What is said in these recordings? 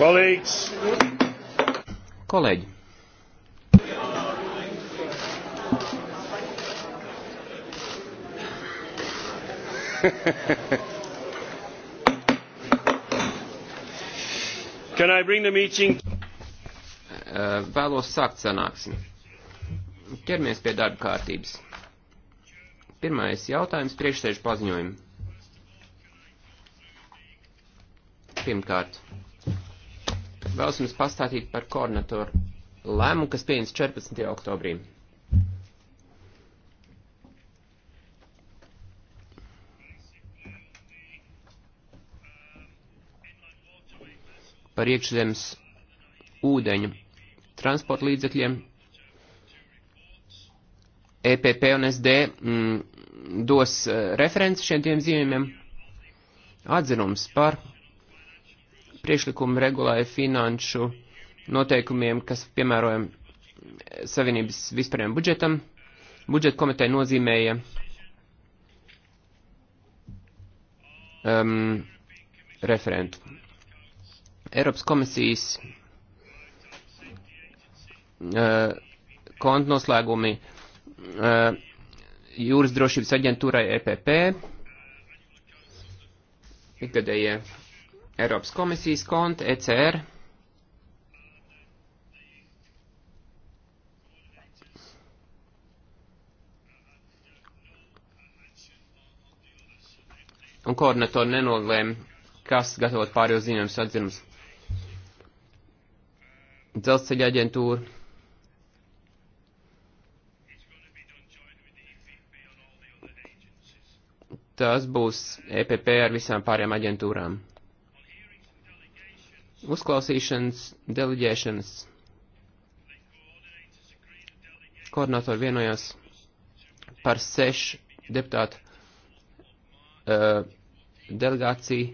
Kolēģis. Kolēģi. Can I bring the meeting? Eh, vēlos sākt sanāksmi. Ķermies pie darba kārtības. Pirmais jautājums priekšsēžu paziņojumu. Pirmkārt, vēlos jums pastāstīt par koordinatoru lēmumu, kas pieņems 14. oktobrī. Par iekšzemes ūdeņu transporta līdzekļiem EPP un SD mm, dos uh, eh, referenci šiem diviem zīmējumiem atzinums par priekšlikumi regulēja finanšu noteikumiem, kas piemērojam Savienības vispārējiem budžetam. Budžeta komiteja nozīmēja um, referentu. Eiropas komisijas uh, kontu noslēgumi uh, jūras drošības aģentūrai EPP, ikgadējie Eiropas komisijas konta, ECR. Un koordinatori nenolēma, kas gatavot pārējos ziņojumus atzinumus. Dzelzceļa aģentūra. Tas būs EPP ar visām pārējām aģentūrām uzklausīšanas, deleģēšanas. Koordinatori vienojās par sešu deputātu uh, delegāciju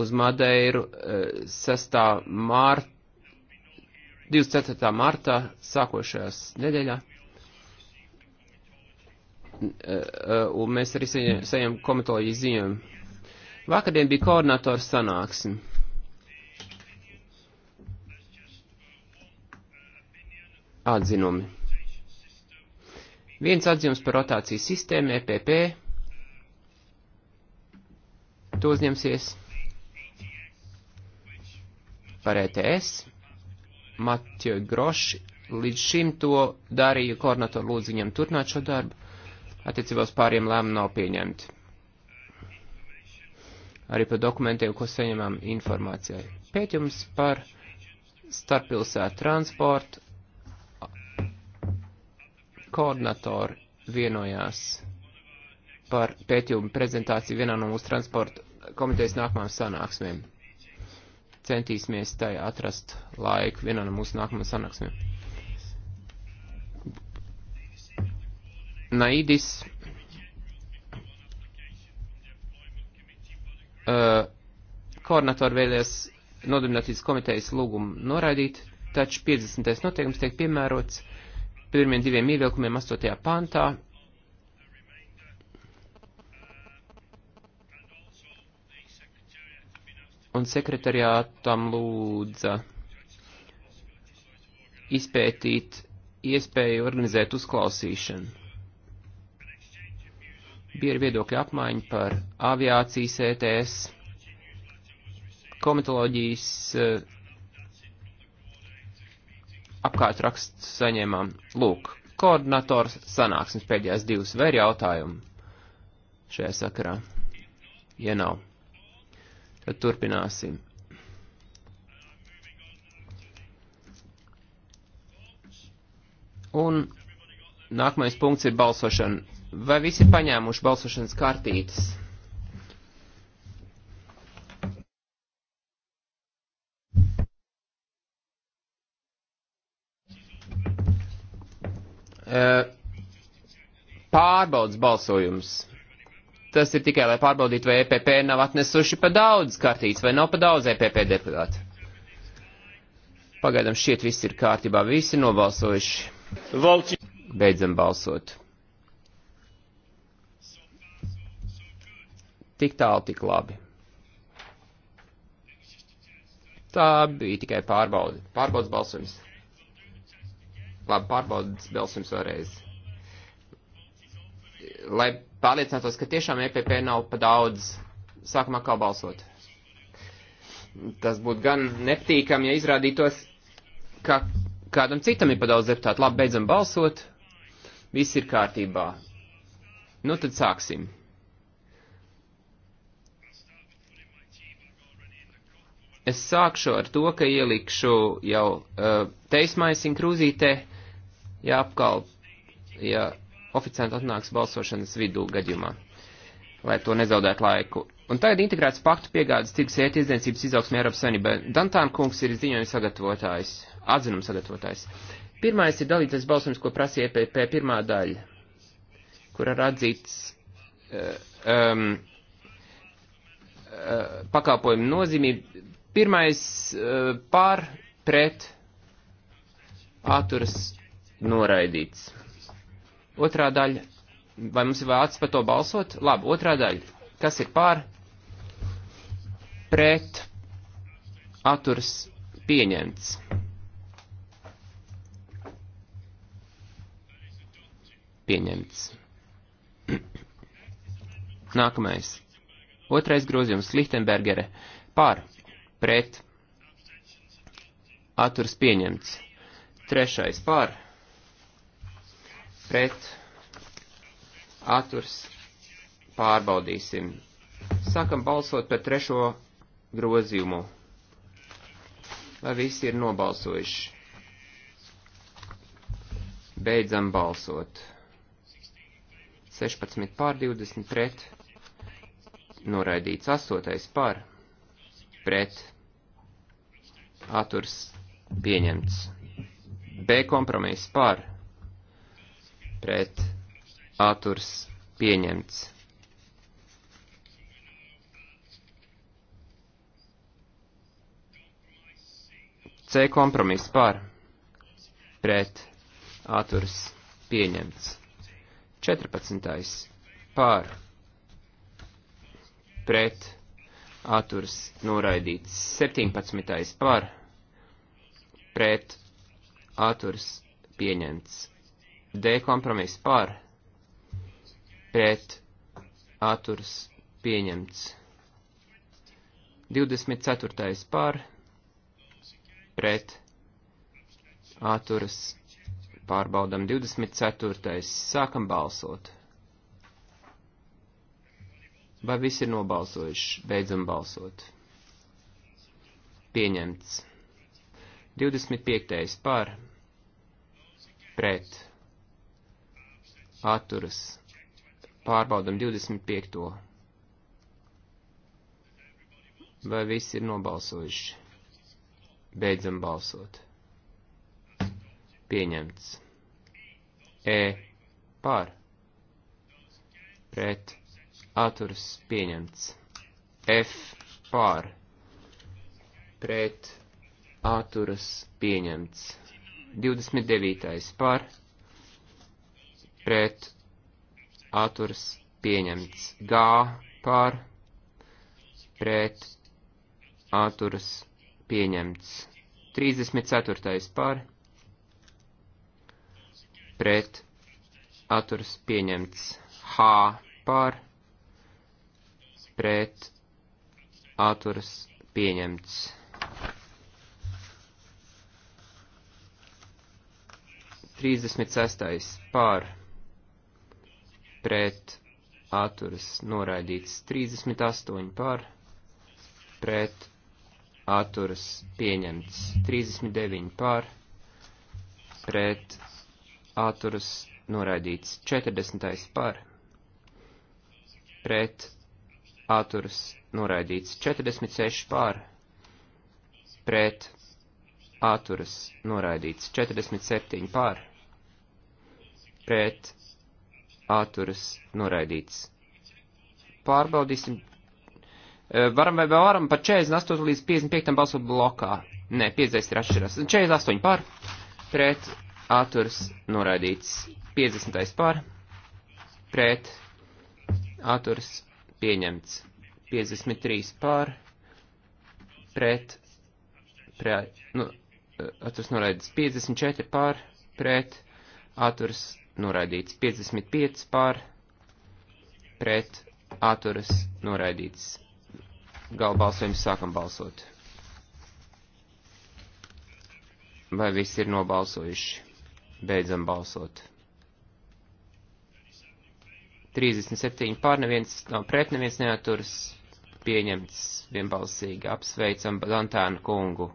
uz Madeiru uh, 6. mārta, 24. martā sākošajās nedēļā. Uh, un mēs arī saņem komitoloģiju ziņojumu. Vakardien bija koordinators sanāksme. Atzinumi. Viens atzinums par rotācijas sistēmu EPP. To uzņemsies par ETS. Matjo Groši līdz šim to darīja, koordinatoru lūdzu viņam turpināt šo darbu. Attiecībā uz pāriem lēmumu nav pieņemti. Arī par dokumentiem, ko saņemam informācijai. Pētījums par starppilsētu transportu koordinatori vienojās par pētījumu prezentāciju vienā no mūsu transporta komitejas nākamām sanāksmēm. Centīsimies tai atrast laiku vienā no mūsu nākamām sanāksmēm. Naidis uh, koordinatori vēlēs nodarbinātības komitejas lūgumu noraidīt, taču 50. noteikums tiek piemērots pirmiem diviem ievilkumiem 8. pantā. Un sekretariātam lūdza izpētīt iespēju organizēt uzklausīšanu. Bija viedokļa apmaiņa par aviācijas ETS, komitoloģijas eh, apkārt raksts saņēmām. Lūk, koordinators sanāksmes pēdējās divas vai ir jautājumi šajā sakarā? Ja nav, tad turpināsim. Un nākamais punkts ir balsošana. Vai visi ir paņēmuši balsošanas kartītes? Eh, pārbaudas balsojums. Tas ir tikai, lai pārbaudītu, vai EPP nav atnesuši pa daudz kartītes, vai nav pa daudz EPP deputātu. Pagaidām šķiet viss ir kārtībā, visi nobalsojuši. Valci. Beidzam balsot. Tik tālu, tik labi. Tā bija tikai pārbauda. Pārbaudas balsojums. Labi, pārbaudas Belsims vēlreiz. Lai pārliecinātos, ka tiešām EPP nav pa daudz, sākumā kā balsot. Tas būtu gan nepatīkami, ja izrādītos, ka kādam citam ir pa daudz deputātu. Labi, beidzam balsot. Viss ir kārtībā. Nu tad sāksim. es sākšu ar to, ka ielikšu jau uh, eh, teismaisiņu krūzītē ja apkalp, ja oficiāli atnāks balsošanas vidū gadījumā, lai to nezaudētu laiku. Un tagad integrēts paktu piegādes tirgus iet izniecības izaugsmē Eiropas Savienībā. Dantāna kungs ir ziņojuma sagatavotājs, atzinuma sagatavotājs. Pirmais ir dalītais balsojums, ko prasīja EPP pirmā daļa, kur ir atzīts uh, um, uh, pakalpojumu nozīmību. Pirmais uh, eh, pār, pret, atturas noraidīts. Otrā daļa. Vai mums ir vārds par to balsot? Labi, otrā daļa. Kas ir pār? Pret. Aturs pieņemts. Pieņemts. Nākamais. Otrais grozījums. Lichtenbergere. Pār. Pret. Aturs pieņemts. Trešais. Pār pret atturs pārbaudīsim. Sākam balsot par trešo grozījumu. Vai visi ir nobalsojuši? Beidzam balsot. 16 pār 20 pret. Noraidīts 8 pār. Pret. Aturs pieņemts. B kompromiss pār pret atturs pieņemts. C kompromiss par, pret, atturs, pieņemts. 14. par, pret, atturs, noraidīts. 17. par, pret, atturs, pieņemts. D kompromiss par pret atturs pieņemts. 24. par pret atturs pārbaudam 24. sākam balsot. Vai visi ir nobalsojuši? Beidzam balsot. Pieņemts. 25. par pret atturas pārbaudam 25. Vai visi ir nobalsojuši? Beidzam balsot. Pieņemts. E. Pār. Pret. Aturs pieņemts. F. Pār. Pret. Aturs pieņemts. 29. Pār pret atturas pieņemts. G par pret atturas pieņemts. 34. par pret atturas pieņemts. H par pret atturas pieņemts. Trīsdesmit sestais par pret atturas noraidīts 38 par, pret atturas pieņemts 39 par, pret atturas noraidīts 40 par, pret atturas noraidīts 46 par, pret atturas noraidīts 47 par, pret atturas noraidīts. Pārbaudīsim. E, varam vai vēl varam par 48 līdz 55 balsu blokā. Nē, 50 ir atšķirās. 48 pār, pret, atturas noraidīts. 50 pār, pret, atturas pieņemts. 53 pār, pret, pret, nu, e, atturas noraidīts. 54 pār, pret, atturas noraidīts. 55 pār pret atturas noraidīts. Galbalsojums sākam balsot. Vai visi ir nobalsojuši? Beidzam balsot. 37 pār neviens, nav pret neviens neaturas, pieņemts vienbalsīgi. Apsveicam Dantānu kungu.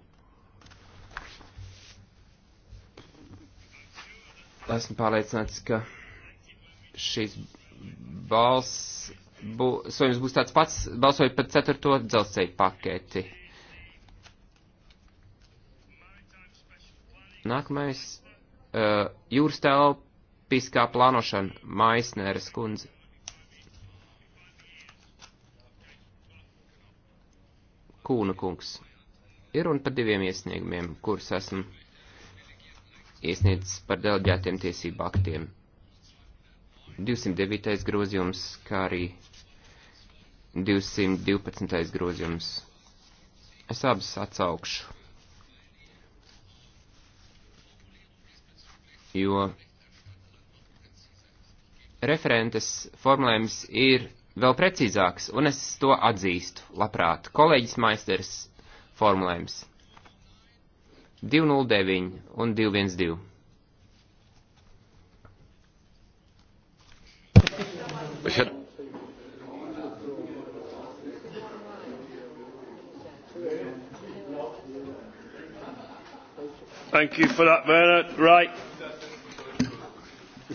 esmu pārliecināts, ka šīs balss, bu, sojums būs tāds pats, balsojot par ceturto dzelzceļu paketi. Nākamais uh, jūras telpiskā plānošana Maisneres kundze. Kūna kungs. Ir un par diviem iesniegumiem, kurus esmu iesniedzis par delģētiem tiesību aktiem. 209. grozījums, kā arī 212. grozījums. Es abas atsaukšu, jo referentes formulējums ir vēl precīzāks, un es to atzīstu, labprāt, kolēģis maisters formulējums. 209 un 212. Ich hätte Thank you for that, Bernard. Right.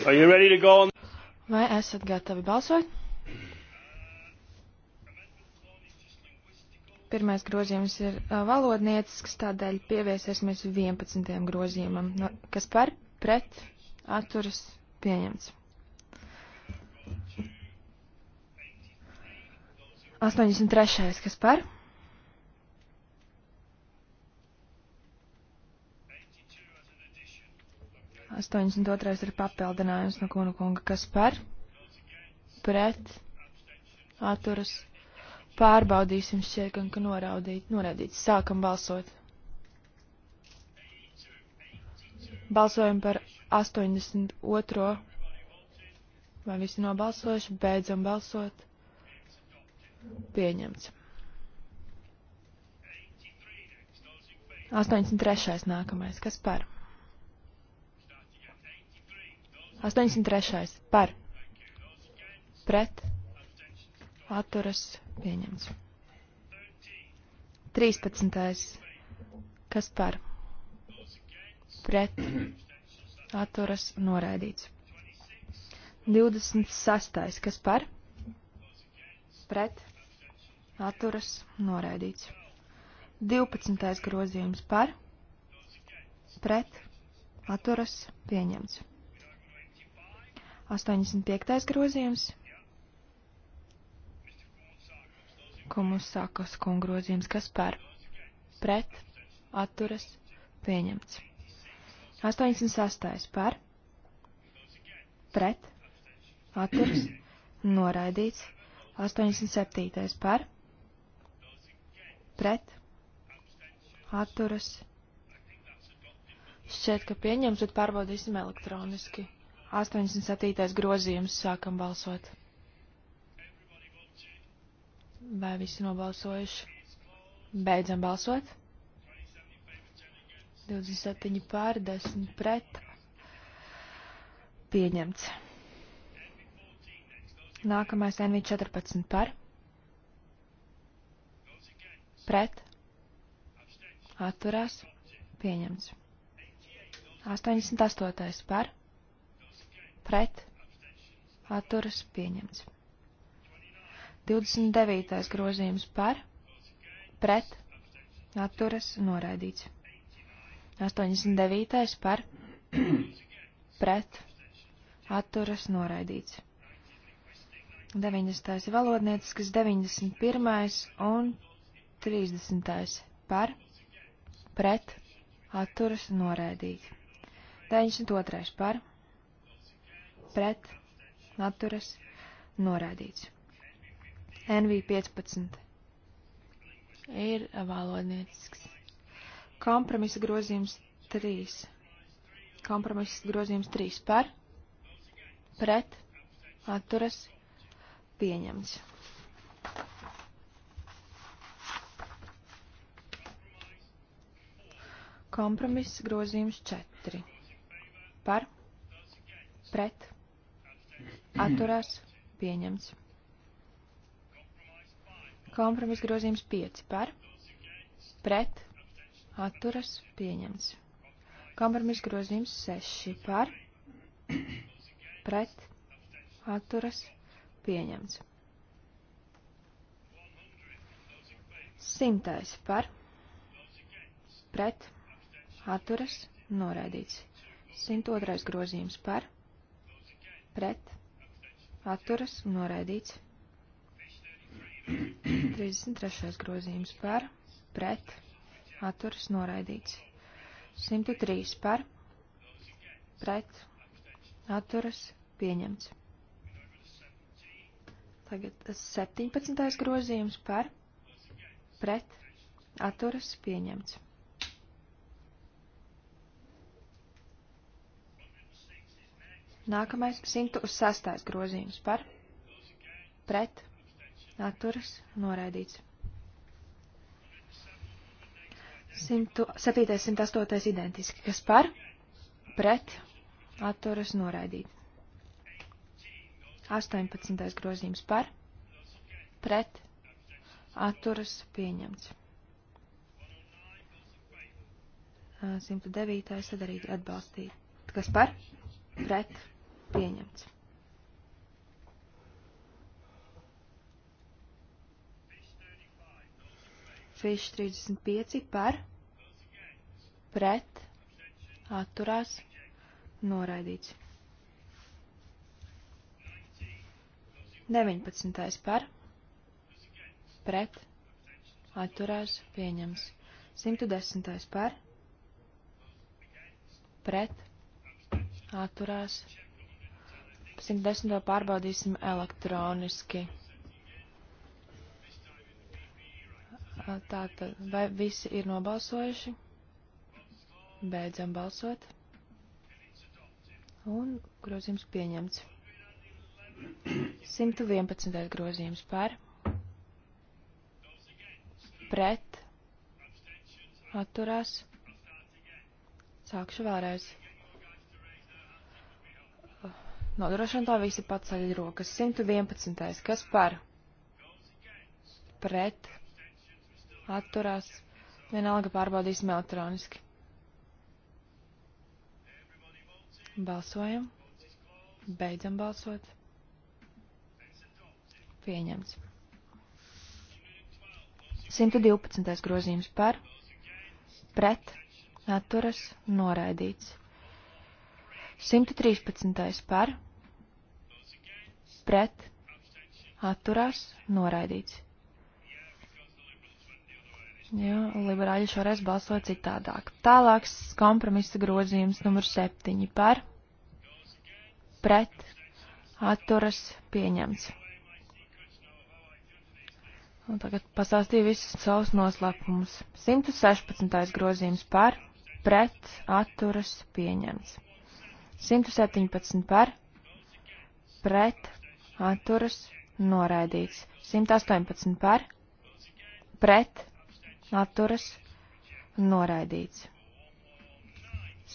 Are you ready to go on? Vai esat gatavi balsot? Pirmais grozījums ir valodniecisks, tādēļ pievērsēsimies 11. grozījumam, kas par pret atturas pieņemts. 83. kas par? 82. ir papildinājums no kona kunga, kas par, pret, atturas, Pārbaudīsim šķiet, gan, ka noraudīt, noraidīts. Sākam balsot. Balsojam par 82. Vai visi nobalsojuši? Beidzam balsot. Pieņemts. 83. nākamais. Kas par? 83. par. Pret. Atturas Pieņemts. 13. Kas par? Pret. Atturas noraidīts. 26. Kas par? Pret. Atturas noraidīts. 12. grozījums par? Pret. Atturas pieņemts. 85. grozījums priekšlikumu sākas kongrozījums, kas par pret atturas pieņemts. 88. par pret atturas noraidīts. 87. par pret atturas. Šķiet, ka pieņems, bet pārbaudīsim elektroniski. 87. grozījums sākam balsot. Vai visi nobalsojuši? Beidzam balsot. 27 pār 10 pret. Pieņemts. Nākamais NV14 par. Pret. Atturās. Pieņemts. 88 par. Pret. Atturas. Pieņemts. 29. grozījums par, pret, atturas, noraidīts. 89. par, pret, atturas, noraidīts. 90. valodnieciskas, 91. un 30. par, pret, atturas, noraidīts. 92. par, pret, atturas, noraidīts. NV15 ir valodniecisks. Kompromisa grozījums 3. Kompromisa grozījums 3 par, pret, atturas, pieņemts. Kompromisa grozījums 4 par, pret, atturās, pieņemts. Kompromis grozījums 5 par, pret, atturas, pieņemts. Kompromis grozījums 6 par, pret, atturas, pieņemts. Simtais par, pret, atturas, noraidīts. 102. grozījums par, pret, atturas, noraidīts. 33. grozījums par, pret, atturas noraidīts. 103 par, pret, atturas pieņemts. Tagad 17. grozījums par, pret, atturas pieņemts. Nākamais 106. grozījums par, pret, atturas pieņemts atturas noraidīts. 107. 108. identiski, kas par, pret, atturas noraidīt. 18. grozījums par, pret, atturas pieņemts. 109. sadarīt atbalstīt. Kas par, pret, pieņemts. Atsevišķi 35 par, pret, atturās, noraidīts. 19. par, pret, atturās, pieņems. 110. par, pret, atturās. 110. pārbaudīsim elektroniski. Tātad, vai visi ir nobalsojuši? Beidzam balsot. Un grozījums pieņemts. 111. grozījums par. Pret. Atturās. Sākšu vēlreiz. Nodrošinātā visi paceļ rokas. 111. Kas par? Pret atturās, vienalga pārbaudīsim elektroniski. Balsojam, beidzam balsot. Pieņemts. 112. grozījums par, pret, atturas, noraidīts. 113. par, pret, atturās, noraidīts jo liberāļi šoreiz balsoja citādāk. Tālāks kompromisa grozījums numur septiņi par, pret, atturas pieņemts. Un tagad pasāstīju visus savus noslēpumus. 116. grozījums par, pret, atturas pieņemts. 117 par, pret, atturas noraidīts. 118 par, pret, atturas, noraidīts.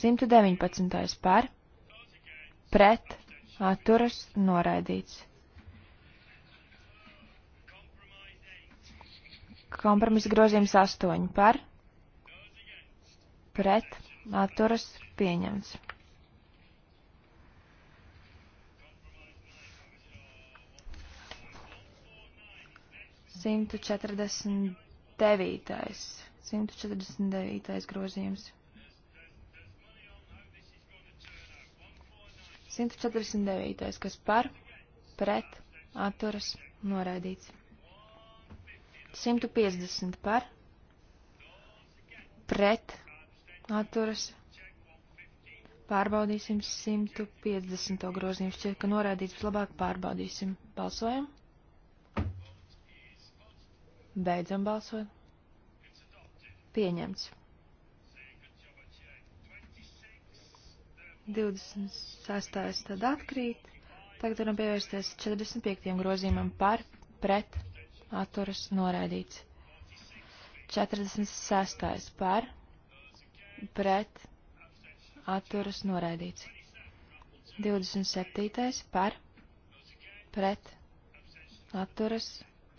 119. par, pret, atturas, noraidīts. Kompromisa grozījums 8 par, pret, atturas, pieņemts. Simtu četrdesmit 149. 149. grozījums. 149. kas par, pret, atturas, noraidīts. 150 par, pret, atturas, pārbaudīsim 150. grozījumu. Šķiet, ka noraidīts, vislabāk pārbaudīsim. Balsojam! Beidzam balsot. Pieņemts. 26. tad atkrīt. Tagad varam pievērsties 45. grozījumam par, pret, atturas, noraidīts. 46. par, pret, atturas, noraidīts. 27. par, pret, atturas,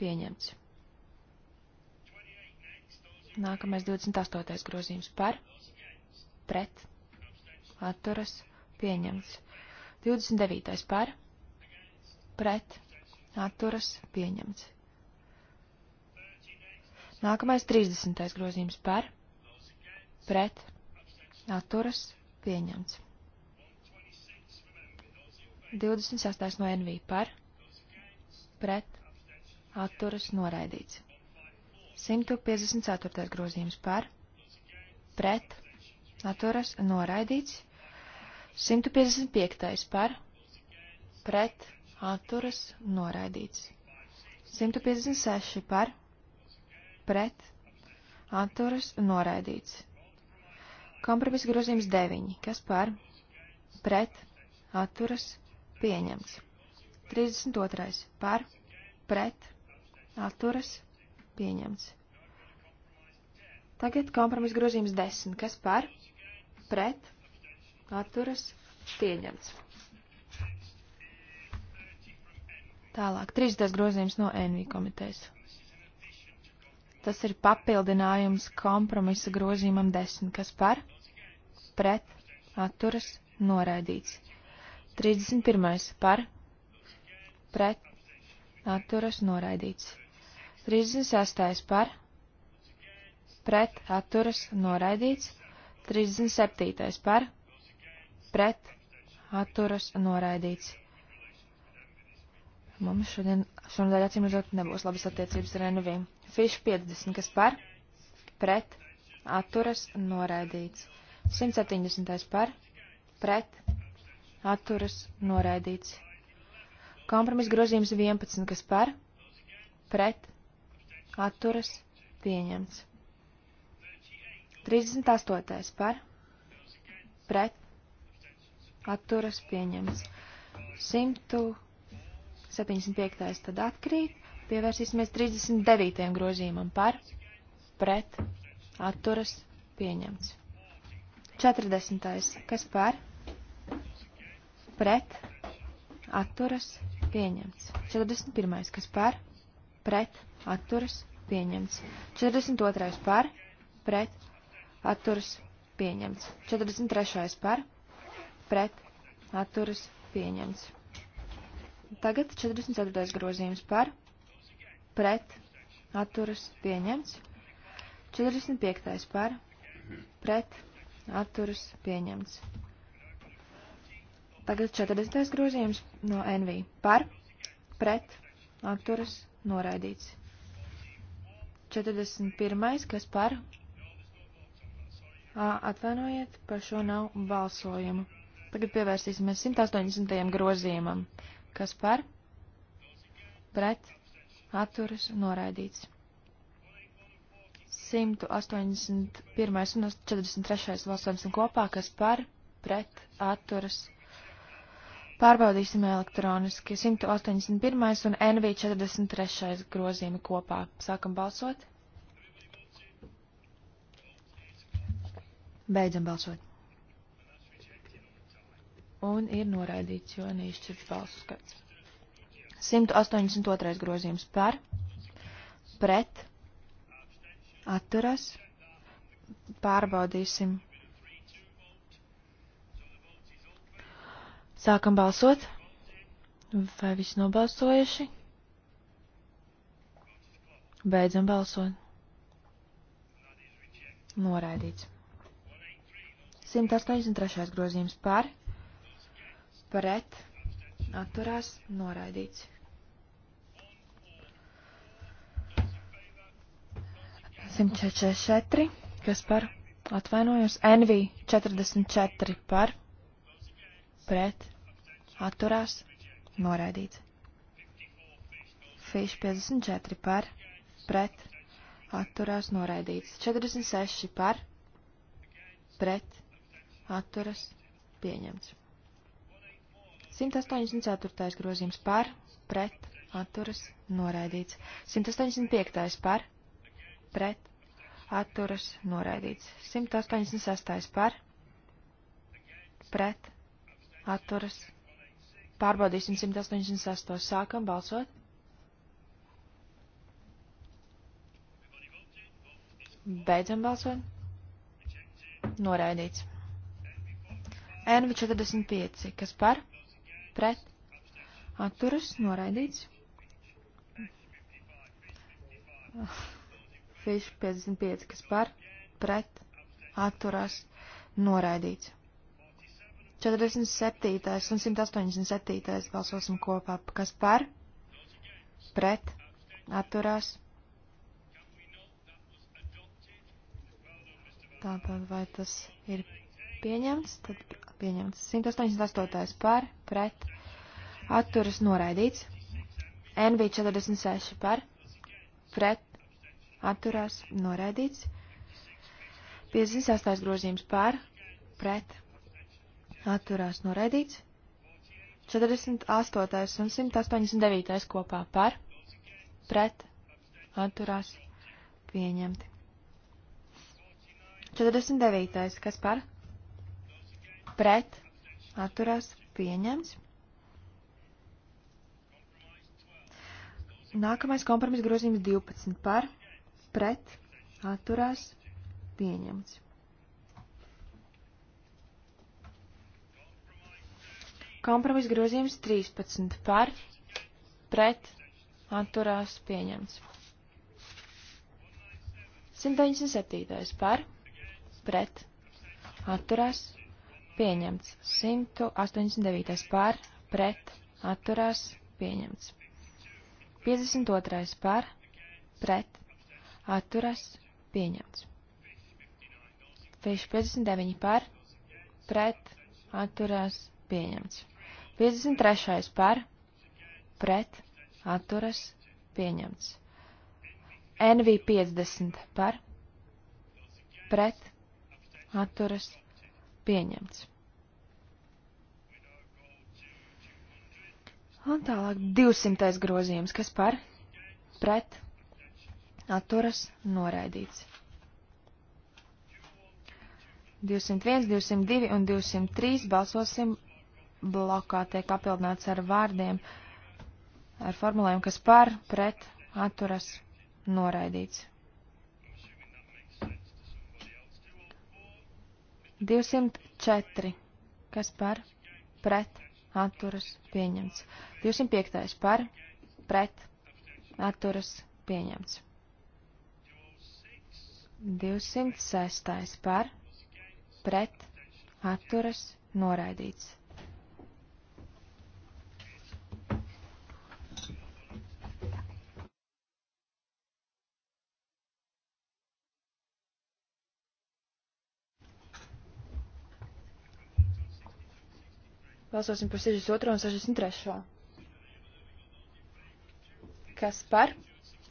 pieņemts. Nākamais 28. grozījums par, pret, atturas, pieņemts. 29. par, pret, atturas, pieņemts. Nākamais 30. grozījums par, pret, atturas, pieņemts. 26. no NV par, pret, atturas, noraidīts. 154. grozījums par, pret, atturas, noraidīts. 155. par, pret, atturas, noraidīts. 156. par, pret, atturas, noraidīts. Kompromiss grozījums 9. Kas par, pret, atturas, pieņemts. 32. par, pret, atturas, pieņemts pieņemts. Tagad kompromis grozījums 10. Kas par? Pret? Atturas? Pieņemts. Tālāk. 30. grozījums no NV komitejas. Tas ir papildinājums kompromisa grozījumam 10. Kas par? Pret? Atturas? Noraidīts. 31. par? Pret? Atturas? Noraidīts. 36. par, pret, atturas, noraidīts. 37. par, pret, atturas, noraidīts. Mums šodien, šonadēļ acīm redzot, nebūs labas attiecības ar NV. Fišu 50, kas par, pret, atturas, noraidīts. 170. par, pret, atturas, noraidīts. Kompromis grozījums 11, kas par, pret, atturas, pieņemts. 38. par, pret, atturas, pieņemts. 175. tad atkrīt, pievērsīsimies 39. grozījumam par, pret, atturas, pieņemts. 40. kas par, pret, atturas, pieņemts. 41. kas par, pret, atturas, pieņemts. 42. par, pret, atturas, pieņemts. 43. par, pret, atturas, pieņemts. Tagad 44. grozījums par, pret, atturas, pieņemts. 45. par, pret, atturas, pieņemts. Tagad 40. grozījums no NV par, pret, atturas, noraidīts. 41. kas par? Atvainojiet, par šo nav balsojumu. Tagad pievērsīsimies 180. grozījumam. Kas par? Pret? Atturas noraidīts. 181. un 43. balsojums kopā, kas par? Pret? Atturas Pārbaudīsim elektroniski 181. un NV 43. grozījumi kopā. Sākam balsot. Beidzam balsot. Un ir noraidīts, jo neizšķirts balsu skats. 182. grozījums par, pret, atturas, pārbaudīsim Sākam balsot. Vai viss nobalsojuši? Beidzam balsot. Noraidīts. 183. grozījums par, pret, atturās, noraidīts. Simt četri, kas par, atvainojos, NV 44 par, pret, atturās, noraidīts. Fīš 54 par, pret, atturās, noraidīts. 46 par, pret, atturas, pieņemts. 184. grozījums par, pret, atturas, noraidīts. 185. par, pret, atturas, noraidīts. 186. par, pret, atturas. Pārbaudīsim 186. Sākam balsot. Beidzam balsot. Noraidīts. NV45. Kas par? Pret. Atturas. Noraidīts. Fish 55. Kas par? Pret. Atturās. Noraidīts. 47. un 187. balsosim kopā. Kas par? Pret? Atturās? Tātad vai tas ir pieņemts? Tad pieņemts. 188. par? Pret? Atturas noraidīts. NV 46 par? Pret? Atturās? Noraidīts. 58. grozījums par? Pret? atturās noraidīts. 48. un 189. kopā par, pret, atturās, pieņemti. 49. kas par, pret, atturās, pieņemts. Nākamais kompromiss grozījums 12 par, pret, atturās, pieņemts. Kompromis grozījums 13 par, pret, atturās pieņemts. 197. par, pret, atturās pieņemts. 189. par, pret, atturās pieņemts. 52. par, pret, atturās pieņemts. Fiš 59 par, pret, atturās pieņemts pieņemts. 53. par, pret, atturas, pieņemts. NV 50 par, pret, atturas, pieņemts. Un tālāk 200. grozījums, kas par, pret, atturas, noraidīts. 201, 202 un 203 balsosim blokā tiek papildināts ar vārdiem, ar formulējumu, kas par, pret, atturas, noraidīts. 204. Kas par? Pret. Atturas. Pieņemts. 205. Par. Pret. Atturas. Pieņemts. 206. Par. Pret. Atturas. Noraidīts. Balsosim par 62 un 63. Kas par?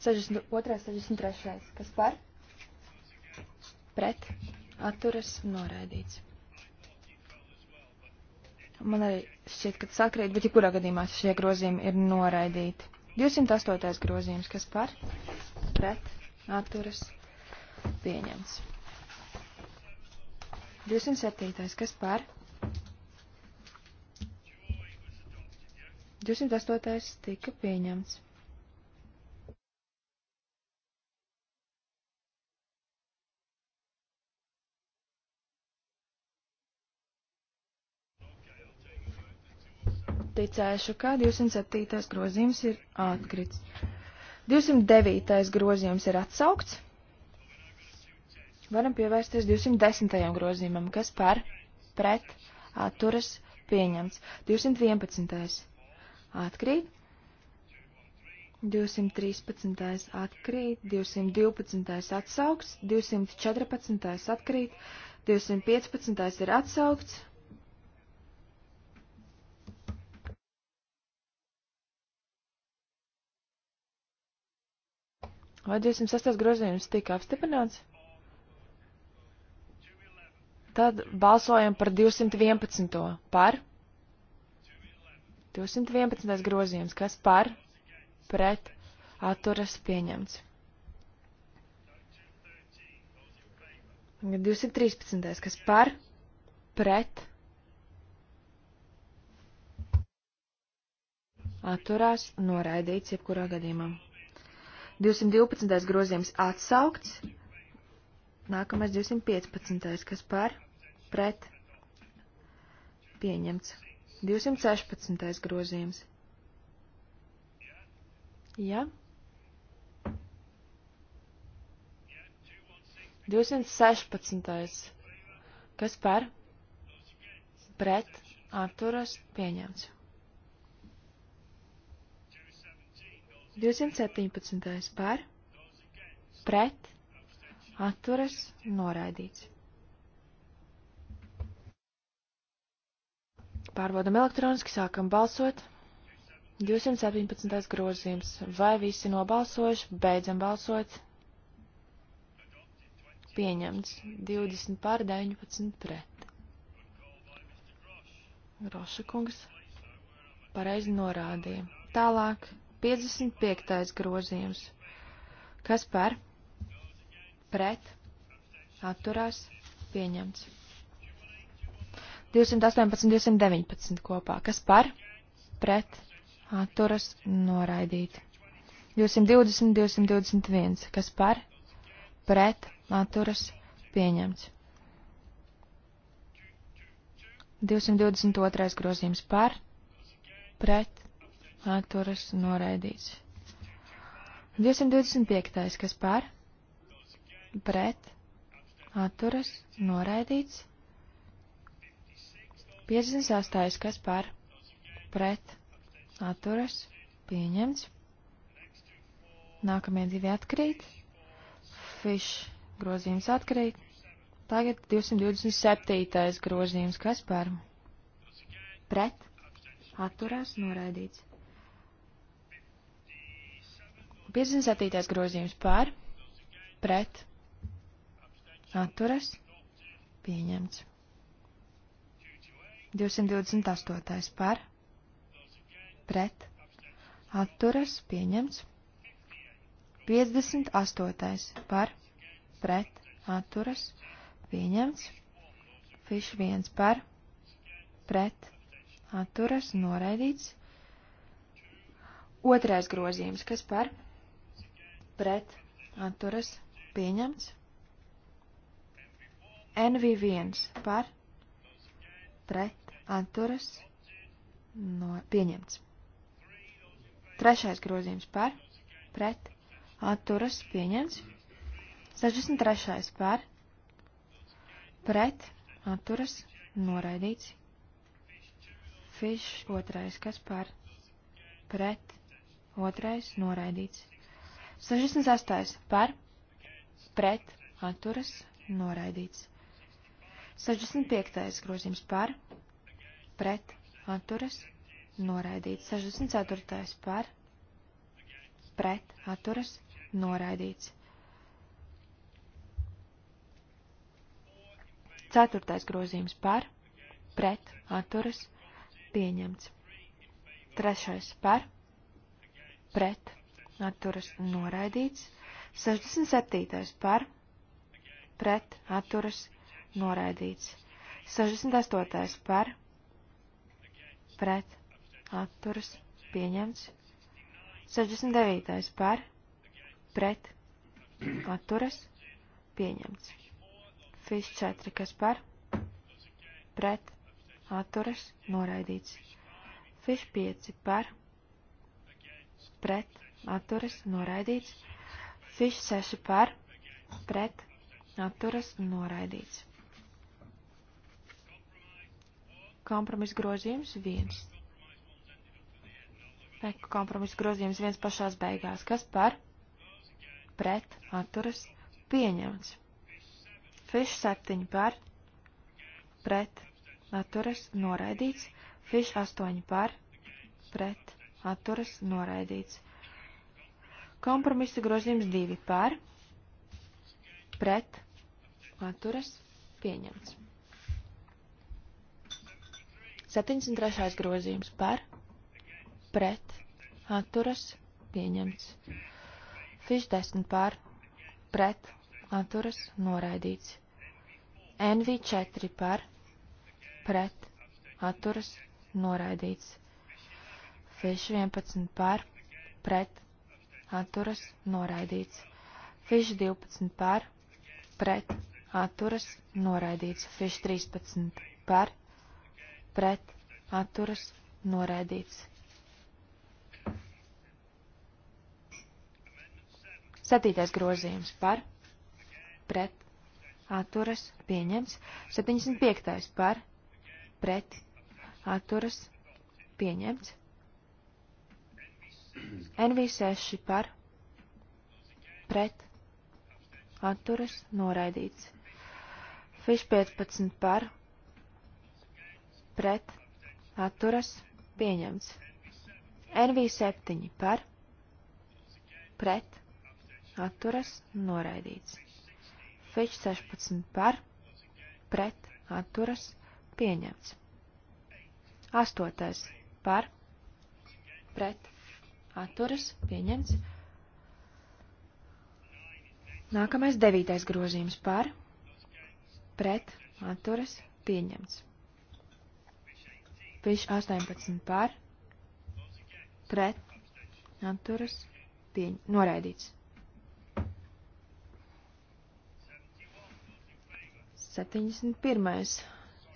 62, 63. Kas par? Pret. Atturas noraidīts. Man arī šķiet, ka tas atkrīt, bet jebkurā gadījumā šie grozījumi ir noraidīti. 208. grozījums, kas par? Pret. Atturas. Pieņemts. 207. kas par? 208. tika pieņemts. Ticēšu, ka 207. grozījums ir atkrits. 209. grozījums ir atsaukts. Varam pievērsties 210. grozījumam, kas par pret atturas pieņemts. 211 atkrīt. 213. atkrīt, 212. atsaukts, 214. atkrīt, 215. ir atsaukts. Vai 206. grozījums tika apstiprināts? Tad balsojam par 211. par. 211. grozījums, kas par pret atturas pieņemts. 213. kas par pret atturās noraidīts jebkurā gadījumā. 212. grozījums atsaukts. Nākamais 215. kas par pret pieņemts. 216. grozījums. Jā. Ja? 216. Kas par? Pret atturas pieņemts. 217. par? Pret atturas noraidīts. Pārbaudam elektroniski, sākam balsot. 217. grozījums. Vai visi nobalsojuši? Beidzam balsot. Pieņemts. 20 pār 19 pret. Roša kungs pareizi norādīja. Tālāk. 55. grozījums. Kas par? Pret. Atturās. Pieņemts. 218, 219 kopā. Kas par? Pret. Atturas noraidīti. 220, 221. Kas par? Pret. Atturas pieņemts. 222. grozījums par. Pret. Atturas noraidīts. 225. kas par? Pret. Atturas noraidīts. 58. kas par pret atturas pieņemts. Nākamie divi atkrīt. Fiš grozījums atkrīt. Tagad 227. grozījums kas par pret atturās noraidīts. 57. grozījums par pret atturas pieņemts. 228. par, pret, atturas, pieņemts. 58. par, pret, atturas, pieņemts. Fiš 1 par, pret, atturas, noraidīts. Otrais grozījums, kas par, pret, atturas, pieņemts. NV1 par, pret, atturas no, pieņemts. Trešais grozījums par, pret, atturas pieņemts. 63. par, pret, atturas, noraidīts. Fišs otrais, kas par, pret, otrais, noraidīts. 68. par, pret, atturas, noraidīts. 65. grozījums par, pret pret atturas noraidīts. 64. par pret atturas noraidīts. 4. grozījums par pret atturas pieņemts. 3. par pret atturas noraidīts. 67. par pret atturas noraidīts. 68. par pret pret, atturas, pieņemts. 69. par, pret, atturas, pieņemts. Fis 4, kas par, pret, atturas, noraidīts. Fis 5 par, pret, atturas, noraidīts. Fis 6 par, pret, atturas, noraidīts. kompromisa grozījums viens. Pēku kompromisa grozījums viens pašās beigās. Kas par? Pret, atturas, pieņemts. Fiš septiņi par, pret, atturas, noraidīts. Fiš astoņi par, pret, atturas, noraidīts. Kompromisa grozījums divi par, pret, atturas, pieņemts. 73. grozījums par, pret, atturas, pieņemts. Fiš 10 par, pret, atturas, noraidīts. NV 4 par, pret, atturas, noraidīts. Fiš 11 par, pret, atturas, noraidīts. Fiš 12 par, pret, atturas, noraidīts. Fiš 13 par, pret atturas noraidīts. Satītais grozījums par pret atturas pieņemts. 75. par pret atturas pieņemts. NV6 par pret atturas noraidīts. Fiš 15 par pret pret, atturas, pieņemts. NV7 par, pret, atturas, noraidīts. Fitch 16 par, pret, atturas, pieņemts. 8. par, pret, atturas, pieņemts. Nākamais 9. grozījums par, pret, atturas, pieņemts. Piš 18 pār, pret, atturas, pieņ, noraidīts. 71.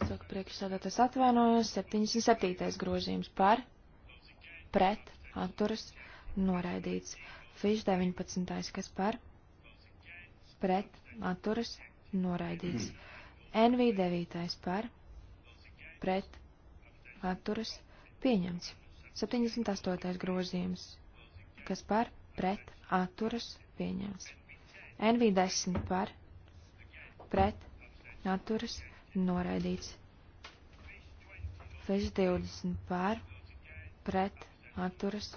Saka priekšsādātais atvainojas, 77. grozījums par, pret, atturas, noraidīts. Fiš 19. kas par, pret, atturas, noraidīts. Hmm. NV 9. par, pret, atturas pieņemts. 78. grozījums, kas par pret atturas pieņemts. NV10 par pret atturas noraidīts. Fež 20 par pret atturas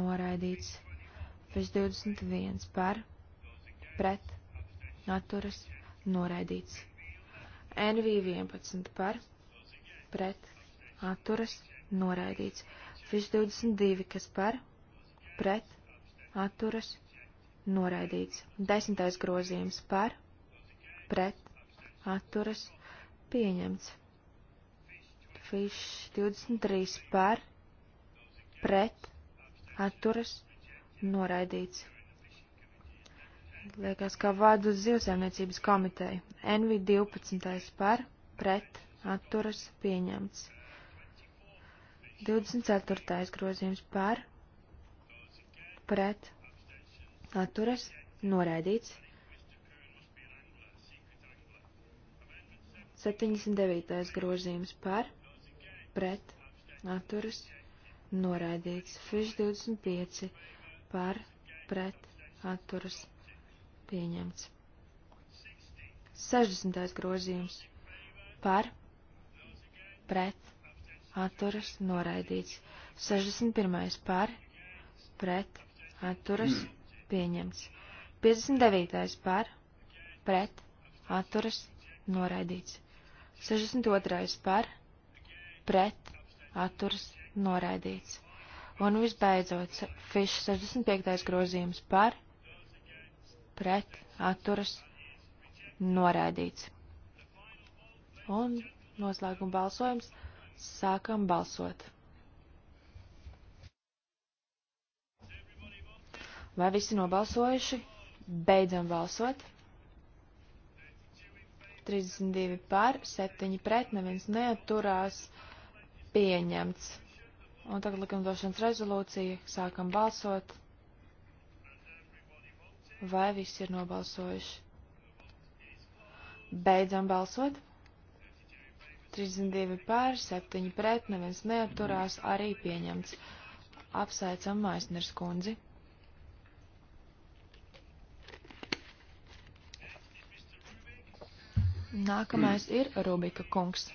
noraidīts. Fež 21 par pret atturas noraidīts. NV11 par pret atturas, noraidīts. Fiš 22, kas par, pret, atturas, noraidīts. Desmitais grozījums par, pret, atturas, pieņemts. Fiš 23 par, pret, atturas, noraidīts. Liekas, kā vādu zivsēmniecības komiteju. NV 12 par, pret, atturas, pieņemts. 24. grozījums par, pret, atturas, noraidīts. 79. grozījums par, pret, atturas, noraidīts. Fiš 25 par, pret, atturas, pieņemts. 60. grozījums par, pret, atturas noraidīts. 61. par, pret, atturas mm. pieņemts. 59. par, pret, atturas noraidīts. 62. par, pret, atturas noraidīts. Un visbeidzot, Fišs 65. grozījums par, pret, atturas noraidīts. Un noslēguma balsojums. Sākam balsot. Vai visi nobalsojuši? Beidzam balsot. 32 par, 7 pret, neviens neaturās, pieņemts. Un tagad likumdošanas rezolūcija, sākam balsot. Vai visi ir nobalsojuši? Beidzam balsot. 32 pār, 7 pret, neviens neaturās, arī pieņemts. Apsveicam Maisners kundzi. Nākamais ir Rubika kungs.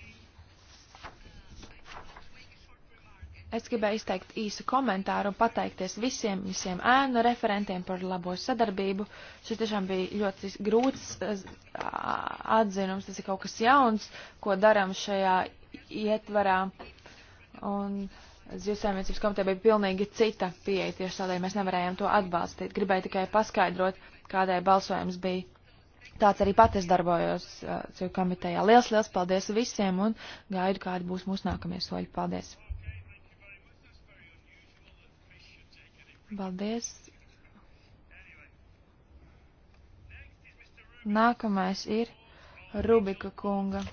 Es gribēju izteikt īsu komentāru un pateikties visiem, visiem ēnu referentiem par labo sadarbību. Šis tiešām bija ļoti grūts eh, atzinums, tas ir kaut kas jauns, ko daram šajā ietvarā. Un zivsēmniecības komiteja bija pilnīgi cita pieeja, tieši tādēļ mēs nevarējām to atbalstīt. Gribēju tikai paskaidrot, kādai balsojums bija. Tāds arī pat es darbojos uh, eh, komitejā. Liels, liels paldies visiem un gaidu, kādi būs mūsu nākamie soļi. Paldies! Paldies. Nākamais ir Rubika kunga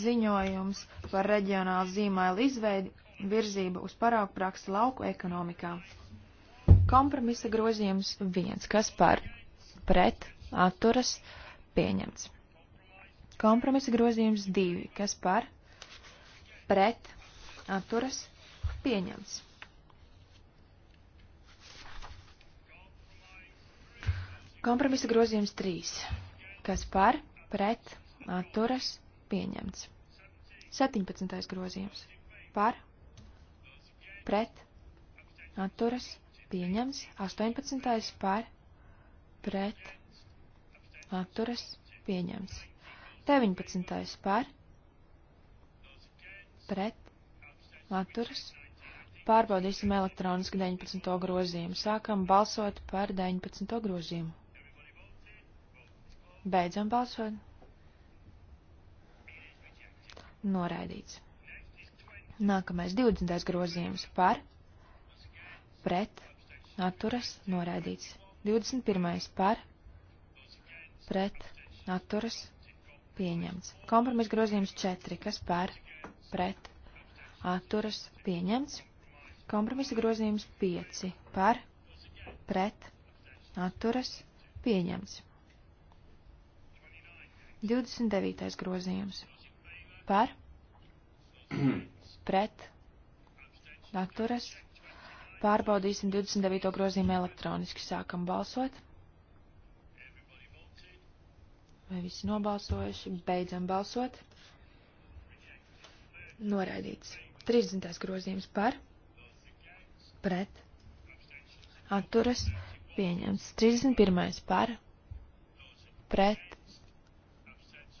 ziņojums par reģionālu zīmēlu izveidi virzību uz paraugu praksi lauku ekonomikā. Kompromisa grozījums viens, kas par pret atturas pieņemts. Kompromisa grozījums divi, kas par pret atturas pieņemts. Kompromisa grozījums 3. Kas par, pret, atturas, pieņemts. 17. grozījums. Par, pret, atturas, pieņemts. 18. par, pret, atturas, pieņemts. 19. par, pret, atturas, pārbaudīsim elektronisku 19. grozījumu. Sākam balsot par 19. grozījumu. Beidzam balsot. Noraidīts. Nākamais 20. grozījums par, pret, atturas, noraidīts. 21. par, pret, atturas, pieņemts. Kompromis grozījums 4, kas par, pret, atturas, pieņemts. Kompromisa grozījums 5, par, pret, atturas, pieņemts. 29. grozījums. Par, pret, atturas. Pārbaudīsim 29. grozījumu elektroniski. Sākam balsot. Vai visi nobalsojuši? Beidzam balsot. Noraidīts. 30. grozījums par, pret, atturas, pieņemts. 31. par, pret,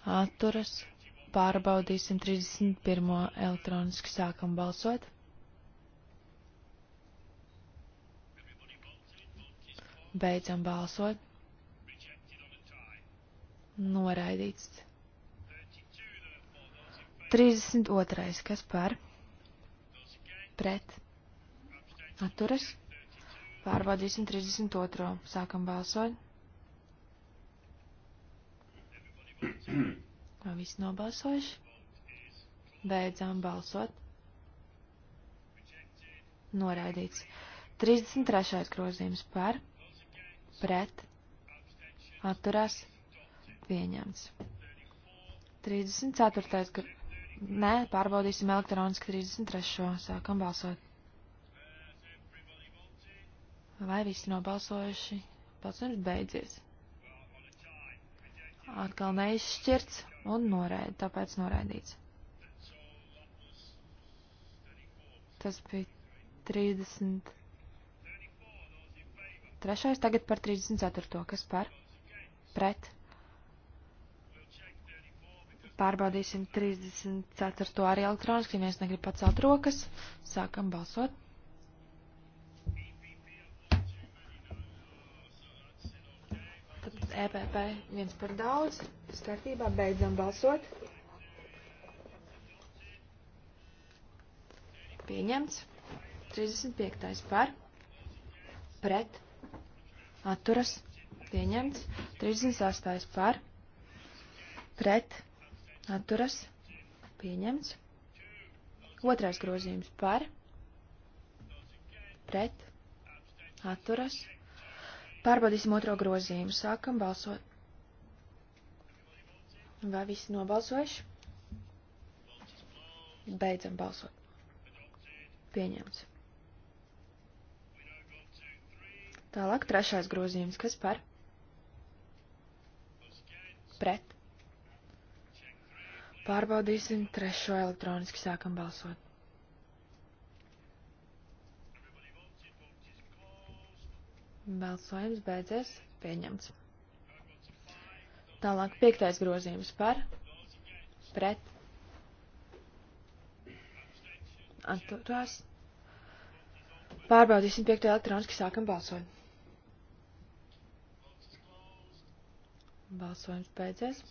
atturas. Pārbaudīsim 31. elektroniski sākam balsot. Beidzam balsot. Noraidīts. 32. Kas par? Pret. Atturas. Pārbaudīsim 32. Sākam balsot. Vai viss nobalsojuši? Beidzām balsot. Noraidīts. 33. grozījums par, pret, atturās, pieņemts. 34. Gr... Nē, pārbaudīsim elektroniski 33. Sākam balsot. Vai visi nobalsojuši? Balsojums beidzies atkal neizšķirts un noraid, tāpēc noraidīts. Tas bija 30. Trešais tagad par 34. Kas par? Pret. Pārbaudīsim 34. arī elektroniski, ja neviens negrib pacelt rokas. Sākam balsot. EPP viens par daudz. Startībā beidzam balsot. Pieņemts. 35. par. Pret. Atturas. Pieņemts. 38. par. Pret. Atturas. Pieņemts. Otrais grozījums par. Pret. Atturas. Pieņemts Pārbaudīsim otro grozījumu. Sākam balsot. Vai visi nobalsojuši? Beidzam balsot. Pieņemts. Tālāk trešais grozījums. Kas par? Pret. Pārbaudīsim trešo elektroniski sākam balsot. Balsojums beidzies. Pieņemts. Tālāk piektais grozījums par, pret, atturās. Pārbaudīsim piekto elektroniski, sākam balsot. Balsojums beidzies.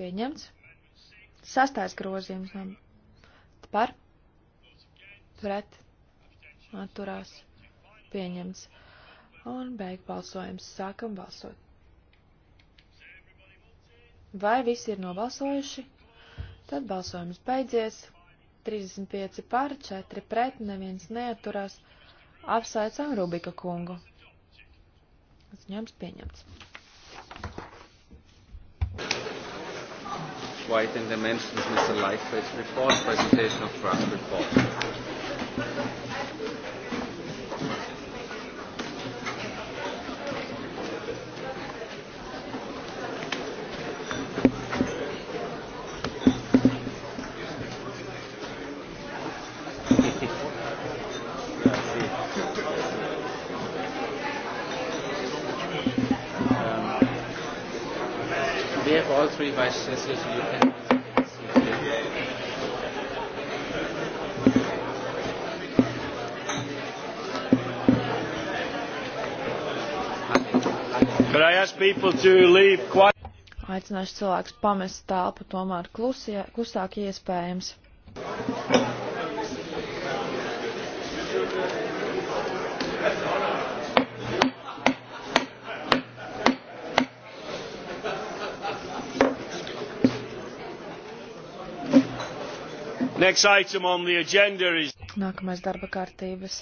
Pieņemts. Sastais grozījums no par, pret, atturās. Pieņemts. Un beig balsojums. Sākam balsot. Vai visi ir nobalsojuši? Tad balsojums beidzies. 35 pār 4 pret, neviens neaturās. Apsveicam Rubika kungu. Ziņojums pieņemts. White and the mentions Mr. Lightfoot's report, presentation of draft report. all three vice chancellors you can. Could I ask people to leave quiet? Aicināšu cilvēkus pamest telpu tomēr klusie, klusāk iespējams. Thank you. Is... Nākamais darba kārtības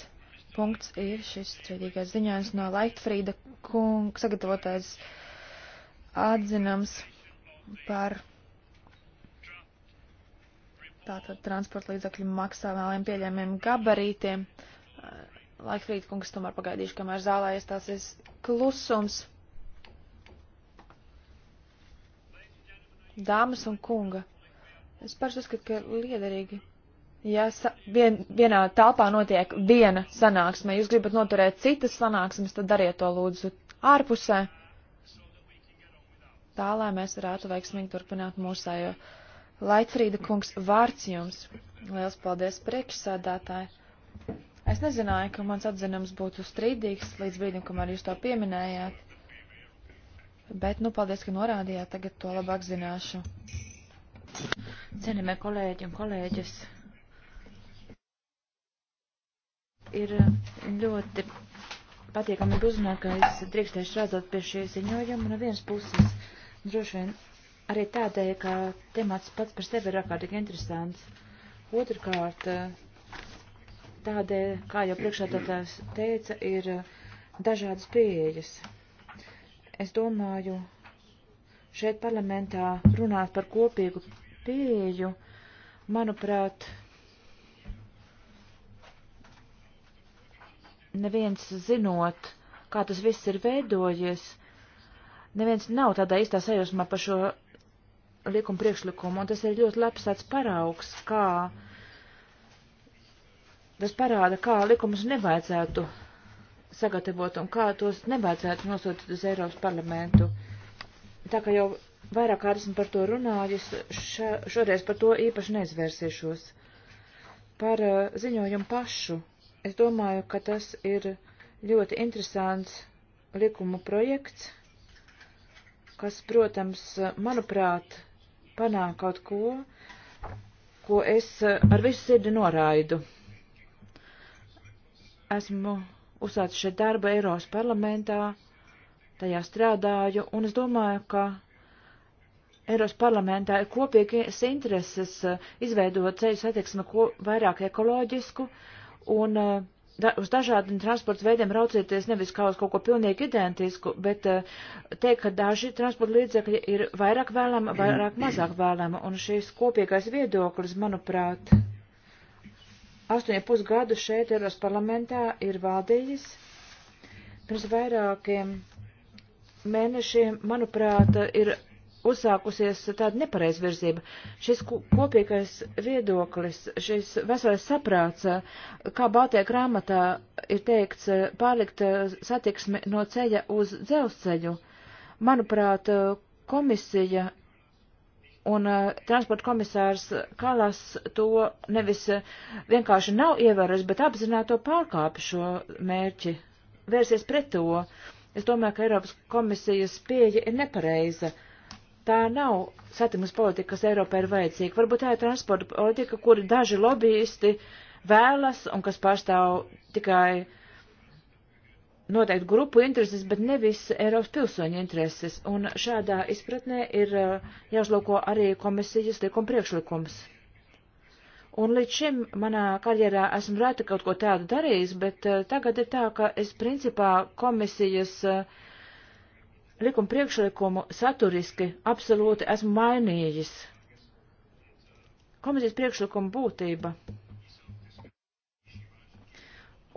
punkts ir šis strīdīgais ziņojums no Laiktfrīda kunga sagatavotais atzinams par tātad transporta līdzakļu maksāvēliem pieļēmiem gabarītiem. Laikfrīda kungs tomēr pagaidīšu, kamēr zālē iestāsies klusums. Dāmas un kunga. Es paši uzskatu, ka liederīgi. Ja sa, vien, vienā telpā notiek viena sanāksme, jūs gribat noturēt citas sanāksmes, tad dariet to lūdzu ārpusē. Tā, lai mēs varētu veiksmīgi turpināt mūsējo. Laitfrīda kungs, vārds jums. Liels paldies priekšsādātāji. Es nezināju, ka mans atzinums būtu strīdīgs līdz brīdim, kamēr jūs to pieminējāt. Bet, nu, paldies, ka norādījāt, tagad to labāk zināšu. Cienījamie kolēģi un kolēģis, ir ļoti patīkami uzzināt, ka es drīkstēju strādāt pie šī ziņojuma no vienas puses. Droši vien arī tādēļ, ka temats pats par sevi ir ārkārtīgi interesants. Otrkārt, tādēļ, kā jau priekšādātājs teica, ir dažādas pieejas. Es domāju, šeit parlamentā runāt par kopīgu pieeju, manuprāt, neviens zinot, kā tas viss ir veidojies, neviens nav tādā īstā sajūsmā par šo likuma priekšlikumu, un tas ir ļoti labs tāds paraugs, kā tas parāda, kā likumus nevajadzētu sagatavot un kā tos nevajadzētu nosūtīt uz Eiropas parlamentu. Tā kā jau Vairāk kārt esmu par to runājis, ša, šoreiz par to īpaši neizvērsīšos. Par uh, ziņojumu pašu. Es domāju, ka tas ir ļoti interesants likumu projekts, kas, protams, manuprāt, panāk kaut ko, ko es eh, ar visu sirdi noraidu. Esmu uzsācis šeit darbu Eiropas parlamentā, tajā strādāju, un es domāju, ka Eiros parlamentā ir kopīgas intereses eh, izveidot ceļu satiksmi vairāk ekoloģisku un eh, da, uz dažādiem transporta veidiem raucieties nevis kā uz kaut ko pilnīgi identisku, bet eh, teikt, ka daži transporta līdzekļi ir vairāk vēlama, vairāk mazāk vēlama. Un šīs kopīgais viedoklis, manuprāt, 8,5 gadu šeit Eiros parlamentā ir valdījis. Pirms vairākiem mēnešiem, manuprāt, ir uzsākusies tāda nepareizvirzība. Šis kopīgais viedoklis, šis veselais saprāts, kā Baltijā grāmatā ir teikts, pārlikt satiksmi no ceļa uz dzelzceļu, manuprāt, komisija un eh, transporta komisārs Kalas to nevis vienkārši nav ievērojis, bet apzināto pārkāpi šo mērķi, vērsies pret to. Es domāju, ka Eiropas komisijas pieeja ir nepareiza. Uh, tā nav satiksmes politika, kas Eiropā ir vajadzīga. Varbūt tā ir transporta politika, kuru daži lobbyisti vēlas un kas pārstāv tikai noteikti grupu intereses, bet nevis Eiropas pilsoņu intereses. Un šādā izpratnē ir eh, jāuzlūko arī komisijas likuma priekšlikums. Un līdz šim manā karjerā esmu rēti kaut ko tādu darījis, bet eh, tagad ir tā, ka es principā komisijas uh, likuma priekšlikumu saturiski absolūti esmu mainījis. Komisijas priekšlikuma būtība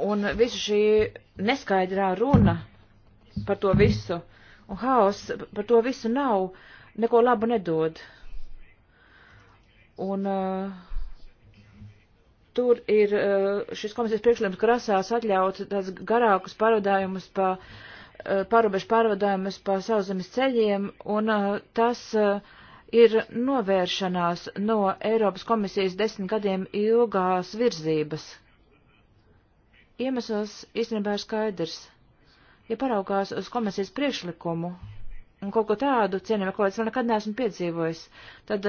un visu šī neskaidrā runa par to visu un haoss par to visu nav, neko labu nedod. Un uh, tur ir uh, šis komisijas priekšlikums krasās atļaut tāds garākus parodājumus pa uh, Eh, pārobežu pārvadājumus pa sauzemes ceļiem, un eh, tas eh, ir novēršanās no Eiropas komisijas desmit gadiem ilgās virzības. Iemesls īstenībā ir skaidrs. Ja paraugās uz komisijas priekšlikumu un kaut ko tādu cienījumā, ko es vēl nekad neesmu piedzīvojis, tad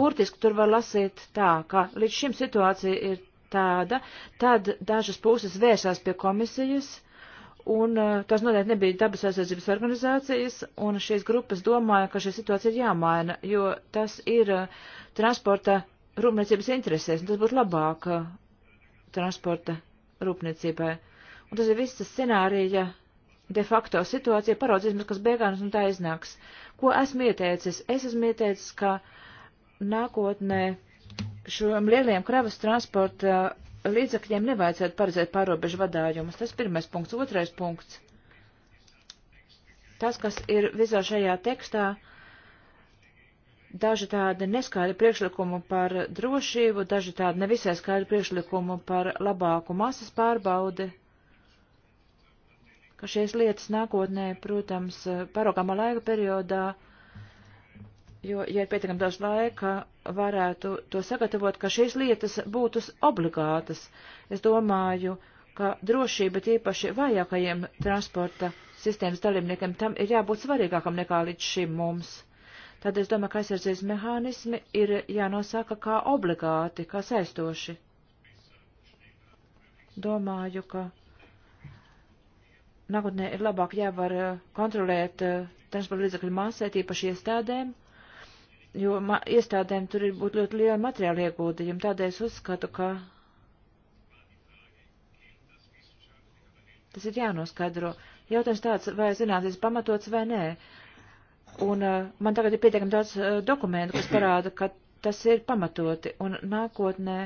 burtiski tur var lasīt tā, ka līdz šim situācija ir tāda, tad dažas puses vērsās pie komisijas, Un eh, tās noteikti nebija dabas aizsardzības organizācijas, un šīs grupas domāja, ka šī situācija ir jāmaina, jo tas ir eh, transporta rūpniecības interesēs, un tas būtu labāk eh, transporta rūpniecībai. Un tas ir viss tas scenārija de facto situācija, paraudzīsimies, kas beigās un tā iznāks. Ko esmu ieteicis? Es esmu ieteicis, ka nākotnē šiem lieliem kravas transporta līdzakļiem nevajadzētu paredzēt pārobežu vadājumus. Tas pirmais punkts. Otrais punkts. Tas, kas ir visā šajā tekstā, daži tādi neskaidri priekšlikumi par drošību, daži tādi nevisai skaidri priekšlikumi par labāku masas pārbaudi, ka šīs lietas nākotnē, protams, paraugāmā laika periodā, jo, ja ir pietiekami daudz laika, varētu to sagatavot, ka šīs lietas būtu obligātas. Es domāju, ka drošība tīpaši vajākajiem transporta sistēmas dalībniekiem tam ir jābūt svarīgākam nekā līdz šim mums. Tad es domāju, ka aizsardzības mehānismi ir jānosaka kā obligāti, kā saistoši. Domāju, ka nākotnē ir labāk jāvar eh, kontrolēt eh, transporta līdzakļu māsai, tīpaši iestādēm jo iestādēm tur ir būt ļoti liela materiāla ieguldījuma. Tādēļ es uzskatu, ka tas ir jānoskaidro. Jautājums tāds, vai zinātnes pamatots vai nē. Un uh, man tagad ir pietiekami daudz uh, dokumentu, kas parāda, ka tas ir pamatoti. Un nākotnē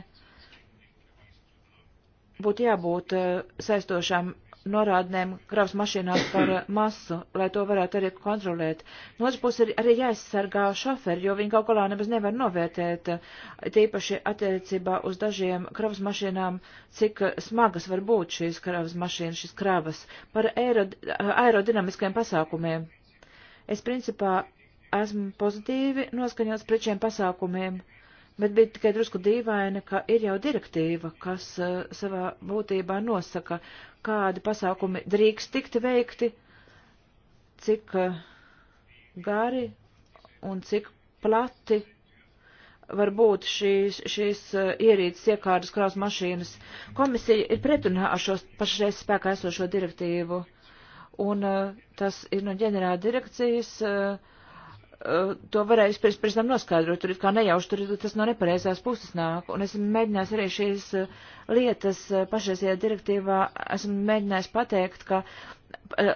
būtu jābūt uh, saistošām norādnēm kravas mašīnās par eh, masu, lai to varētu arī kontrolēt. No otras puses ir arī jāaizsargā šoferi, jo viņi kaut kolā nemaz nevar novērtēt, eh, tīpaši attiecībā uz dažiem kravas mašīnām, cik eh, smagas var būt šīs kravas mašīnas, šīs kravas, par aerod aerodinamiskiem pasākumiem. Es principā esmu pozitīvi noskaņots pret šiem pasākumiem Bet bija tikai drusku dīvaini, ka ir jau direktīva, kas uh, savā būtībā nosaka, kādi pasākumi drīkst tikt veikti, cik uh, gari un cik plati var būt šīs, šīs uh, ierīces iekārtas kraus mašīnas. Komisija ir pretrunā ar šo pašreiz spēkā esošo direktīvu, un tas ir no ģenerāla direkcijas. Uh, Eh, to varēs pēc, pēc tam noskaidrot, tur ir kā nejauši, tur tas no nepareizās puses nāk, un esmu mēģinājis arī šīs eh, lietas eh, pašreizajā direktīvā, esmu mēģinājis pateikt, ka,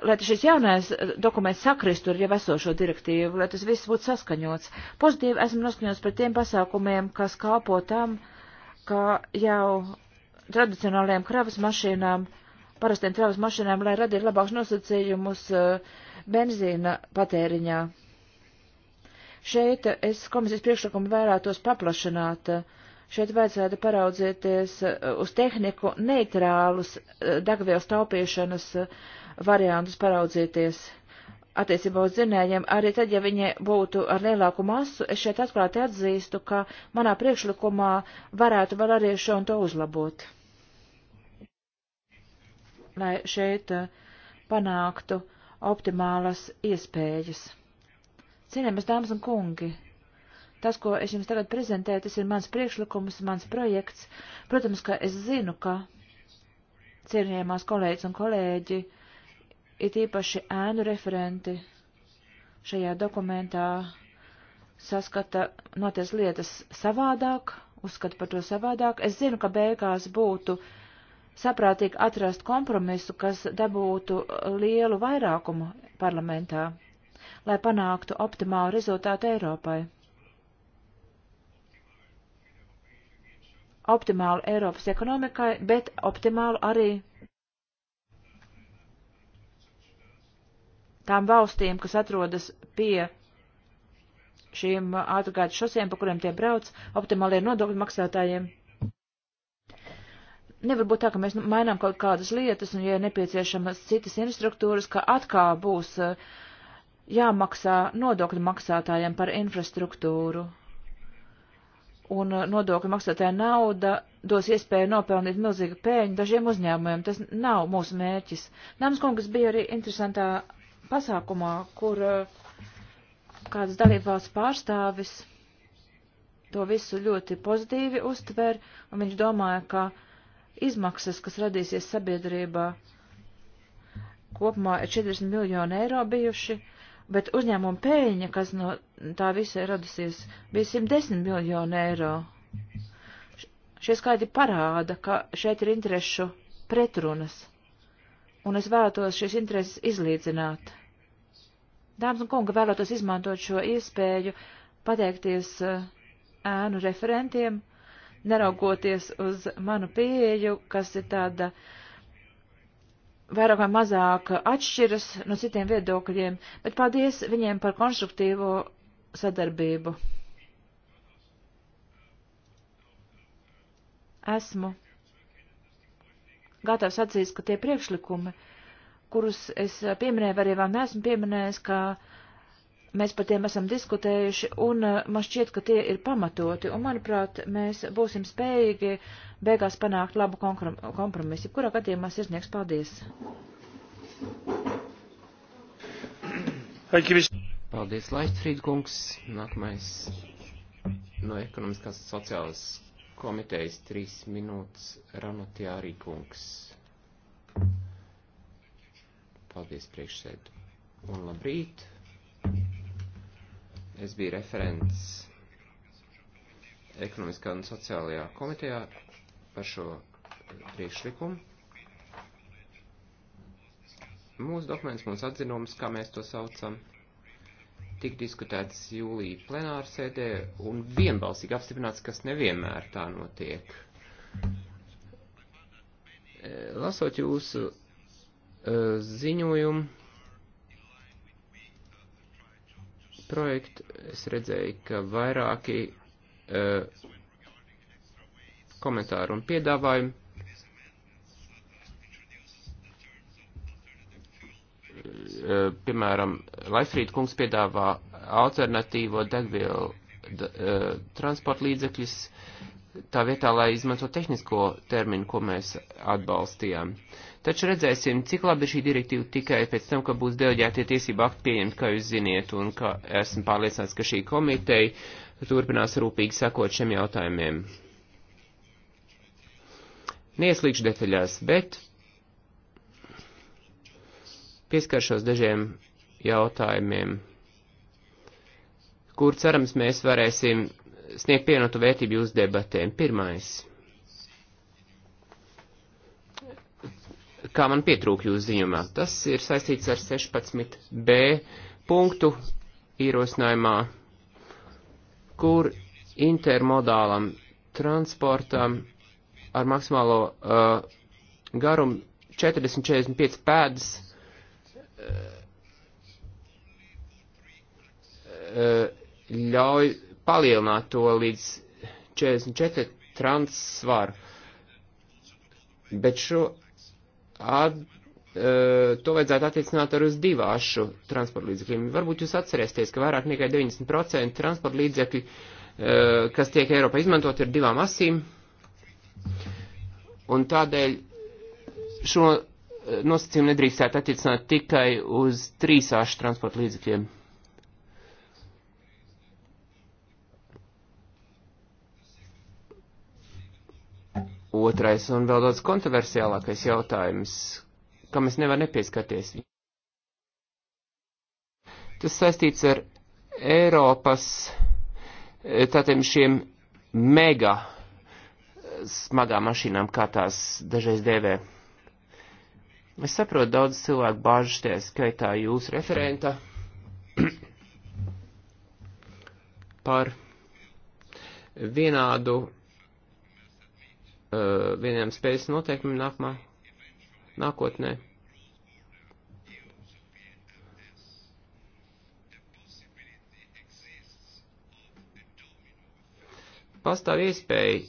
lai šis jaunais dokuments sakristu ar jau esošo direktīvu, lai tas viss būtu saskaņots. Pozitīvi esmu noskaņots par tiem pasākumiem, kas kalpo tam, ka jau tradicionālajām kravas mašīnām, parastiem kravas mašīnām, lai radītu labākus nosacījumus benzīna patēriņā Šeit es komisijas priekšlikumu vērētos paplašināt. Šeit vajadzētu paraudzieties uh, uz tehniku neitrālus uh, degvielas taupīšanas uh, variantus paraudzieties attiecībā uz dzinējiem, arī tad, ja viņi būtu ar lielāku masu, es šeit atklāti atzīstu, ka manā priekšlikumā varētu vēl arī šo un to uzlabot. Lai šeit panāktu optimālas iespējas. Cienējamas dāmas un kungi, tas, ko es jums tagad prezentēju, tas ir mans priekšlikums, mans projekts. Protams, ka es zinu, ka cienījamās kolēģis un kolēģi ir īpaši ēnu referenti šajā dokumentā saskata noties lietas savādāk, uzskata par to savādāk. Es zinu, ka beigās būtu saprātīgi atrast kompromisu, kas dabūtu lielu vairākumu parlamentā lai panāktu optimālu rezultātu Eiropai. Optimālu Eiropas ekonomikai, bet optimālu arī tām valstīm, kas atrodas pie šīm ātrgājas šosiem, pa kuriem tie brauc, optimāliem nodokļu maksātājiem. Nevar būt tā, ka mēs mainām kaut kādas lietas, un ja ir nepieciešamas citas infrastruktūras, ka atkal būs uh, jāmaksā nodokļu maksātājiem par infrastruktūru. Un nodokļu maksātāja nauda dos iespēju nopelnīt milzīgu pēļņu dažiem uzņēmumiem. Tas nav mūsu mērķis. Nams kungs bija arī interesantā pasākumā, kur uh, kāds dalībvalsts pārstāvis to visu ļoti pozitīvi uztver, un viņš domāja, ka izmaksas, kas radīsies sabiedrībā, kopumā ir 40 miljoni eiro bijuši, bet uzņēmuma pēļņa, kas no tā visa ir radusies, bija 110 miljonu eiro. Šie skaidri parāda, ka šeit ir interešu pretrunas, un es vēlētos šīs intereses izlīdzināt. Dāmas un kungi, vēlētos izmantot šo iespēju pateikties eh, ēnu referentiem, neraugoties uz manu pieeju, kas ir tāda uh, vairāk vai mazāk atšķiras no citiem viedokļiem, bet paldies viņiem par konstruktīvo sadarbību. Esmu gatavs atzīst, ka tie priekšlikumi, kurus es pieminēju, arī vēl neesmu pieminējis, ka uh, Mēs par tiem esam diskutējuši, un eh, man šķiet, ka tie ir pamatoti, un manuprāt, mēs būsim spējīgi beigās panākt labu kompromisu. Kurā gadījumā sirsnieks paldies! Paldies, Laistfrīd kungs. Nākamais no ekonomiskās sociālas komitejas trīs minūtes Ranotjārī kungs. Paldies priekšsēdu. Un labrīt! Es biju referents ekonomiskā un sociālajā komitejā par šo priekšlikumu. Mūsu dokuments, mūsu atzinums, kā mēs to saucam, tika diskutēts jūlija plenārsēdē un vienbalsīgi apstiprināts, kas nevienmēr tā notiek. Lasot jūsu eh, ziņojumu, projektu, es redzēju, ka vairāki uh, komentāru un piedāvājumu uh, piemēram, Laifrīd kungs piedāvā alternatīvo degvielu uh, transporta līdzekļus, tā vietā, lai izmanto tehnisko terminu, ko mēs atbalstījām. Uh, Taču redzēsim, cik labi šī direktīva tikai pēc tam, ka būs deleģētie tiesību akti pieņemti, kā jūs ziniet, un ka esmu pārliecināts, ka šī komiteja turpinās rūpīgi sakot šiem jautājumiem. Neieslīgšu detaļās, bet pieskaršos dažiem jautājumiem, kur cerams mēs varēsim sniegt pienotu vērtību jūsu debatēm. Pirmais. kā man pietrūk jūs ziņumā. Tas ir saistīts ar 16b punktu ierosinājumā, kur intermodālam transportam ar maksimālo uh, garumu 40-45 pēdas uh, uh, ļauj palielināt to līdz 44 transvaru. Bet šo Ad, uh, e, to vajadzētu attiecināt arī uz divāšu transporta līdzekļiem. Varbūt jūs atcerēsieties, ka vairāk nekā 90% transporta līdzekļi, uh, e, kas tiek Eiropā izmantot, ir divām asīm. Un tādēļ šo e, nosacījumu nedrīkstētu attiecināt tikai uz trīsāšu transporta līdzekļiem. Otrais un vēl daudz kontroversiālākais jautājums, kam es nevaru nepieskarties. Tas saistīts ar Eiropas tātiem šiem mega smagām mašīnām, kā tās dažreiz dēvē. Es saprotu daudz cilvēku bāžas, tie skaitā jūs referenta par vienādu Uh, vieniem spējas noteikumiem nākamā, nākotnē. Pastāv iespēja,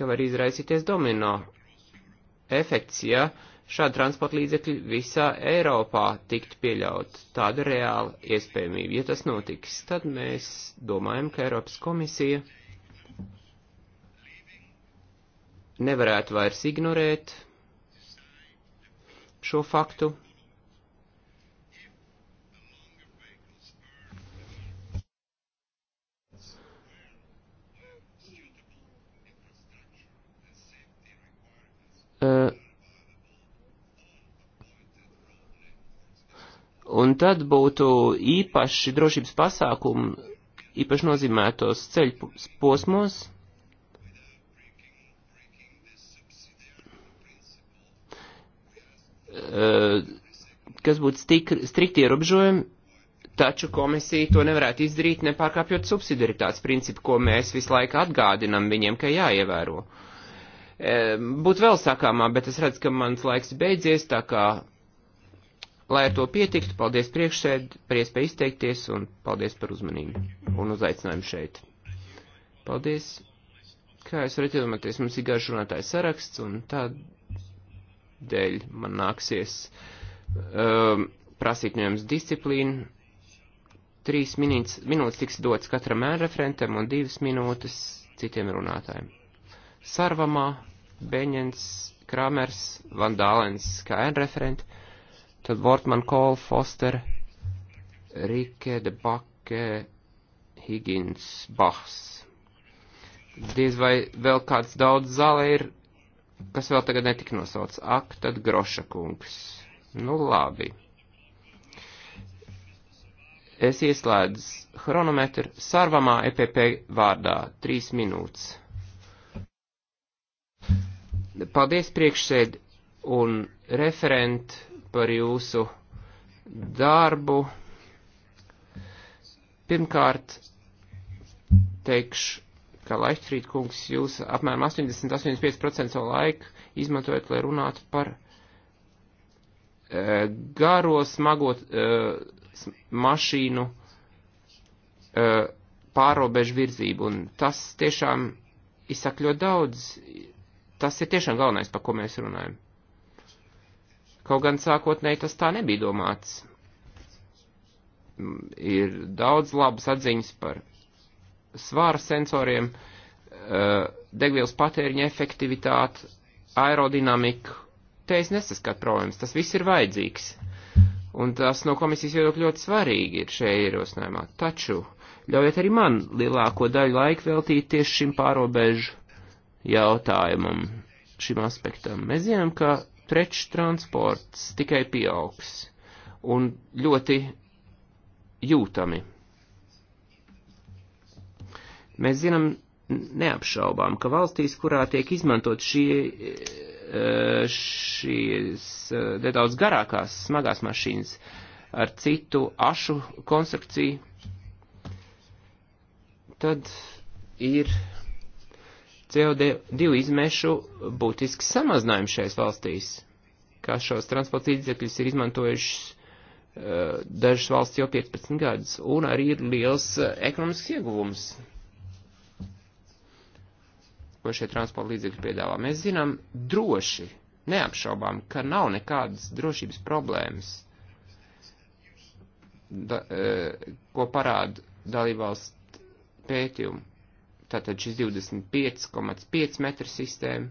ka var izraisīties domino efekts, ja šādi transporta līdzekļi visā Eiropā tiktu pieļaut. Tāda reāla iespējamība, ja tas notiks, tad mēs domājam, ka Eiropas komisija nevarētu vairs ignorēt šo faktu. Uh, un tad būtu īpaši drošības pasākumi, īpaši nozīmētos ceļu posmos. Eh, kas būtu stik, strikti ierobežojumi, taču komisija to nevarētu izdarīt, nepārkāpjot subsidiaritātes principu, ko mēs visu laiku atgādinam viņiem, ka jāievēro. Eh, būtu vēl sakāmā, bet es redzu, ka mans laiks beidzies, tā kā, lai ar to pietiktu, paldies priekšsēd, par iespēju izteikties un paldies par uzmanību un uzaicinājumu šeit. Paldies! Kā jūs varat iedomāties, mums ir garš runātājs saraksts un tāda dēļ man nāksies um, prasīt no jums disciplīnu. Trīs minūtes, minūtes tiks dots katram ēreferentam un divas minūtes citiem runātājiem. Sarvamā, Beņens, Kramers, Vandālens kā ēreferenti, tad Vortman Kohl, Foster, Rike, De Bakke, Higgins, Bachs. Diez vai vēl kāds daudz zālē ir kas vēl tagad netika nosauts. Ak, tad Groša kungs. Nu labi. Es ieslēdzu chronometru sarvamā EPP vārdā. Trīs minūtes. Paldies priekšsēd un referent par jūsu darbu. Pirmkārt, teikšu ka Laichtfrīd kungs jūs apmēram 80-85% savu laiku izmantojat, lai runātu par e, garo smagot e, mašīnu e, pārobežu virzību, un tas tiešām izsaka ļoti daudz. Tas ir tiešām galvenais, par ko mēs runājam. Kaut gan sākotnēji tas tā nebija domāts. Mm, ir daudz labas atziņas par svāra sensoriem, eh, degvielas patēriņa efektivitāti, aerodinamiku. Te es nesaskatu problēmas, tas viss ir vajadzīgs. Un tas no komisijas viedokļa ļoti svarīgi ir šajā ierosinājumā. Taču ļaujiet arī man lielāko daļu laika veltīt tieši šim pārobežu jautājumam, šim aspektam. Mēs zinām, ka preču transports tikai pieaugs un ļoti jūtami Mēs zinām neapšaubām, ka valstīs, kurā tiek izmantot šie, e, šīs e, nedaudz garākās, smagās mašīnas ar citu ašu konstrukciju, tad ir CO2 izmešu būtisks samazinājums šajās valstīs, kā šos transporta līdzekļus ir izmantojušas e, dažas valsts jau 15 gadus, un arī ir liels ekonomisks ieguvums ko šie transporta līdzekļi piedāvā. Mēs zinām droši, neapšaubām, ka nav nekādas drošības problēmas, da, e, ko parāda dalībvalsts pētījumu. Tātad šis 25,5 metru sistēma.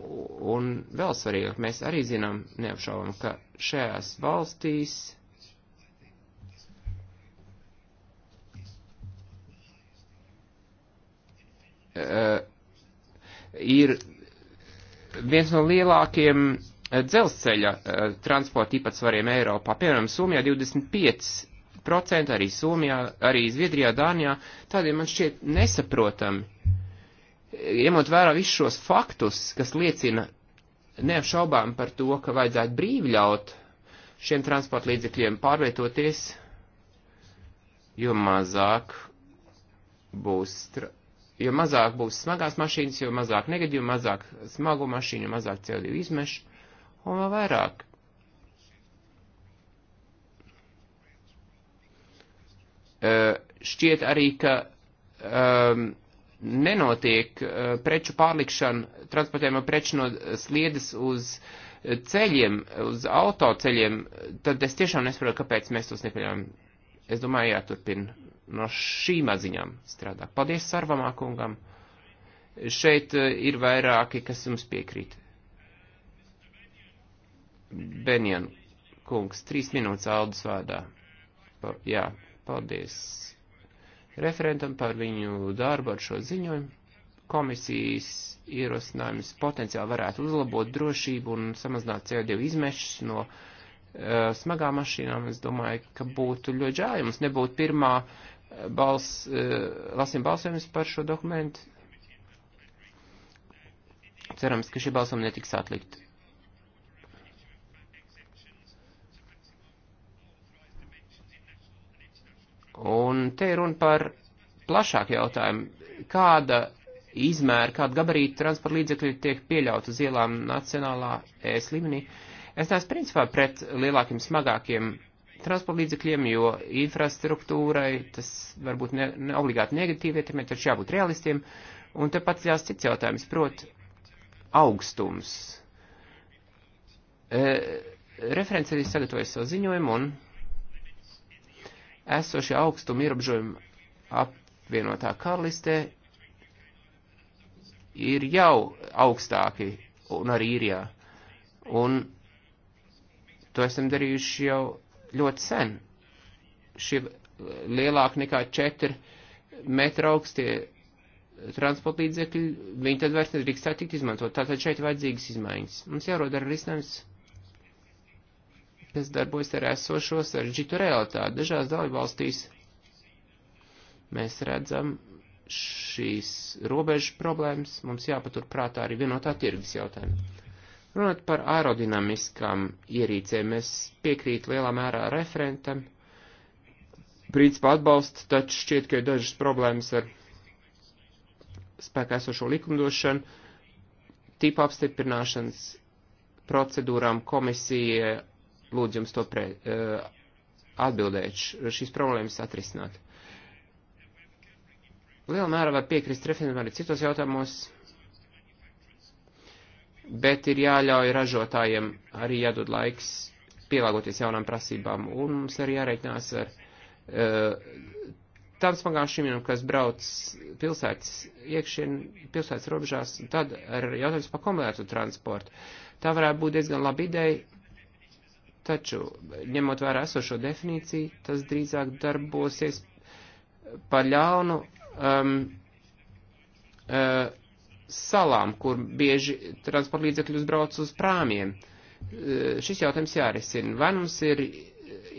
Un vēl svarīgāk, mēs arī zinām neapšaubām, ka šajās valstīs Eh, ir viens no lielākiem eh, dzelzceļa eh, transporta īpatsvariem Eiropā. Piemēram, Somijā 25%, arī Somijā, arī Zviedrijā, Dānijā. Tādiem man šķiet nesaprotami. Ņemot vērā visus šos faktus, kas liecina neapšaubām par to, ka vajadzētu brīvi ļaut šiem transporta līdzekļiem pārvietoties, jo mazāk būs tra jo mazāk būs smagās mašīnas, jo mazāk negadījumu, mazāk smagu mašīnu, mazāk CO2 izmešu un vēl vairāk. Uh, šķiet arī, ka um, nenotiek uh, preču pārlikšana, transportējuma preču no sliedes uz ceļiem, uz autoceļiem, tad es tiešām nesaprotu, kāpēc mēs tos nepieļaujam. Es domāju, jāturpina no šīm atziņām strādā. Paldies Sarvamā kungam. Šeit eh, ir vairāki, kas jums piekrīt. Benjan kungs, trīs minūtes Aldus vārdā. Pa, jā, paldies referentam par viņu darbu ar šo ziņojumu. Komisijas ierosinājums potenciāli varētu uzlabot drošību un samazināt CO2 izmešus no uh, smagām mašīnām. Es domāju, ka būtu ļoti žēl, ja mums nebūtu pirmā bals, e, lasim balsojumus par šo dokumentu. Cerams, ka šie balsojumi netiks atlikt. Un te ir runa par plašāku jautājumu, kāda izmēra, kāda gabarīta transporta līdzekļi tiek pieļauta uz ielām nacionālā ēs līmenī. Es neesmu principā pret lielākiem, smagākiem transporta līdzekļiem, jo infrastruktūrai tas varbūt ne, ne obligāti negatīvi ietekmē, taču jābūt realistiem. Un te pats jās cits jautājums, prot, augstums. E, referents arī sagatavoja savu ziņojumu un esošie augstumi ierobežojumi apvienotā karalistē ir jau augstāki un arī īrijā. Un to esam darījuši jau ļoti sen. Šie eh, lielāki nekā 4 metra augstie transporta līdzekļi, viņi tad vairs nedrīkst tā tikt izmantot. Tātad šeit vajadzīgas izmaiņas. Mums jārod ar risinājums, kas darbojas ar esošo sarežģītu realitāti. Dažās dalībvalstīs mēs redzam šīs robežu problēmas, mums jāpatur prātā arī vienotā tirgus jautājumi. Runāt par aerodinamiskām ierīcēm, es piekrītu lielā mērā referentam, principā atbalstu, taču šķiet, ka ir dažas problēmas ar spēkā esošo likumdošanu, tipa apstiprināšanas procedūrām komisija lūdz jums to pre, e, atbildēt, šīs problēmas atrisināt. Lielā mērā var piekrist referendumam arī citos jautājumos bet ir jāļauj ražotājiem arī jādod laiks pielāgoties jaunām prasībām, un mums arī jāreikinās ar uh, eh, tādam smagām šīmiem, kas brauc pilsētas iekšien, pilsētas robežās, tad ar jautājums par kombinētu transportu. Tā varētu būt diezgan laba ideja, taču, ņemot vērā esošo definīciju, tas drīzāk darbosies par ļaunu um, uh, salām, kur bieži transporta līdzekļi uzbrauc uz prāmiem. E, šis jautājums jārisina. Vai mums ir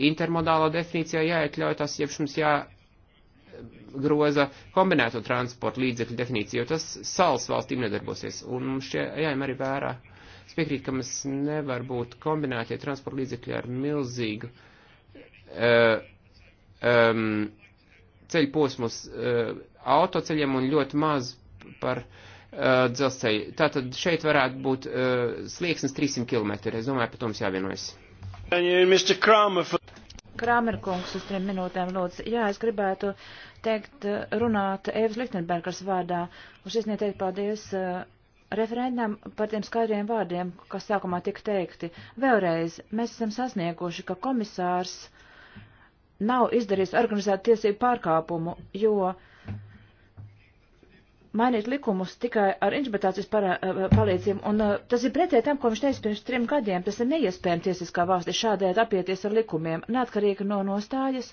intermodālā definīcijā jāiekļauj tas, jeb mums jāgroza kombinēto transporta līdzekļu definīciju, jo tas salas valstīm nedarbosies. Un mums šie jāim arī vērā. Es piekrītu, ka mums nevar būt kombinētie transporta līdzekļi ar milzīgu uh, um, ceļu posmus uh, autoceļiem un ļoti maz par uh, Eh, dzelzceļu. Tātad šeit varētu būt uh, slieksnis 300 km. Es domāju, par to mums jāvienojas. Krāmer kungs uz trim minūtēm lūdzu. Jā, es gribētu teikt, eh, runāt Evas Lichtenbergers vārdā. Un šis neteikt paldies uh, referendam par tiem skaidriem vārdiem, kas sākumā tika teikti. Vēlreiz, mēs esam sasnieguši, ka komisārs nav izdarījis organizētu tiesību pārkāpumu, jo uh, mainīt likumus tikai ar interpretācijas eh, palīdzību, un eh, tas ir pretēji tam, ko viņš teica pirms trim gadiem. Tas ir neiespējami tiesiskā valstī šādēļ apieties ar likumiem, neatkarīgi no nostājas.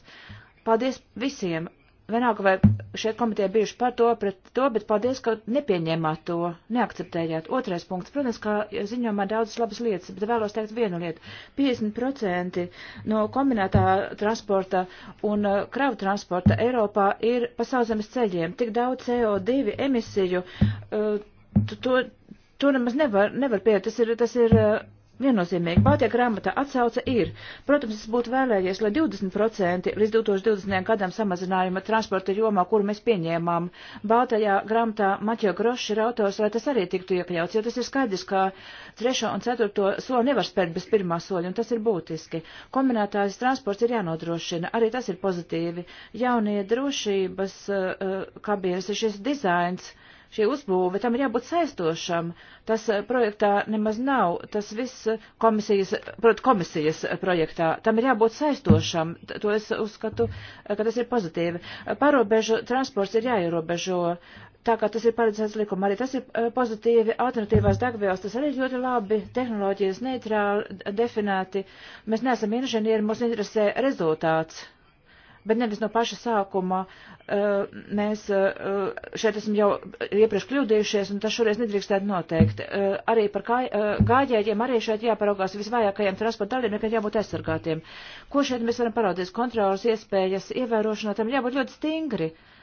Paldies visiem vienalga, vai šeit komiteja bijuši par to, pret to, bet paldies, ka nepieņēmāt to, neakceptējāt. Otrais punkts. Protams, kā ziņojumā daudzas labas lietas, bet vēlos teikt vienu lietu. 50% no kombinētā transporta un uh, kravu transporta Eiropā ir pa sauszemes ceļiem. Tik daudz CO2 emisiju, uh, to, to nemaz nevar, nevar pieeja. Tas ir, tas ir uh, Viennozīmīgi, Baltijā grāmatā atsauce ir. Protams, es būtu vēlējies, lai 20% līdz 2020. gadam samazinājuma transporta jomā, kuru mēs pieņēmām. Baltajā grāmatā Maķo Grošs ir autors, lai tas arī tiktu iekļauts, jo tas ir skaidrs, ka trešo un ceturto soli nevar spērt bez pirmā soļa, un tas ir būtiski. Kombinētājs transports ir jānodrošina, arī tas ir pozitīvi. Jaunie drošības uh, kabīnes ir šis dizains. Uh, šī uzbūve, tam ir jābūt saistošam. Tas eh, projektā nemaz nav, tas viss eh, komisijas, prot, komisijas eh, projektā, tam ir jābūt saistošam. To es uzskatu, ka tas ir pozitīvi. Parobežu transports ir jāierobežo. Tā kā tas ir paredzēts likuma, arī tas ir pozitīvi. Alternatīvās degvielas tas arī ļoti labi, tehnoloģijas neitrāli definēti. Mēs neesam inženieri, mums interesē rezultāts bet nevis no paša sākuma eh, mēs eh, šeit esam jau iepriekš kļūdījušies, un tas šoreiz nedrīkstētu noteikt. Eh, arī par gājējiem arī šeit jāparaugās visvājākajiem transporta dalībniekiem jābūt aizsargātiem. Ko šeit mēs varam parādīt? Kontrolas iespējas ievērošanā tam jābūt ļoti stingri. Uh,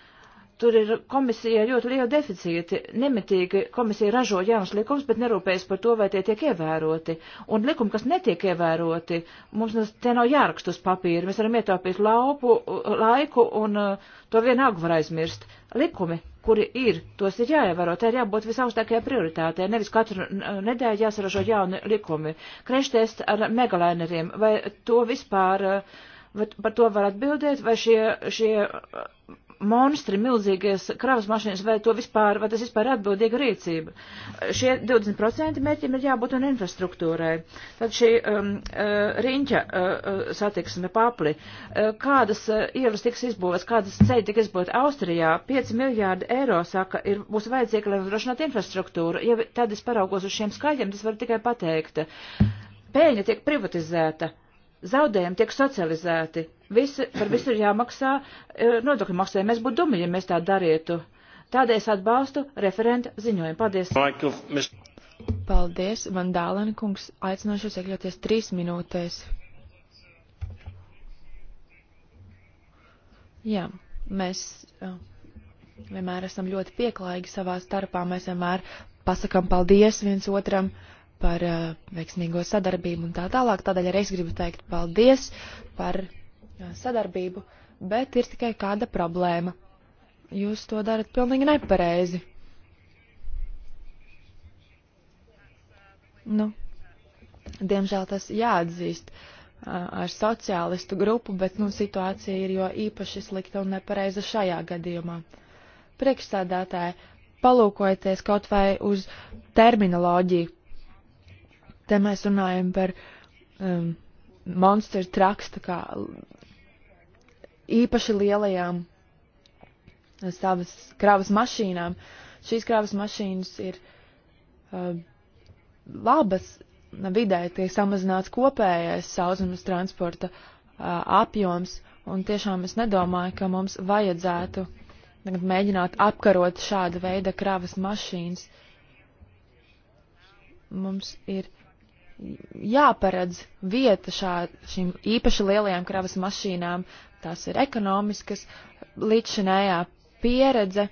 Tur ir komisija ļoti liela deficīti. Nemitīgi komisija ražo jaunus likumus, bet nerūpējas par to, vai tie tiek ievēroti. Un likumi, kas netiek ievēroti, mums te nav jārakst uz papīra. Mēs varam ietaupīt laupu, laiku un uh, to vienalga var aizmirst. Likumi, kuri ir, tos ir jāievēro. Tā ir jābūt visaugstākajai prioritātei. Nevis katru nedēļu jāsaražo jauni likumi. Kreštests ar megalaineriem. Vai to vispār, uh, vai par to var atbildēt, vai šie, šie monstri, milzīgās kravas mašīnas, vai to vispār, vai tas vispār ir atbildīga rīcība. Šie 20% mērķiem ir jābūt un infrastruktūrai. Tad šī um, uh, riņķa uh, uh satiksme papli, uh, kādas uh, ielas tiks izbūvēts, kādas ceļi tiks izbūvēti Austrijā, 5 miljārdi eiro, saka, ir, būs vajadzīgi, lai nodrošinātu infrastruktūru. Ja tad es paraugos uz šiem skaļiem, tas var tikai pateikt. Pēļņa tiek privatizēta, zaudējumi tiek socializēti, Visi, par visu ir jāmaksā e, nodokļu maksājumi. Mēs būtu dumi, ja mēs tā darītu. Tādēļ es atbalstu referenta ziņojumu. Paldies! Michael, mis... Paldies, Van Dālena kungs. Aicināšu jūs iekļauties trīs minūtēs. Jā, mēs uh, vienmēr esam ļoti pieklājīgi savā starpā. Mēs vienmēr pasakām paldies viens otram par uh, veiksmīgo sadarbību un tā tālāk. Tādēļ arī es gribu teikt paldies par Uh, sadarbību, bet ir tikai kāda problēma. Jūs to darat pilnīgi nepareizi. Nu, diemžēl tas jāatzīst uh, ar sociālistu grupu, bet nu, situācija ir jo īpaši slikta un nepareiza šajā gadījumā. Priekšsādātāji, palūkojieties kaut vai uz terminoloģiju. Te mēs runājam par um, monster traks, tā kā īpaši lielajām eh, savas kravas mašīnām. Šīs kravas mašīnas ir uh, labas vidē, tiek samazināts kopējais sauszemes transporta uh, apjoms, un tiešām es nedomāju, ka mums vajadzētu tagad mēģināt apkarot šāda veida kravas mašīnas. Mums ir jāparedz vieta šā, šīm īpaši lielajām kravas mašīnām tās ir ekonomiskas, līdzšinējā pieredze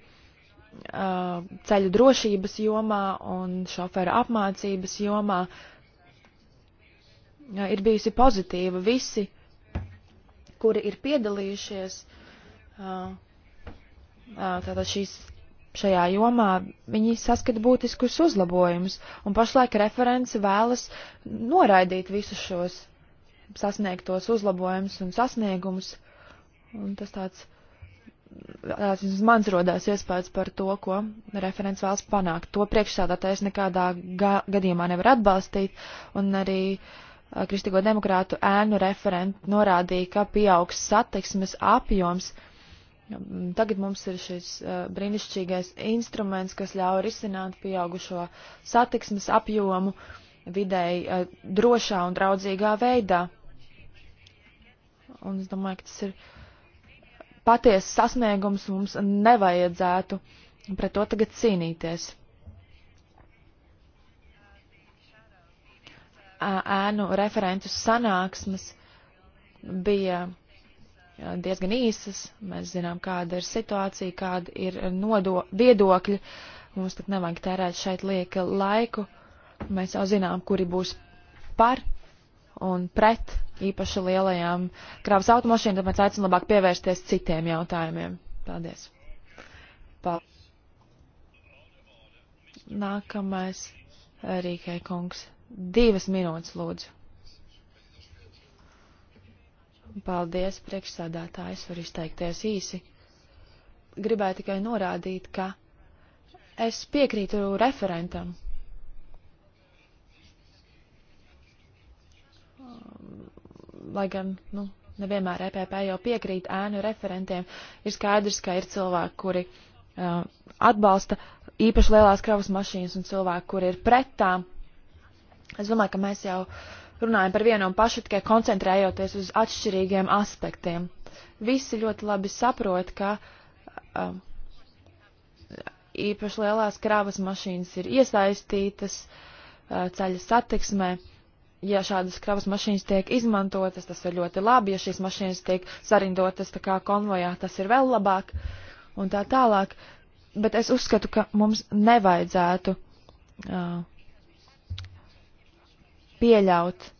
ceļu drošības jomā un šoferu apmācības jomā ir bijusi pozitīva. Visi, kuri ir piedalījušies tātad šīs, šajā jomā, viņi saskata būtiskus uzlabojumus, un pašlaik referenci vēlas noraidīt visus šos sasniegtos uzlabojumus un sasniegumus. Uh, Un tas tāds, tāds mans rodās iespējas par to, ko referents vēlas panākt. To priekšsādātais nekādā ga gadījumā nevar atbalstīt, un arī uh, Kristīgo demokrātu ēnu referenti norādīja, ka pieaugs satiksmes apjoms. Tagad mums ir šis uh, brīnišķīgais instruments, kas ļauj risināt pieaugušo satiksmes apjomu vidēji uh, drošā un draudzīgā veidā. Un es domāju, ka tas ir uh, patiesas sasniegums mums nevajadzētu pret to tagad cīnīties. Ēnu referentu sanāksmes bija diezgan īsas. Mēs zinām, kāda ir situācija, kāda ir nodo, viedokļi. Mums pat nevajag tērēt šeit lieka laiku. Mēs jau zinām, kuri būs par un pret īpaši lielajām krāvas automašīnām, tāpēc aicinu labāk pievērsties citiem jautājumiem. Paldies. Paldies. Nākamais Rīkai kungs. Divas minūtes, lūdzu. Paldies, priekšsādātājs, var izteikties īsi. Gribēju tikai norādīt, ka es piekrītu referentam lai gan, nu, nevienmēr EPP jau piekrīt ēnu referentiem, ir skaidrs, ka ir cilvēki, kuri uh, atbalsta īpaši lielās kravas mašīnas un cilvēki, kuri ir pret tām. Es domāju, ka mēs jau runājam par vienu un pašu, tikai koncentrējoties uz atšķirīgiem aspektiem. Visi ļoti labi saprot, ka uh, īpaši lielās kravas mašīnas ir iesaistītas uh, ceļa satiksmē. Uh, ja šādas kravas mašīnas tiek izmantotas, tas ir ļoti labi, ja šīs mašīnas tiek sarindotas tā kā konvojā, tas ir vēl labāk un tā tālāk. Bet es uzskatu, ka mums nevajadzētu uh, pieļaut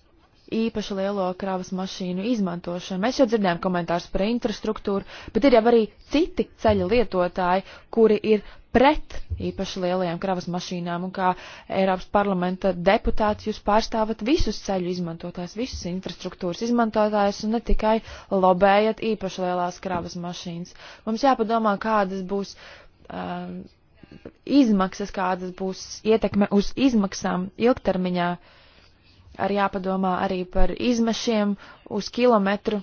īpaši lielo kravas mašīnu izmantošanu. Mēs jau dzirdējām komentārus par infrastruktūru, bet ir jau arī citi ceļa lietotāji, kuri ir pret īpaši lielajām kravas mašīnām, un kā Eiropas parlamenta deputāts jūs pārstāvat visus ceļu izmantotājus, visus infrastruktūras izmantotājus, un ne tikai lobējat īpaši lielās kravas mašīnas. Mums jāpadomā, kādas būs. Um, izmaksas, kādas būs ietekme uz izmaksām ilgtermiņā uh, ar jāpadomā arī par izmešiem uz kilometru.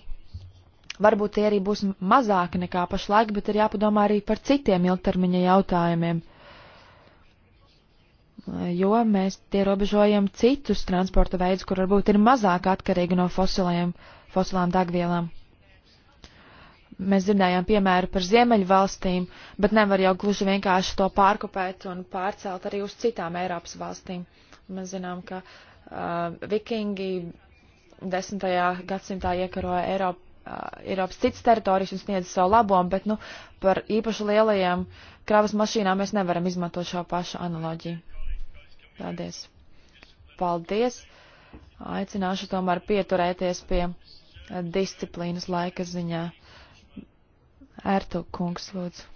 Varbūt tie arī būs mazāki nekā pašlaik, bet ir jāpadomā arī par citiem ilgtermiņa jautājumiem, jo mēs tie robežojam citus transporta veidus, kur varbūt ir mazāk atkarīgi no fosilajiem, fosilām dagvielām. Mēs dzirdējām piemēru par ziemeļu valstīm, bet nevar jau gluži vienkārši to pārkopēt un pārcelt arī uz citām Eiropas valstīm. Mēs zinām, ka uh, Uh, vikingi desmitajā gadsimtā iekaroja Eiropu. Uh, Eiropas cits teritorijs un sniedz savu labumu, bet nu, par īpaši lielajām kravas mašīnām mēs nevaram izmantot šo pašu analoģiju. Paldies. Paldies. Aicināšu tomēr pieturēties pie disciplīnas laika ziņā. Ērtu kungs, lūdzu.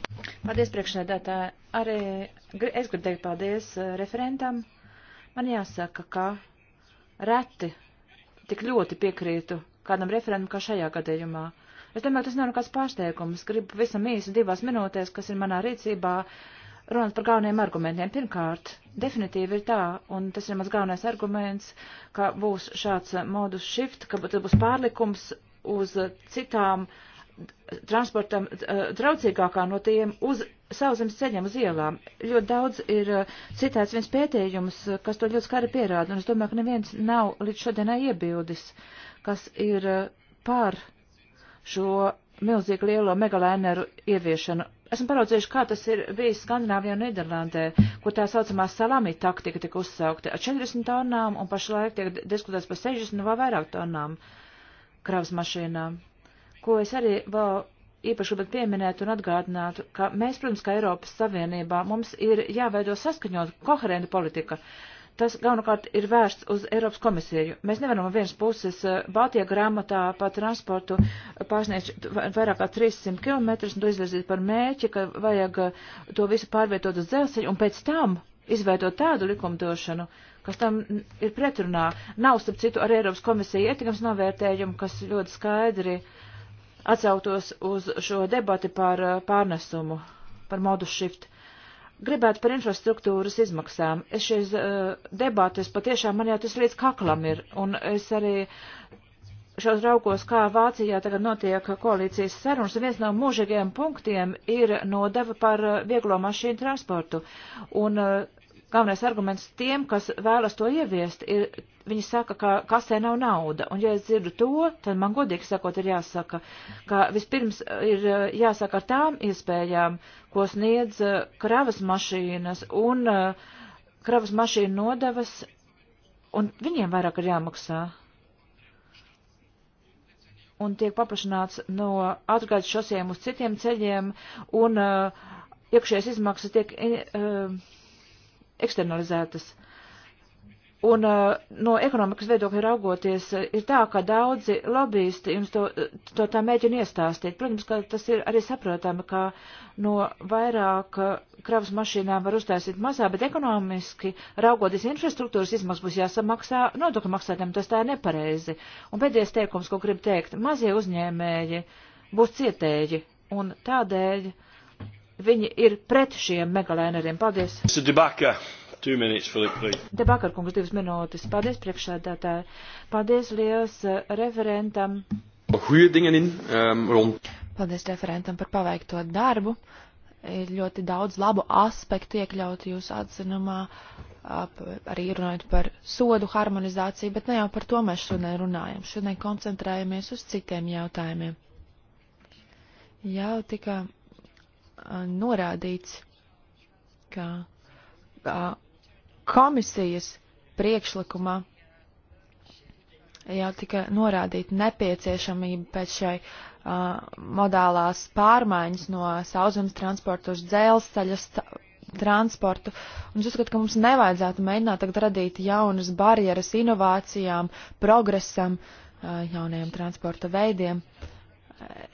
Paldies, priekšnēdētāji. Arī es gribēju pateikt paldies uh, referentam. Man jāsaka, ka reti tik ļoti piekrītu kādam referendumam kā šajā gadījumā. Es domāju, tas nav nekāds pārsteigums. Gribu visam īsi divās minūtēs, kas ir manā rīcībā, runāt par galvenajiem argumentiem. Pirmkārt, definitīvi ir tā, un tas ir mans galvenais arguments, ka būs šāds modus shift, ka būs pārlikums uz citām transportam eh, draudzīgākā no tiem uz sauzemes ceļiem uz ielām. Ļoti daudz ir uh, citēts viens pētījums, uh, kas to ļoti skari pierāda, un es domāju, ka neviens nav līdz šodienai iebildis, kas ir uh, pār šo milzīgu lielo megalēneru ieviešanu. Esmu paraudzējuši, kā tas ir bijis Skandināvijā un Nīderlandē, kur tā saucamā salami taktika tika uzsaukta ar 40 tonnām un pašlaik tiek diskutēts par 60 vai vairāk tonnām kravas mašīnām, ko es arī vēl īpaši gribētu pieminēt un atgādināt, ka mēs, protams, kā Eiropas Savienībā, mums ir jāveido saskaņot koherenta politika. Tas galvenokārt ir vērsts uz Eiropas komisiju. Mēs nevaram no vienas puses eh, Baltijā grāmatā par transportu pārsniegt vairāk kā 300 km un to izvirzīt par mēķi, ka vajag eh, to visu pārvietot uz dzelzceļu un pēc tam izveidot tādu likumdošanu, kas tam ir pretrunā. Nav, starp citu, ar Eiropas komisiju ietekams novērtējumu, kas ļoti skaidri uh, atsauktos uz šo debati par eh, pārnesumu, par modu shift. Gribētu par infrastruktūras izmaksām. Es šīs uh, debates patiešām man jau tas līdz kaklam ir, un es arī šos raugos, kā Vācijā tagad notiek koalīcijas sarunas, un viens no mūžīgajiem punktiem ir nodeva par eh, vieglo mašīnu transportu. Un uh, galvenais arguments tiem, kas vēlas to ieviest, ir, viņi saka, ka kasē nav nauda. Un, ja es dzirdu to, tad man godīgi sakot ir jāsaka, ka vispirms ir eh, jāsaka ar tām iespējām, ko sniedz eh, kravas mašīnas un eh, kravas mašīnu nodevas, un viņiem vairāk ir jāmaksā. Un tiek paplašināts no atgādes šosiem uz citiem ceļiem, un uh, iekšējais izmaksas tiek. Uh, eksternalizētas. Un uh, no ekonomikas viedokļa raugoties, ir tā, ka daudzi lobbyisti jums to, to tā mēģina iestāstīt. Protams, ka tas ir arī saprotami, ka no vairāk uh, kravas mašīnām var uztaisīt mazā, bet ekonomiski raugoties infrastruktūras izmaksas būs jāsamaksā nodokļu maksātājiem, tas tā ir nepareizi. Un pēdējais teikums, ko gribu teikt, mazie uzņēmēji būs cietēji un tādēļ. Uh, viņi ir pret šiem megalēneriem. Paldies! Debakar kungs, divas minūtes. Paldies priekšsēdētāji. Paldies liels eh, referentam. Ehm, Paldies referentam par paveikto darbu. Ir ļoti daudz labu aspektu iekļauti jūsu atzinumā, arī runājot par sodu harmonizāciju, bet ne jau par to mēs šodien runājam. Šodien koncentrējamies uz citiem jautājumiem. Jau tika norādīts, ka, ka komisijas priekšlikumā jau tika norādīta nepieciešamība pēc šai uh, modālās pārmaiņas no sauszemes transporta uz dzelzceļa transportu. Un es uzskatu, ka mums nevajadzētu mēģināt tagad radīt jaunas barjeras inovācijām, progresam, uh, jaunajiem transporta veidiem. Uh,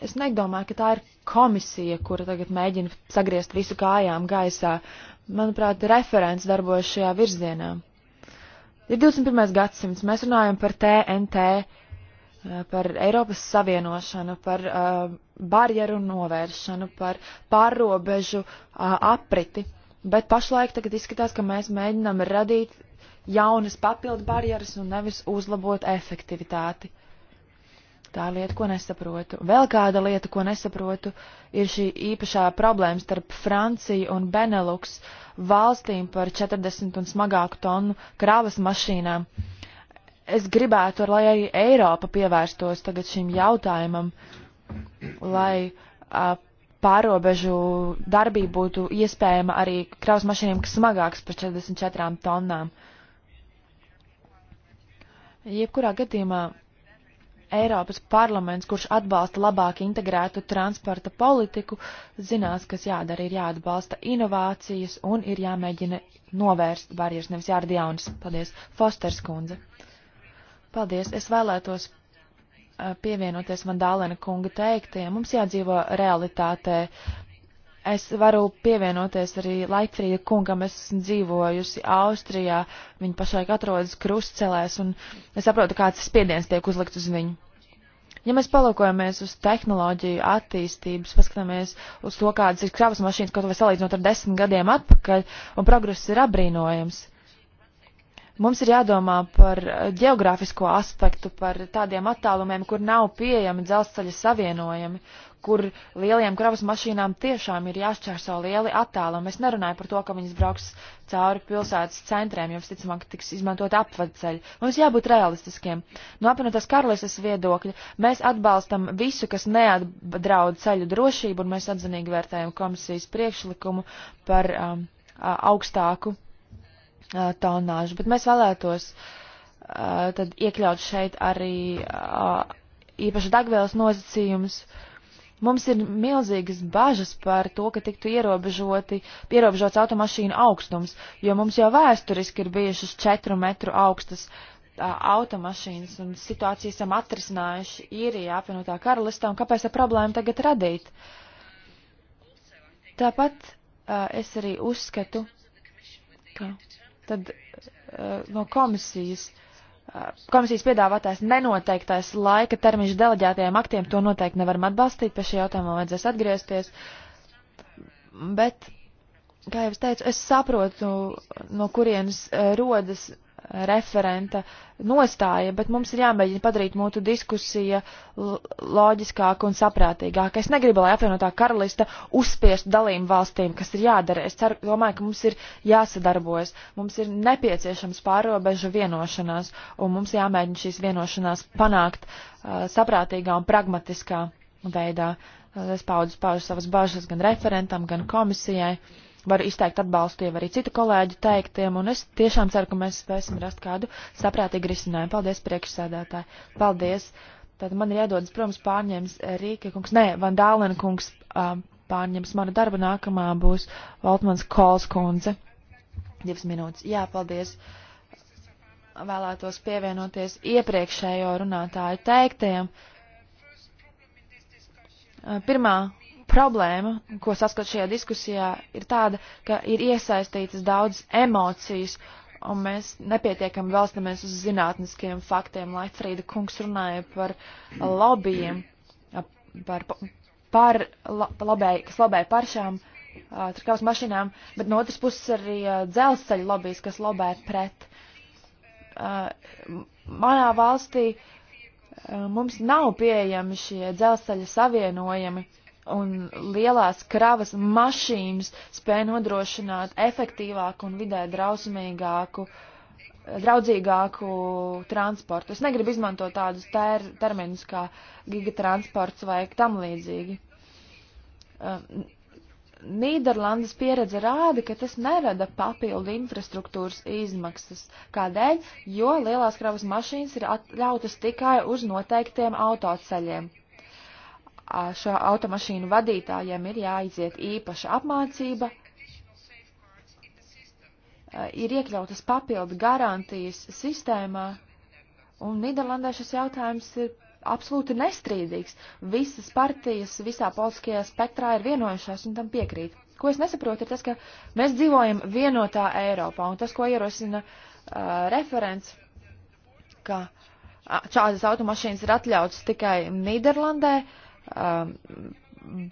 es nedomāju, ka tā ir komisija, kura tagad mēģina sagriezt visu kājām gaisā. Manuprāt, referents darbojas šajā virzienā. Ir 21. gadsimts, mēs runājam par TNT, eh, par Eiropas savienošanu, par uh, barjeru novēršanu, par pārrobežu uh, apriti, bet pašlaik tagad izskatās, ka mēs mēģinam radīt jaunas papildu barjeras un nevis uzlabot efektivitāti. Tā lieta, ko nesaprotu. Vēl kāda lieta, ko nesaprotu, ir šī īpašā problēma starp Franciju un Benelux valstīm par 40 un smagāku tonu kravas mašīnām. Es gribētu, lai arī Eiropa pievērstos tagad šim jautājumam, lai a, pārobežu darbība būtu iespējama arī kravas mašīnām, kas smagāks par 44 tonnām. Jebkurā gadījumā Eiropas parlaments, kurš atbalsta labāk integrētu transporta politiku, zinās, kas jādara, ir jāatbalsta inovācijas un ir jāmēģina novērst barjeras, nevis jārada jaunas. Paldies, Fosters kundze. Paldies, es vēlētos eh, pievienoties Vandālēna kunga teiktajam. Mums jādzīvo realitātē. Es varu pievienoties arī Laikfrīda kungam, es esmu dzīvojusi Austrijā, viņa pašlaik atrodas krustcelēs, un es saprotu, kāds spiediens tiek uzlikt uz viņu. Ja mēs palūkojamies uz tehnoloģiju attīstības, paskatāmies uz to, kādas ir kravas mašīnas, kaut vai salīdzinot ar desmit gadiem atpakaļ, un progress ir apbrīnojams. Mums ir jādomā par geogrāfisko aspektu, par tādiem attālumiem, kur nav pieejami dzelzceļa savienojumi, kur lielajām kravas mašīnām tiešām ir jāšķērso lieli attālumi. Es nerunāju par to, ka viņas brauks cauri pilsētas centriem, jo visticamāk tiks izmantot apvedceļi. Mums jābūt realistiskiem. No apvienotās karalistes viedokļa mēs atbalstam visu, kas neatdraud ceļu drošību, un mēs atzinīgi vērtējam komisijas priekšlikumu par um, augstāku uh, tonāžu. Bet mēs vēlētos uh, tad iekļaut šeit arī. Uh, īpaši degvielas nosacījums, uh, Mums ir milzīgas bažas par to, ka tiktu ierobežots automašīnu augstums, jo mums jau vēsturiski ir bijušas 4 metru augstas a, automašīnas un situāciju esam atrisinājuši īrijā apvienotā karalistā un kāpēc tā problēma tagad radīt. Tāpat a, es arī uzskatu, ka tad a, no komisijas uh, komisijas piedāvātais nenoteiktais laika termiņš deleģētajiem aktiem, to noteikti nevaram atbalstīt, pie šī jautājuma vajadzēs atgriezties. Bet, kā jau es teicu, es saprotu, no kurienes eh, rodas referenta nostāja, bet mums ir jāmēģina padarīt mūsu diskusija loģiskāka un saprātīgāka. Es negribu, lai apvienotā karalista uzspiestu dalību valstīm, kas ir jādara. Es ceru, domāju, ka mums ir jāsadarbojas, mums ir nepieciešams pārobežu vienošanās, un mums jāmēģina šīs vienošanās panākt uh, saprātīgā un pragmatiskā veidā. Es paudu, paudu savas bažas gan referentam, gan komisijai. Uh, varu izteikt atbalstu jau arī citu kolēģu teiktiem, un es tiešām ceru, ka mēs spēsim rast kādu saprātīgu risinājumu. Paldies, priekšsēdētāji! Paldies! Tad man ir jādodas, protams, pārņems eh, Rīka kungs, nē, Van Dālena kungs eh, pārņems manu darbu, nākamā būs Valtmans Kols kundze. Divas minūtes. Jā, paldies! Vēlētos pievienoties iepriekšējo runātāju teiktajiem. Eh, pirmā problēma, ko saskat šajā diskusijā, ir tāda, ka ir iesaistītas daudz emocijas, un mēs nepietiekam valstamies uz zinātniskiem faktiem. Laitfrīda kungs runāja par lobbyiem, par, par lobēju, kas lobēja paršām, trakaus mašīnām, bet no otras puses arī dzelzceļa lobbyis, kas lobēja pret. Manā valstī mums nav pieejami šie dzelzceļa savienojumi un lielās kravas mašīnas spēja nodrošināt efektīvāku un vidē drausmīgāku, draudzīgāku transportu. Es negribu izmantot tādus ter terminus kā gigatransports vai tam līdzīgi. Um, Nīderlandes pieredze rāda, ka tas nerada papildu infrastruktūras izmaksas. Kādēļ? Jo lielās kravas mašīnas ir atļautas tikai uz noteiktiem autoceļiem šo automašīnu vadītājiem ir jāiziet īpaša apmācība, ir iekļautas papildu garantijas sistēmā, un Nīderlandē šis jautājums ir absolūti nestrīdīgs. Visas partijas visā politiskajā spektrā ir vienojušās un tam piekrīt. Ko es nesaprotu, ir tas, ka mēs dzīvojam vienotā Eiropā, un tas, ko ierosina uh, referents, ka šādas automašīnas ir atļautas tikai Nīderlandē, uh, um,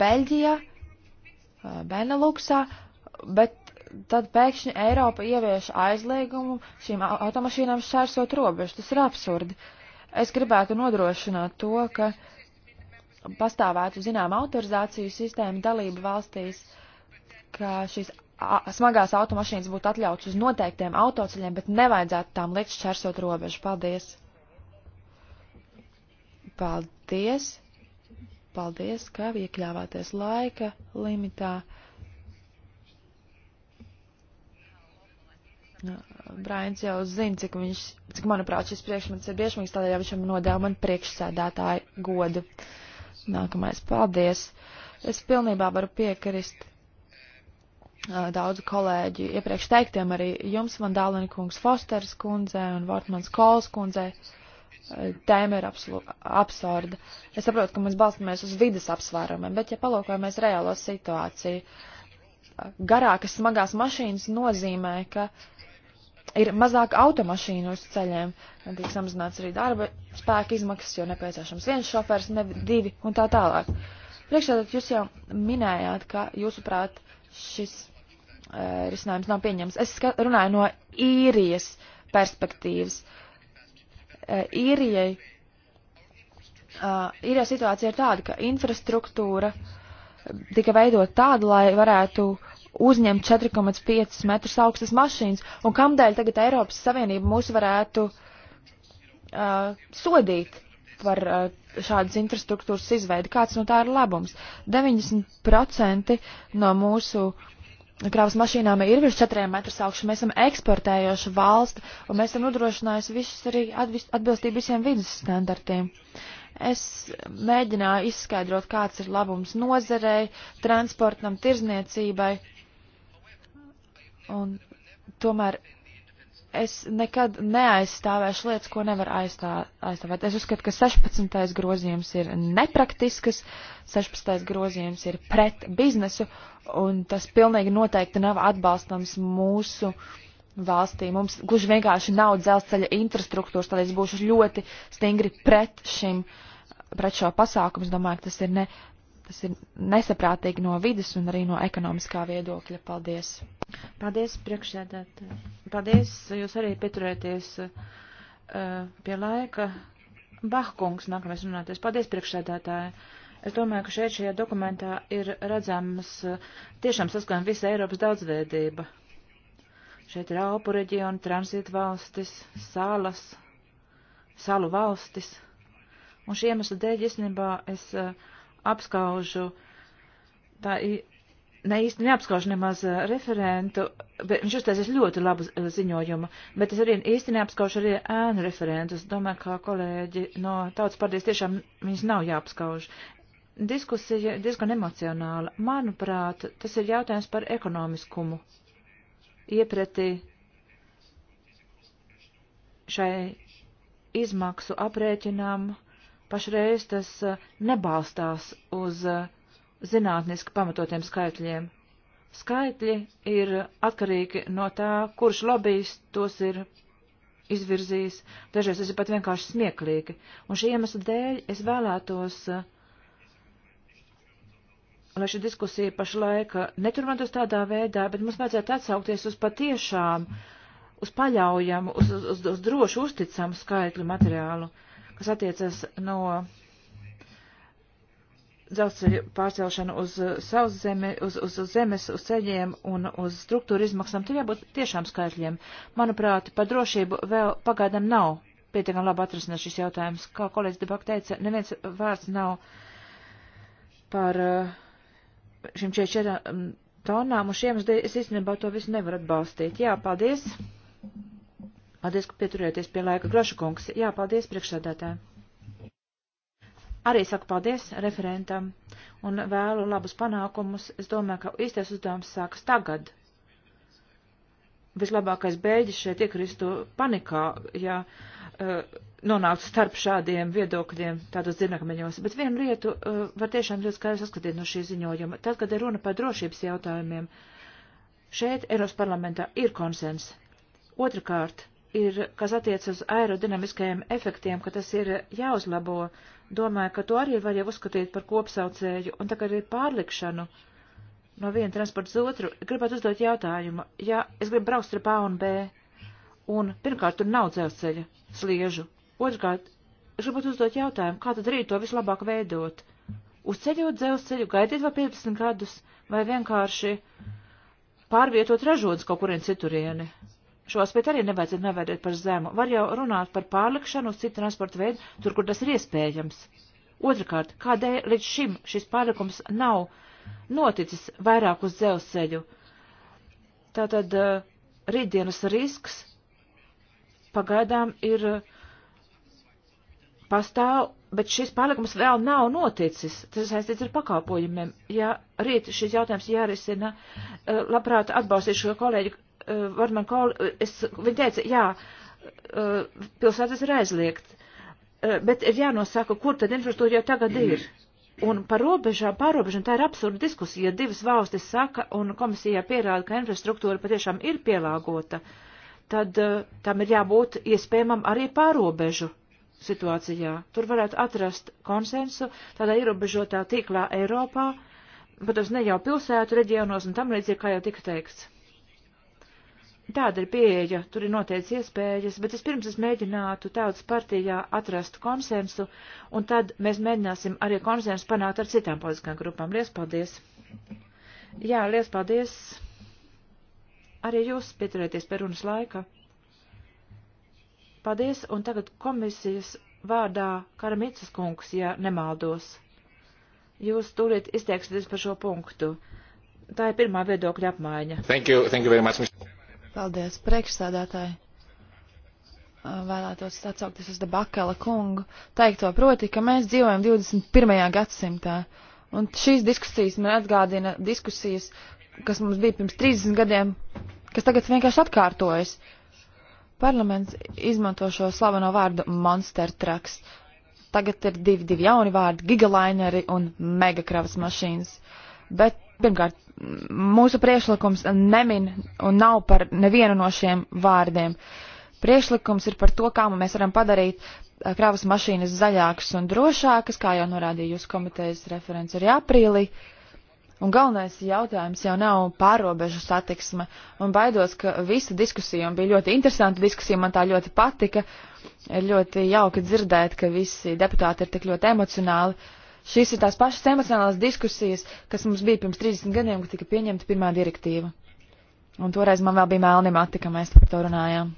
Beļģijā, uh, Beneluksā, bet tad pēkšņi Eiropa ievieš aizliegumu šīm automašīnām šķērsot robežu. Tas ir absurdi. Es gribētu nodrošināt to, ka pastāvētu zinām autorizāciju sistēma dalību valstīs, ka šīs smagās automašīnas būtu atļauts uz noteiktiem autoceļiem, bet nevajadzētu tām likt šķērsot robežu. Paldies! Paldies! Paldies, ka iekļāvāties laika limitā. Brains jau zina, cik viņš, cik manuprāt, šis priekšmets ir biežmīgs, tādēļ jau viņš man nodēva man priekšsēdētāju godu. Nākamais, paldies. Es pilnībā varu piekrist uh, daudzu kolēģu iepriekš teiktiem arī jums, Vandālina kungs Fosters kundzei un Vortmans Kols kundzei. Uh, tēma ir absurda. Es saprotu, ka mēs balstamies uz vidas apsvērumiem, bet ja palūkojamies reālo situāciju, garākas smagās mašīnas nozīmē, ka ir mazāk automašīnu uz ceļiem, tiek samazināts arī darba spēka izmaksas, jo nepieciešams viens šofērs, ne divi un tā tālāk. Priekšsēdāt, jūs jau minējāt, ka jūsuprāt šis uh, risinājums nav pieņems. Es runāju no īrijas perspektīvas. Uh, Eh, īrijai, eh, īrijā situācija ir tāda, ka infrastruktūra tika veidot tādu, lai varētu uzņemt 4,5 metrus augstas mašīnas, un kamdēļ tagad Eiropas Savienība mūs varētu uh, sodīt par uh, šādas infrastruktūras izveidi, kāds no tā ir labums. 90% no mūsu uh, kravas mašīnām ir virs 4 metrus augšu, mēs esam eksportējoša valsts, un mēs esam nodrošinājusi visus arī atbilstību visiem vidus standartiem. Es mēģināju izskaidrot, kāds ir labums nozarei, transportam, tirzniecībai, un tomēr es nekad neaizstāvēšu lietas, ko nevar aizstā, aizstāvēt. Es uzskatu, ka 16. grozījums ir nepraktisks, 16. grozījums ir pret biznesu, un tas pilnīgi noteikti nav atbalstams mūsu valstī. Mums gluži vienkārši nav dzelzceļa infrastruktūras, tādēļ es būšu ļoti stingri pret šim, pret šo pasākumu. Es domāju, ka tas ir ne Tas ir nesaprātīgi no vidas un arī no ekonomiskā viedokļa. Paldies! Paldies, priekšsēdētāji! Paldies, jūs arī pieturēties uh, pie laika. Bahkungs nākamais runāties. Paldies, priekšsēdētāji! Es domāju, ka šeit šajā dokumentā ir redzams uh, tiešām saskan visa Eiropas daudzveidība. Šeit ir Alpu reģiona, tranzīta valstis, salas, salu valstis. Un šī iemesla dēļ, īstenībā, es uh, apskaužu, tā ne īsti neapskaužu nemaz uh, referentu, bet viņš uztaisīs ļoti labu uh, ziņojumu, bet es arī īsti neapskaužu arī ēnu referentus. Domāju, kā kolēģi no tautas pārdies tiešām viņas nav jāapskauž. Diskusija diezgan emocionāla. Manuprāt, tas ir jautājums par ekonomiskumu. Iepretī šai izmaksu aprēķinām pašreiz tas uh, nebalstās uz uh, zinātniski pamatotiem skaitļiem. Skaitļi ir atkarīgi no tā, kurš lobijs tos ir izvirzījis. Dažreiz tas ir pat vienkārši smieklīgi. Un šī iemesla dēļ es vēlētos, uh, lai šī diskusija pašlaika neturmētos tādā veidā, bet mums vajadzētu atsaukties uz patiešām, uz paļaujamu, uz, uz, uz drošu uzticamu skaitļu materiālu. Uh, kas attiecas no dzelzceļu pārcelšanu uz savas zemi, uz, uz, uz zemes, uz ceļiem un uz struktūra izmaksām, tur jābūt tiešām skaitļiem. Manuprāt, par drošību vēl pagaidām nav pietiekami labi atrasināt šis jautājums. Kā kolēģis Debak teica, neviens vārds nav par eh, šim 44 mm, tonām, un šiem es īstenībā to visu nevaru atbalstīt. Jā, paldies! Paldies, ka pieturēties pie laika. Groša kungs, jā, paldies priekšsādātē. Arī saku paldies referentam un vēlu labus panākumus. Es domāju, ka īstais uzdevums sākas tagad. Vislabākais beidzis šeit iekristu panikā, ja uh, nonāktu starp šādiem viedokļiem, tādos dzirnakmeņos. Bet vienu lietu uh, var tiešām ļoti skaidri saskatīt no šī ziņojuma. Tad, kad ir runa par drošības jautājumiem, šeit Eiropas parlamentā ir konsens. Otrakārt, ir, kas attiec uz aerodinamiskajiem efektiem, ka tas ir jāuzlabo. Domāju, ka to arī var jau uzskatīt par kopsaucēju, un tā kā arī pārlikšanu no viena transporta uz otru, gribētu uzdot jautājumu, ja es gribu braukt starp A un B, un pirmkārt tur nav dzelzceļa sliežu, otrkārt, es gribu uzdot jautājumu, kā tad rīt to vislabāk veidot? Uzceļot dzelzceļu, gaidīt vēl 15 gadus, vai vienkārši pārvietot ražotas kaut kurien citurieni? šo aspektu arī nevajadzētu novērtēt par zemu. Var jau runāt par pārlikšanu uz citu transporta veidu, tur, kur tas ir iespējams. Otrakārt, kādēļ līdz šim šis pārlikums nav noticis vairāk uz dzelzceļu? Tātad eh, rītdienas risks pagaidām ir eh, pastāv, bet šis pārlikums vēl nav noticis. Tas saistīts ar pakalpojumiem. Ja rīt šis jautājums jārisina, eh, labprāt atbalstīšu kolēģi uh, eh, Vortman Kola, eh, es, viņa teica, jā, uh, pilsētas ir aizliegt, uh, bet ir jānosaka, kur tad infrastruktūra jau tagad ir. Un par robežām, pārobežām tā ir absurda diskusija. Divas valstis saka, un komisijā pierāda, ka infrastruktūra patiešām ir pielāgota, tad uh, tam ir jābūt iespējamam arī pārobežu situācijā. Tur varētu atrast konsensu tādā ierobežotā tīklā Eiropā, bet uz ne jau pilsētu reģionos un tam līdzīgi, kā jau tika teikts. Tāda ir pieeja, tur ir noteikti iespējas, bet vispirms es, es mēģinātu tautas partijā atrast konsensu, un tad mēs mēģināsim arī konsensu panākt ar citām politiskām grupām. Lies paldies! Jā, lies paldies! Arī jūs pieturēties pie runas laika. Paldies, un tagad komisijas vārdā Karamicas kungs, ja nemaldos. Jūs tūlīt izteiksieties par šo punktu. Tā ir pirmā viedokļa apmaiņa. Thank you, thank you very much, Mr. Paldies, priekšsādātāji. Vēlētos atsaukties uz Dabakala kungu teikto proti, ka mēs dzīvojam 21. gadsimtā. Un šīs diskusijas man atgādina diskusijas, kas mums bija pirms 30 gadiem, kas tagad vienkārši atkārtojas. Parlaments izmanto šo slaveno vārdu monster trucks. Tagad ir divi, divi jauni vārdi - gigalaineri un megakravas mašīnas. Bet Pirmkārt, mūsu priešlikums nemin un nav par nevienu no šiem vārdiem. Priešlikums ir par to, kā mēs varam padarīt eh, kravas mašīnas zaļākas un drošākas, kā jau norādīja jūsu komitejas referents arī aprīlī. Un galvenais jautājums jau nav pārobežu satiksme, un baidos, ka visa diskusija, un bija ļoti interesanta diskusija, man tā ļoti patika, ir ļoti jauki dzirdēt, ka visi deputāti ir tik ļoti emocionāli, uh, Šīs ir tās pašas emocionālās diskusijas, kas mums bija pirms 30 gadiem, kad tika pieņemta pirmā direktīva. Un toreiz man vēl bija melni mati, ka mēs par to runājām.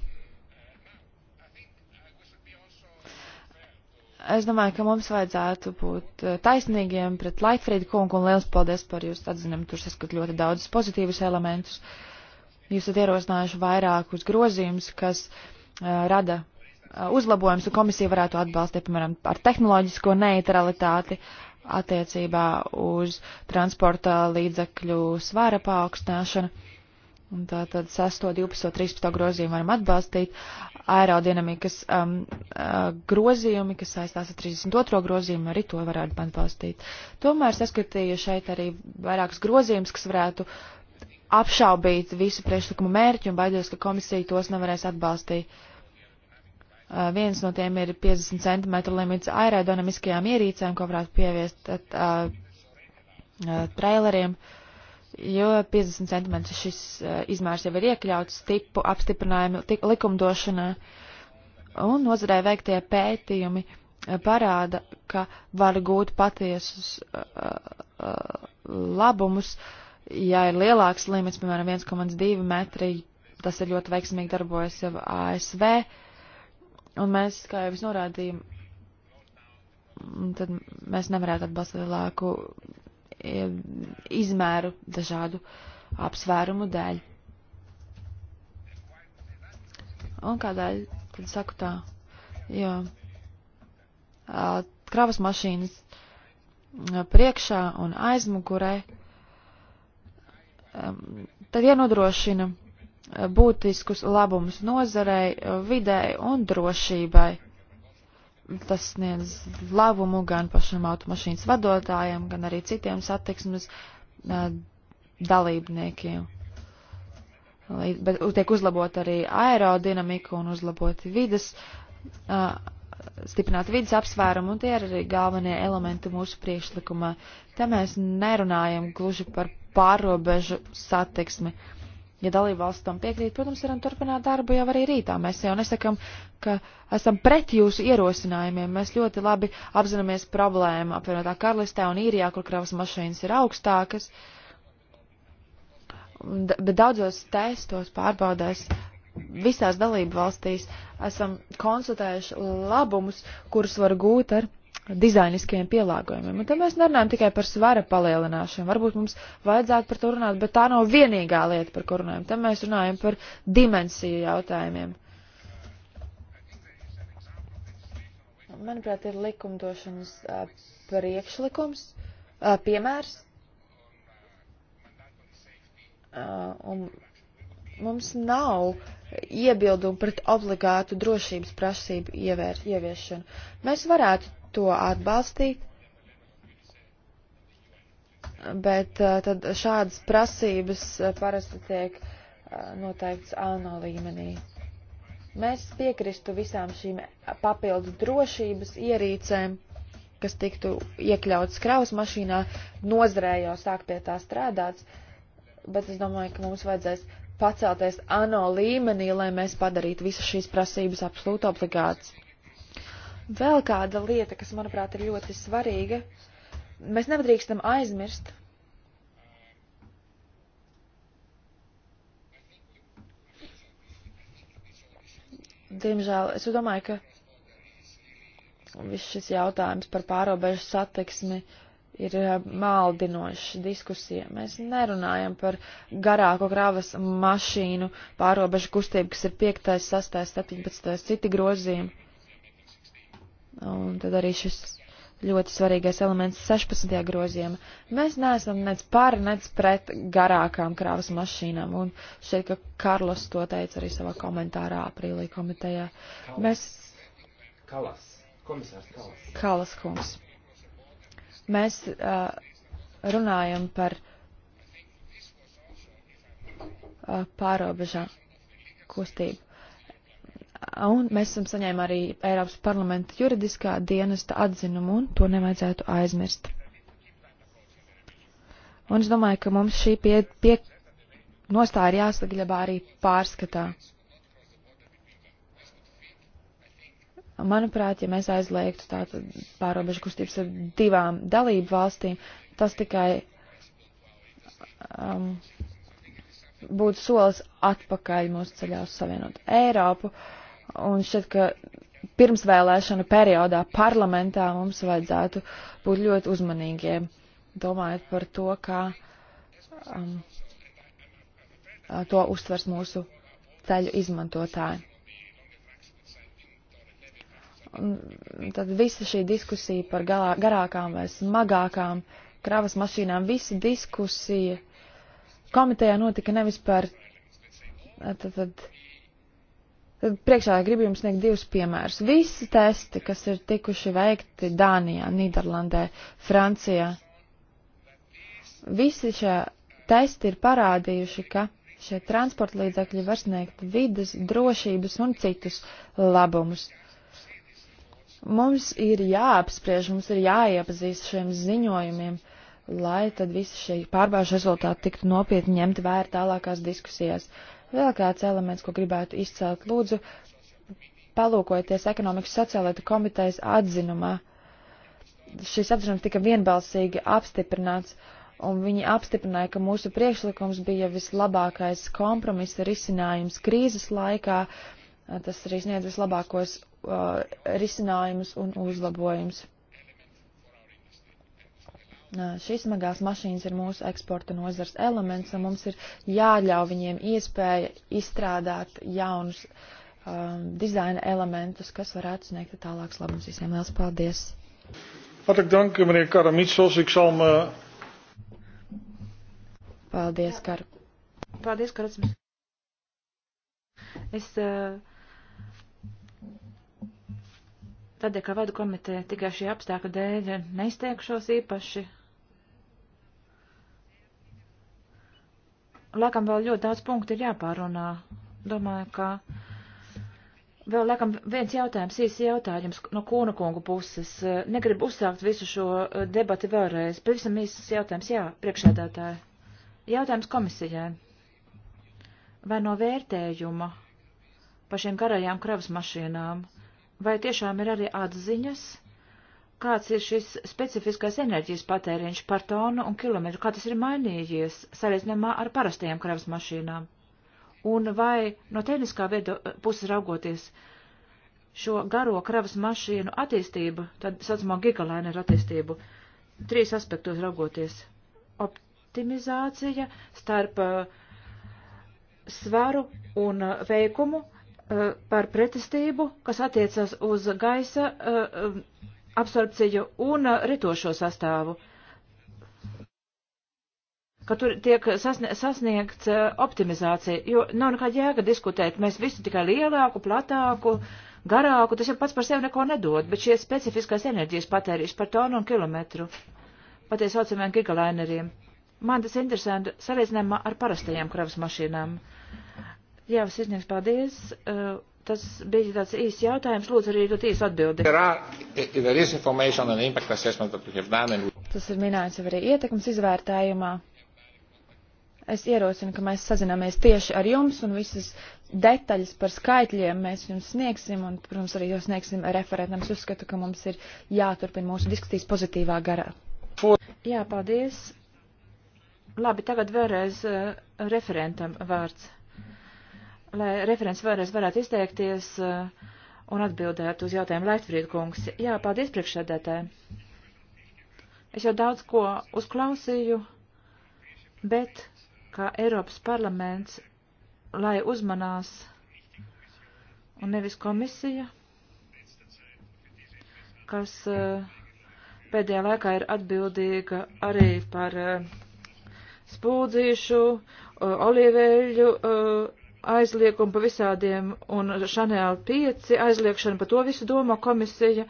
Es domāju, ka mums vajadzētu būt eh, taisnīgiem pret Laitfrīdu kungu un liels paldies par jūsu atzinumu. Tur saskat ļoti daudz pozitīvus elementus. Jūs esat ierosinājuši vairākus grozījumus, kas uh, rada Uh, uzlabojums, un komisija varētu atbalstīt, piemēram, ar tehnoloģisko neutralitāti attiecībā uz transporta līdzekļu svāra paaugstināšanu. Un tā tad 6, 12, 13 grozījumu varam atbalstīt. Aerodinamikas um, uh, grozījumi, kas saistās ar 32 grozījumu, arī to varētu atbalstīt. Tomēr saskatīju šeit arī vairākas grozījumus, kas varētu apšaubīt visu priekšlikumu mērķi un baidos, ka komisija tos nevarēs atbalstīt. Uh, Uh, viens no tiem ir 50 cm limits aerodinamiskajām ierīcēm, ko varētu pieviest tad, uh, eh, uh, eh, traileriem, jo 50 cm šis uh, izmērs jau ir iekļauts tipu apstiprinājumu tik, likumdošanā. Un nozarē veiktie pētījumi uh, parāda, ka var gūt patiesus uh, uh, labumus, ja ir lielāks limits, piemēram, 1,2 metri. Tas ir ļoti veiksmīgi darbojas jau ASV. Uh, Un mēs, kā jau es norādīju, tad mēs nevarētu atbalstīt lielāku e, izmēru dažādu apsvērumu dēļ. Un kādēļ, tad saku tā, jo kravas mašīnas priekšā un aizmugurē, tad ienodrošina būtiskus labumus nozarei, videi un drošībai. Tas sniedz labumu gan pašam automašīnas vadotājiem, gan arī citiem satiksmes dalībniekiem. Bet tiek uzlabot arī aerodinamika un uzlabot vidas, stiprināt vidas apsvērumu, un tie ir arī galvenie elementi mūsu priekšlikumā. Te mēs nerunājam gluži par pārobežu satiksmi. Uh, Ja dalība valsts tam piekrīt, protams, varam turpināt darbu jau arī rītā. Mēs jau nesakam, ka esam pret jūsu ierosinājumiem. Mēs ļoti labi apzināmies problēmu apvienotā karalistē un īrijā, kur kravas mašīnas ir augstākas. D bet daudzos testos pārbaudēs visās dalību valstīs esam konsultējuši labumus, kurus var gūt ar dizainiskiem pielāgojumiem. Un te mēs nerunājam tikai par svara palielināšanu. Varbūt mums vajadzētu par to runāt, bet tā nav vienīgā lieta, par ko runājam. Te mēs runājam par dimensiju jautājumiem. Manuprāt, ir likumdošanas uh, priekšlikums, uh, piemērs. Uh, un mums nav iebildumu pret obligātu drošības prasību ievēr, ieviešanu. Mēs varētu to atbalstīt, bet uh, tad šādas prasības uh, parasti tiek uh, noteikts ANO līmenī. Mēs piekristu visām šīm papildus drošības ierīcēm, kas tiktu iekļauts kravas mašīnā, nozarē jau sāk pie tā strādāts, bet es domāju, ka mums vajadzēs pacelties ANO līmenī, lai mēs padarītu visas šīs prasības absolūti obligātas. Vēl kāda lieta, kas, manuprāt, ir ļoti svarīga, mēs nedrīkstam aizmirst. Diemžēl es domāju, ka viss šis jautājums par pārobežu satiksmi ir eh, maldinošs diskusija. Mēs nerunājam par garāko kravas mašīnu pārobežu kustību, kas ir 5, 6, 17, citi grozījumi Un tad arī šis ļoti svarīgais elements 16. grozījuma. Mēs neesam nec par, nec pret garākām krāvas mašīnām, un šeit, ka Karlos to teica arī savā komentārā aprīlī komitejā. Kalas. Mēs... Kalas. Komisārs Kalas. Kalas kungs. Mēs uh, runājam par uh, pārobežā kustību. Un mēs esam saņēmuši arī Eiropas parlamenta juridiskā dienesta atzinumu, un to nevajadzētu aizmirst. Un es domāju, ka mums šī pie, pie nostāja ir jāsagļabā arī pārskatā. Manuprāt, ja mēs aizliegtu tātad pārobežu kustības ar divām dalību valstīm, tas tikai um, būtu solis atpakaļ mūsu ceļā uz savienot Eiropu. Uh, un šķiet, ka pirmsvēlēšana periodā parlamentā mums vajadzētu būt ļoti uzmanīgiem, domājot par to, kā um, to uztvers mūsu ceļu izmantotāji. Un tad visa šī diskusija par galā, garākām vai smagākām kravas mašīnām, visa diskusija komitejā notika nevis par tad, tad, Priekšā gribu jums sniegt divus piemērus. Visi testi, kas ir tikuši veikti Dānijā, Nīderlandē, Francijā, visi šie testi ir parādījuši, ka šie transporta līdzekļi var sniegt vidas, drošības un citus labumus. Mums ir jāapspriež, mums ir jāiepazīst šiem ziņojumiem, lai tad visi šie pārbaudas rezultāti tiktu nopietni ņemti vērā tālākās diskusijās. Uh, Vēl kāds elements, ko gribētu izcelt, lūdzu, palūkojieties ekonomikas sociālietu komitejas atzinumā. Šis atzinums tika vienbalsīgi apstiprināts, un viņi apstiprināja, ka mūsu priekšlikums bija vislabākais kompromisa risinājums krīzes laikā. Tas arī sniedz vislabākos uh, risinājumus un uzlabojumus šīs smagās mašīnas ir mūsu eksporta nozars elements, un mums ir jāļauj viņiem iespēja izstrādāt jaunus um, dizaina elementus, kas varētu sniegt tālāks labums visiem. Lielas paldies! Hartelijk dank, meneer Karamitsos. Ik zal me... Paldies, Kar. Paldies, Karats. Es uh, tādēļ, ka vadu komiteja tikai šī apstākļa dēļ neizteikšos īpaši Laikam vēl ļoti daudz punktu ir jāpārunā. Domāju, ka vēl, laikam, viens jautājums, īsi jautājums no Kūna kungu puses. Negribu uzsākt visu šo eh, debati vēlreiz. Pavisam īsts jautājums, jā, priekšēdētāji. Jautājums komisijai. Vai no vērtējuma par šiem garajām kravas mašīnām, vai tiešām ir arī atziņas, kāds ir šis specifiskais enerģijas patēriņš par tonu un kilometru, kā tas ir mainījies salīdzinājumā ar parastajām kravas mašīnām. Un vai no tehniskā viedo, puses raugoties šo garo kravas mašīnu attīstību, tad saucamo gigalaineru attīstību, trīs aspektos raugoties - optimizācija starp uh, svaru un uh, veikumu uh, par pretestību, kas attiecas uz gaisa uh, um, absorpciju un uh, ritošo sastāvu, ka tur tiek sasnie, sasniegts uh, optimizācija, jo nav nekāda jēga diskutēt. Mēs visu tikai lielāku, platāku, garāku, tas jau pats par sevi neko nedod, bet šie specifiskās enerģijas patērīs par tonu un kilometru, pa tie saucamiem gigalaineriem. Man tas interesanti salīdzinājumā ar parastajām kravas mašīnām. Jā, es izniegs paldies. Uh, Tas bija tāds īsts jautājums, lūdzu arī ļoti īsts atbildi. Tas ir minēts jau arī ietekmes izvērtējumā. Es ierosinu, ka mēs sazināmies tieši ar jums un visas detaļas par skaitļiem mēs jums sniegsim un, protams, arī jūs sniegsim referentam. Es uzskatu, ka mums ir jāturpina mūsu diskusijas pozitīvā garā. Jā, paldies. Labi, tagad vēlreiz uh, referentam vārds lai referents vēlreiz varētu izteikties uh, un atbildēt uz jautājumu Leitfrīd kungs. Jā, paldies priekšsēdētē. Es jau daudz ko uzklausīju, bet kā Eiropas parlaments, lai uzmanās un nevis komisija, kas uh, pēdējā laikā ir atbildīga arī par uh, spūdzīšu, olīveļu aizliegumu pa visādiem un Chanel 5 aizliekšanu, par to visu domā komisija.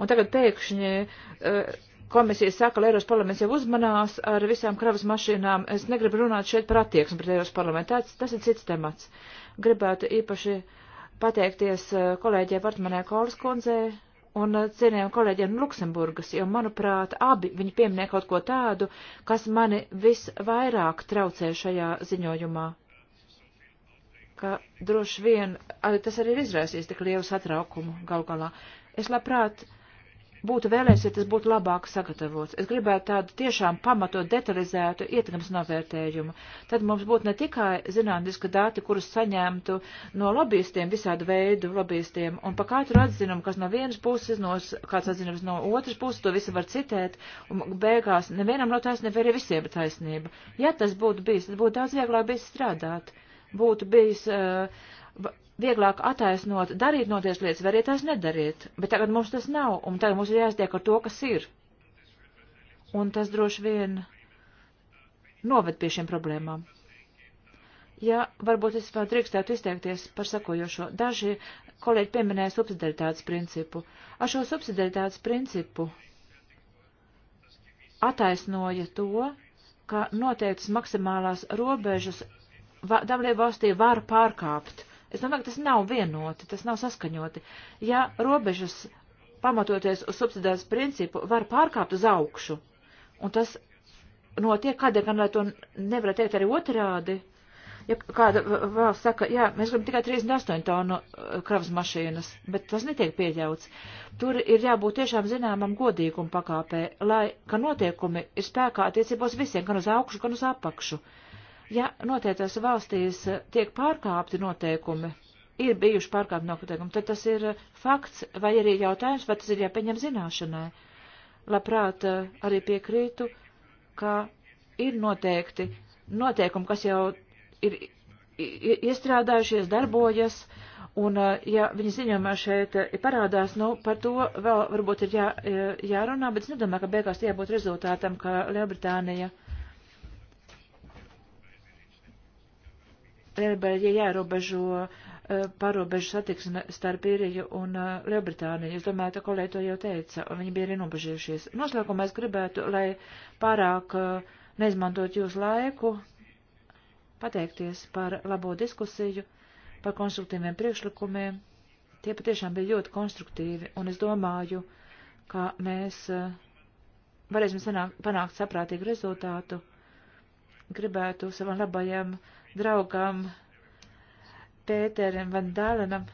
Un tagad pēkšņi eh, komisija saka, ka Eiropas parlaments jau uzmanās ar visām kravas mašīnām. Es negribu runāt šeit par attieksmi pret Eiropas parlamentu. Tas, tas ir cits temats. Gribētu īpaši pateikties eh, kolēģiem Vartmanē Kolas kundzē un eh, cienījām kolēģiem no Luksemburgas, jo, manuprāt, abi viņi pieminē kaut ko tādu, kas mani visvairāk traucē šajā ziņojumā ka droši vien tas arī ir izraisījis tik lielu satraukumu gal galā. Es labprāt būtu vēlējies, ja tas būtu labāk sagatavots. Es gribētu tādu tiešām pamatot detalizētu ietekmes novērtējumu. Tad mums būtu ne tikai zinātniska dati, kurus saņemtu no lobbyistiem, visādu veidu lobbyistiem, un pa katru atzinumu, kas no vienas puses, no kāds atzinums no otras puses, to visu var citēt, un beigās nevienam nav no taisnība, arī visiem ir taisnība. Ja tas būtu bijis, tad būtu daudz vieglāk bijis strādāt būtu bijis uh, vieglāk attaisnot, darīt noties lietas, vai arī tās nedarīt. Bet tagad mums tas nav, un tagad mums ir jāiztiek ar to, kas ir. Un tas droši vien noved pie šiem problēmām. Ja varbūt es vēl drīkstētu izteikties par sakojošo. Daži kolēģi pieminēja subsidaritātes principu. Ar šo subsidaritātes principu attaisnoja to, ka noteiktas maksimālās robežas va, dalība valstī var pārkāpt. Es domāju, ka tas nav vienoti, tas nav saskaņoti. Ja robežas, pamatoties uz subsidēs principu, var pārkāpt uz augšu, un tas notiek, kādēļ, gan lai to nevar teikt arī otrādi, ja kāda vēl saka, jā, mēs gribam tikai 38 tonu eh, kravas mašīnas, bet tas netiek pieļauts. Tur ir jābūt tiešām zināmam godīgumu pakāpē, lai, ka notiekumi ir spēkā attiecībos visiem, gan uz augšu, gan uz apakšu. Uh, Ja noteiktās valstīs eh, tiek pārkāpti noteikumi, ir bijuši pārkāpti noteikumi, tad tas ir eh, fakts vai arī jautājums, vai tas ir jāpieņem zināšanai. Labprāt, eh, arī piekrītu, ka ir noteikti noteikumi, kas jau ir iestrādājušies, darbojas, un ja viņa ziņojumā šeit parādās, nu, par to vēl varbūt ir jā, jārunā, bet es nedomāju, ka beigās tie būtu rezultātam, ka Lielbritānija. Uh, Eiropai ir jāierobežo eh, pārobežu satiksme starp īriju un eh, Lielbritāniju. Es domāju, ka kolēģi to jau teica, un viņi bija arī nobežījušies. Noslēgumā es gribētu, lai pārāk eh, neizmantot jūsu laiku, pateikties par labo diskusiju, par konstruktīviem priekšlikumiem. Tie patiešām bija ļoti konstruktīvi, un es domāju, ka mēs varēsim sanāk, panākt saprātīgu rezultātu. Gribētu savam labajam draugam Pēterim Van Dālenam.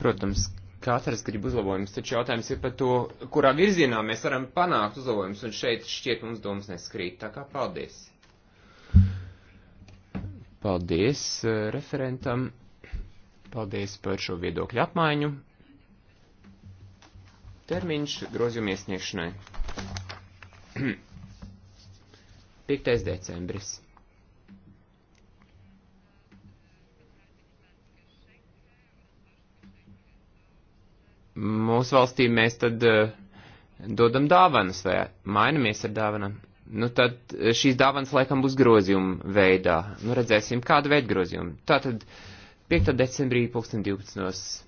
Protams, katrs grib uzlabojumus, taču jautājums ir par to, kurā virzienā mēs varam panākt uzlabojumus, un šeit šķiet mums domas neskrīt. Tā kā paldies. Paldies eh, referentam. Paldies par šo viedokļu apmaiņu. Termiņš grozījuma iesniegšanai. 5. decembris. mūsu valstī mēs tad uh, dodam dāvanas vai mainamies ar dāvanām. Nu, tad eh, šīs dāvanas laikam būs grozījuma veidā. Nu, redzēsim, kādu veidu grozījumu. Tātad 5. decembrī 2012.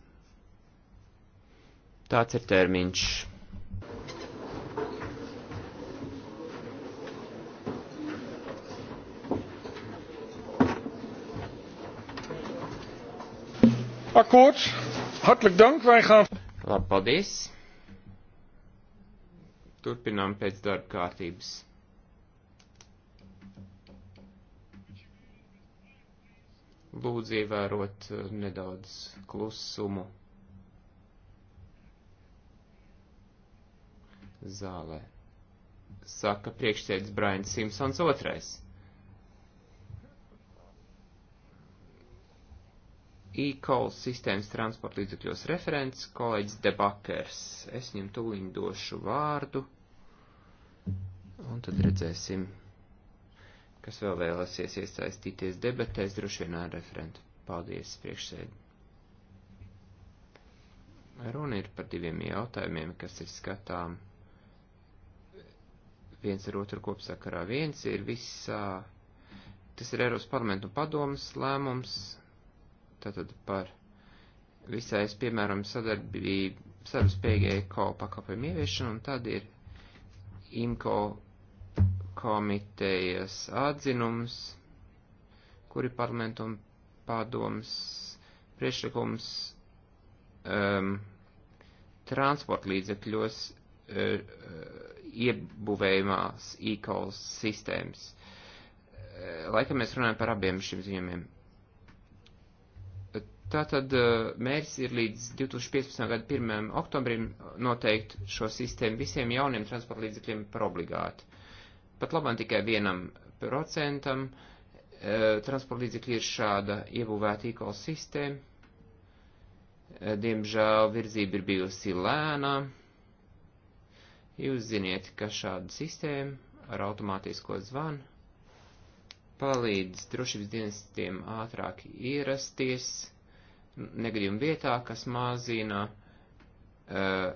Tāds ir termiņš. Akkoord. Hartelijk dank. Wij gaan. Labi, paldies. Turpinām pēc darba kārtības. Lūdzu ievērot eh, nedaudz klusumu zālē. Saka priekšsēdis Brains Simpsons otrais. e-call sistēmas transporta līdzekļos referents, kolēģis Debakers. Es viņam tūliņ došu vārdu, un tad redzēsim, kas vēl vēlasies iesaistīties debatēs, droši vien ar referentu. Paldies, priekšsēdi. Runa ir par diviem jautājumiem, kas ir skatām viens ar otru kopsakarā. Viens ir visā, tas ir Eiropas parlamentu padomas lēmums tātad par visai, piemēram, sadarbību, sadarbspējīgai ko pakalpojumu ieviešanu, un tad ir IMCO komitejas atzinums, kuri parlamentu un padoms priešlikums um, transporta līdzekļos uh, iebūvējumās e-calls sistēmas. Uh, laikam mēs runājam par abiem šiem ziņojumiem. Tātad eh, mērķis ir līdz 2015. gada 1. oktobrim noteikt šo sistēmu visiem jauniem transporta līdzekļiem par obligātu. Pat labam tikai vienam procentam eh, transporta līdzekļi ir šāda iebūvēta e-call sistēma. Eh, diemžēl virzība ir bijusi lēna. Jūs ziniet, ka šāda sistēma ar automātisko zvanu palīdz drošības dienestiem ātrāk ierasties negadījumu vietā, kas mazina uh,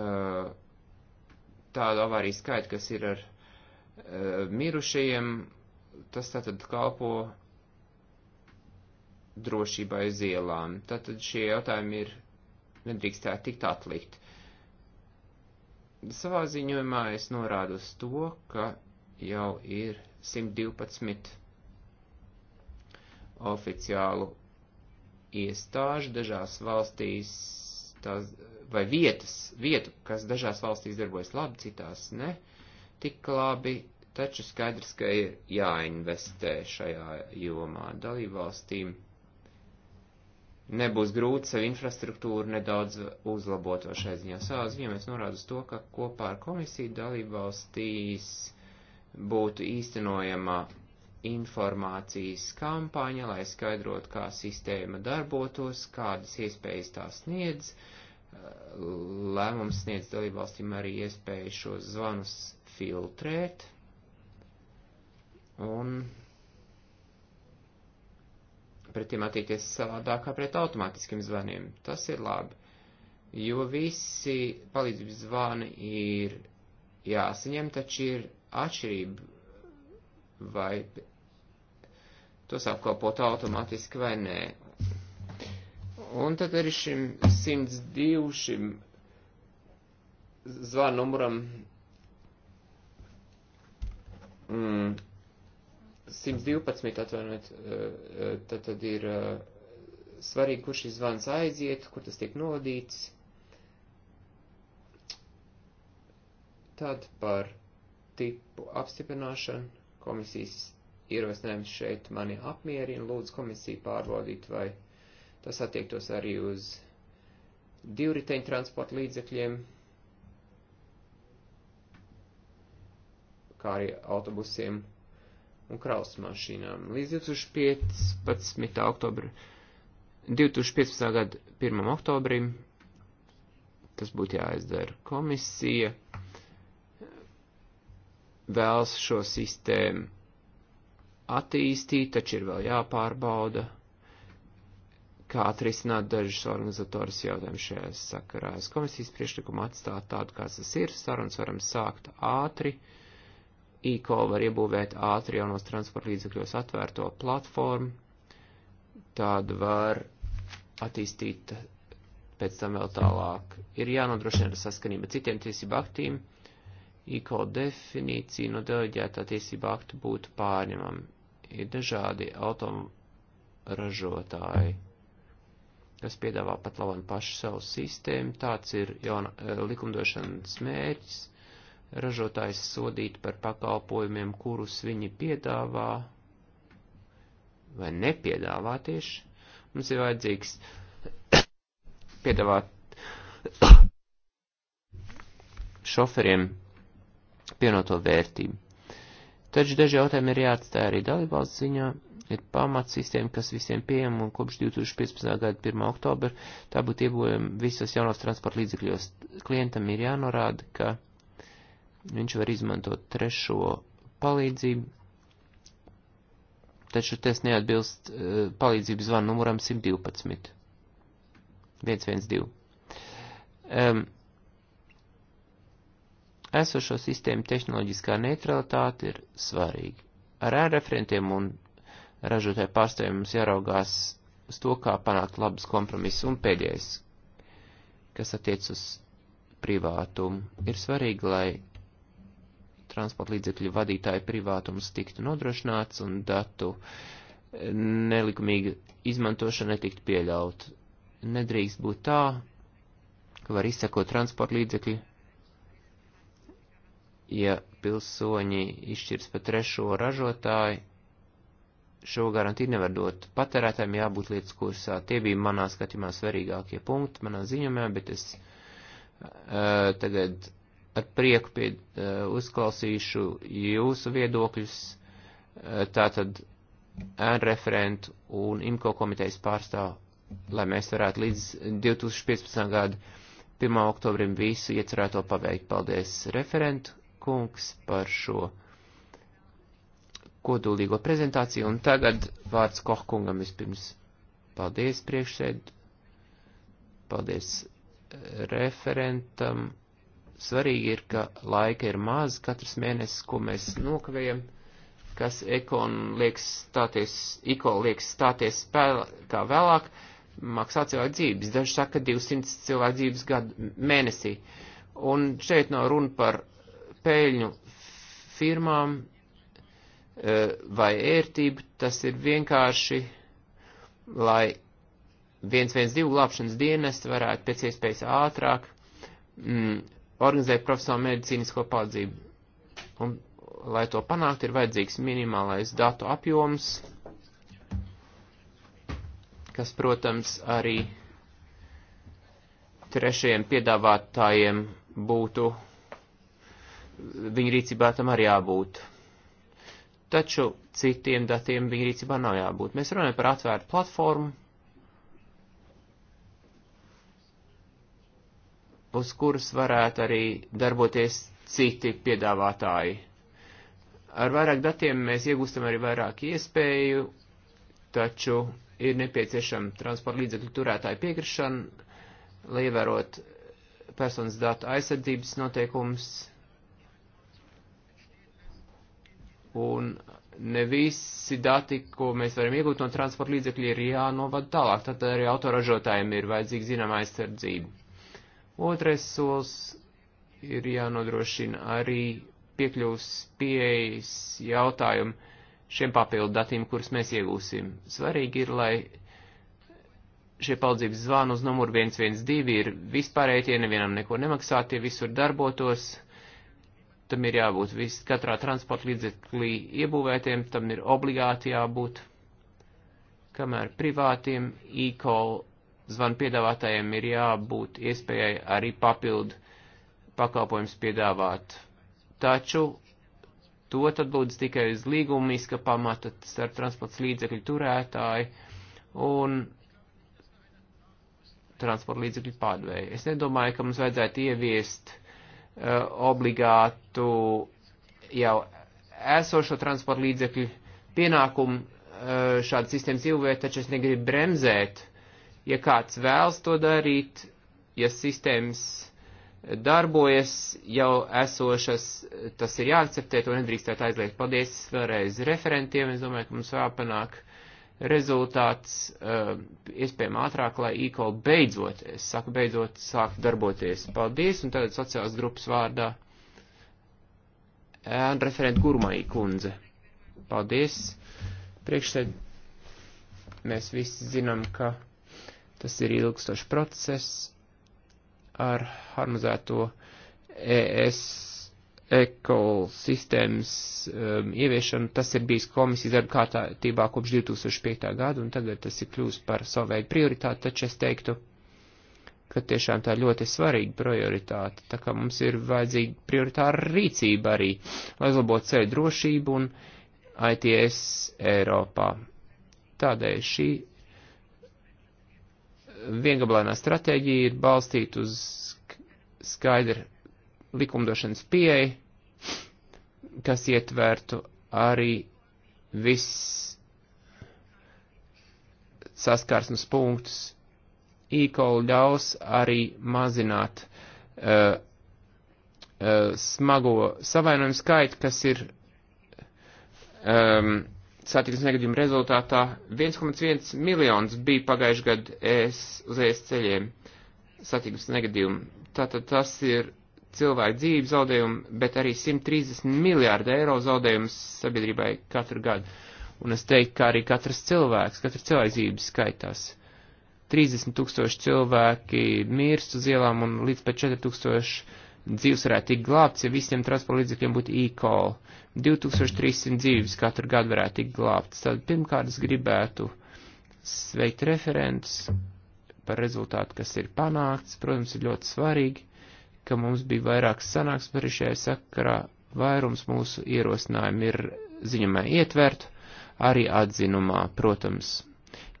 uh, tādu avāriju skaitu, kas ir ar uh, mirušajiem. Tas tātad kalpo drošībai uz ielām. Tātad šie jautājumi ir nedrīkstētu tikt atlikt. Savā ziņojumā es norādu uz to, ka jau ir 112 oficiālu iestāžu dažās valstīs, tās, vai vietas, vietu, kas dažās valstīs darbojas labi, citās ne, tik labi, taču skaidrs, ka ir jāinvestē šajā jomā dalībvalstīm. Nebūs grūti sev infrastruktūru nedaudz uzlabot vai šai ziņā. Savā ziņā mēs norādu uz to, ka kopā ar komisiju dalībvalstīs būtu īstenojama informācijas kampaņa, lai skaidrotu, kā sistēma darbotos, kādas iespējas tā sniedz. Lēmums sniedz dalībvalstīm arī iespēju šos zvanus filtrēt. Un pret tiem attiekties savādāk kā pret automātiskiem zvaniem. Tas ir labi, jo visi palīdzības zvani ir jāsaņem, taču ir atšķirība vai tos apkalpot automātiski vai nē. Un tad arī šim 102 šim zvanu numuram mm, 112 atvainojiet, eh, eh, tad, tad ir eh, svarīgi, kur šis zvans aiziet, kur tas tiek nodīts. Tad par tipu apstiprināšanu komisijas ierosinājums šeit mani apmierina, lūdzu komisiju pārbaudīt, vai tas attiektos arī uz divriteņu transporta līdzekļiem, kā arī autobusiem un kraus mašīnām. Līdz 2015. oktobra, 2015. gada 1. oktobrim tas būtu jāizdara komisija, vēlas šo sistēmu attīstīt, taču ir vēl jāpārbauda, kā atrisināt dažus organizatorus jautājumus šajā sakarā. Es komisijas priekšlikumu atstāt tādu, kāds tas ir, sarunas varam sākt ātri, IKO var iebūvēt ātri jaunos transporta līdzekļos atvērto platformu, tādu var attīstīt pēc tam vēl tālāk. Ir jānodrošina saskanība citiem tiesību aktīm IKO definīcija no deleģētā tiesība aktu būtu pārņemama. Ir dažādi autoražotāji, kas piedāvā pat labam pašu savu sistēmu. Tāds ir jauna, eh, likumdošanas mērķis - ražotājs sodīt par pakalpojumiem, kurus viņi piedāvā vai nepiedāvā tieši. Mums ir vajadzīgs piedāvāt šoferiem pienoto vērtību. Taču daži jautājumi ir jāatstāja arī dalībvalsts ziņā, ir pamatsistēma, kas visiem pieejama un kopš 2015. gada 1. oktobra tā būtu iebūvējama visos jaunos transporta līdzekļos. Klientam ir jānorāda, ka viņš var izmantot trešo palīdzību, taču tas neatbilst uh, palīdzības zvanu numuram 112. 112. Um, esošo sistēmu tehnoloģiskā neutralitāte ir svarīga. Ar ārreferentiem un ražotāju pārstāvjiem mums jāraugās uz to, kā panākt labus kompromisus un pēdējais, kas attiec uz privātumu. Ir svarīgi, lai transporta līdzekļu vadītāju privātums tiktu nodrošināts un datu nelikumīga izmantošana netiktu pieļaut. Nedrīkst būt tā, ka var izsekot transporta līdzekļu ja pilsoņi izšķirs pa trešo ražotāju, šo garantiju nevar dot patērētājiem, jābūt lietas kursā. Tie bija manā skatījumā svarīgākie punkti manā ziņumā, bet es uh, tagad ar prieku pie, uh, uzklausīšu jūsu viedokļus, uh, tātad ēnu referentu un IMCO komitejas pārstāvu, lai mēs varētu līdz 2015. gada 1. oktobrim visu iecerēto paveikt. Paldies referentu kungs par šo kodolīgo prezentāciju, un tagad vārds Kohkungam vispirms. Paldies priekšsēd, paldies eh, referentam. Svarīgi ir, ka laika ir maz, katrs mēnesis, ko mēs nokavējam, kas ekon liekas stāties, iko liekas stāties spēkā vēlāk, maksā cilvēku dzīves. Daži saka, 200 cilvēku dzīves gadu mēnesī. Un šeit nav no runa par peļņu firmām eh, vai ērtību, tas ir vienkārši, lai 112 glābšanas dienesti varētu pēc iespējas ātrāk mm, organizēt profesionālu medicīnisko palīdzību. Un, lai to panākt, ir vajadzīgs minimālais datu apjoms, kas, protams, arī trešajiem piedāvātājiem būtu viņa rīcībā tam arī jābūt. Taču citiem datiem viņa rīcībā nav jābūt. Mēs runājam par atvērtu platformu, uz kuras varētu arī darboties citi piedāvātāji. Ar vairāk datiem mēs iegūstam arī vairāk iespēju, taču ir nepieciešama transporta līdzekļu turētāja piekrišana, lai ievērot personas datu aizsardzības noteikumus un ne visi dati, ko mēs varam iegūt no transporta līdzekļa, ir jānovad tālāk. Tad arī autoražotājiem ir vajadzīga zināma aizsardzība. Otrais solis ir jānodrošina arī piekļuvs pieejas jautājumu šiem papildu datiem, kurus mēs iegūsim. Svarīgi ir, lai šie paldzības zvanu uz numuru 112 ir vispārēji, tie nevienam neko nemaksā, tie visur darbotos tam ir jābūt vis, katrā transporta līdzeklī iebūvētiem, tam ir obligāti jābūt, kamēr privātiem e-call zvanu piedāvātājiem ir jābūt iespējai arī papildu pakalpojums piedāvāt. Taču to tad lūdz tikai uz līgumiska pamata starp transports līdzekļu turētāju un transporta līdzekļu pārdevēju. Es nedomāju, ka mums vajadzētu ieviest Eh, obligātu jau esošo transporta līdzekļu pienākumu eh, šāda sistēmas ilgvēt, taču es negribu bremzēt. Ja kāds vēlas to darīt, ja sistēmas darbojas jau esošas, tas ir jāakceptē, to nedrīkstētu aizliegt. Paldies vēlreiz referentiem, es domāju, ka mums jāpanāk rezultāts eh, iespējami ātrāk, lai e-call beidzot, es saku beidzot, sāk darboties. Paldies, un tagad sociālas grupas vārdā eh, referenta Gurmai kundze. Paldies, priekšsēd. Mēs visi zinām, ka tas ir ilgstošs process ar harmonizēto ES ekosistēmas um, ieviešanu, tas ir bijis komisijas darba kārtībā kopš 2005. gada, un tagad tas ir kļūst par savu veidu prioritāti, taču es teiktu, ka tiešām tā ļoti svarīga prioritāte, tā kā mums ir vajadzīga prioritāra rīcība arī, lai uzlabotu ceļu drošību un ITS Eiropā. Tādēļ šī viengablēnā stratēģija ir balstīta uz skaidru likumdošanas pieeja, kas ietvertu arī viss saskarsmes punktus. E-call ļaus arī mazināt uh, uh, smago savainojumu skaitu, kas ir um, satiksmes negadījuma rezultātā 1,1 miljons bija pagājuši gadu ES uz ES ceļiem satiksmes negadījumu. Tātad tas ir cilvēku dzīvu zaudējumu, bet arī 130 miljārdu eiro zaudējumus sabiedrībai katru gadu. Un es teiktu, ka arī katrs cilvēks, katra cilvēka dzīves skaitās. 30 tūkstoši cilvēki mirst uz ielām un līdz pat 4 tūkstoši dzīves varētu tikt glābts, ja visiem transporta līdzekļiem būtu e-call. 2300 dzīves katru gadu varētu tikt glābts. Tad pirmkārt es gribētu sveikt referents par rezultātu, kas ir panākts. Protams, ir ļoti svarīgi ka mums bija vairākas sanāksmes arī šajā sakarā, vairums mūsu ierosinājumu ir ziņamē ietvert, arī atzinumā, protams.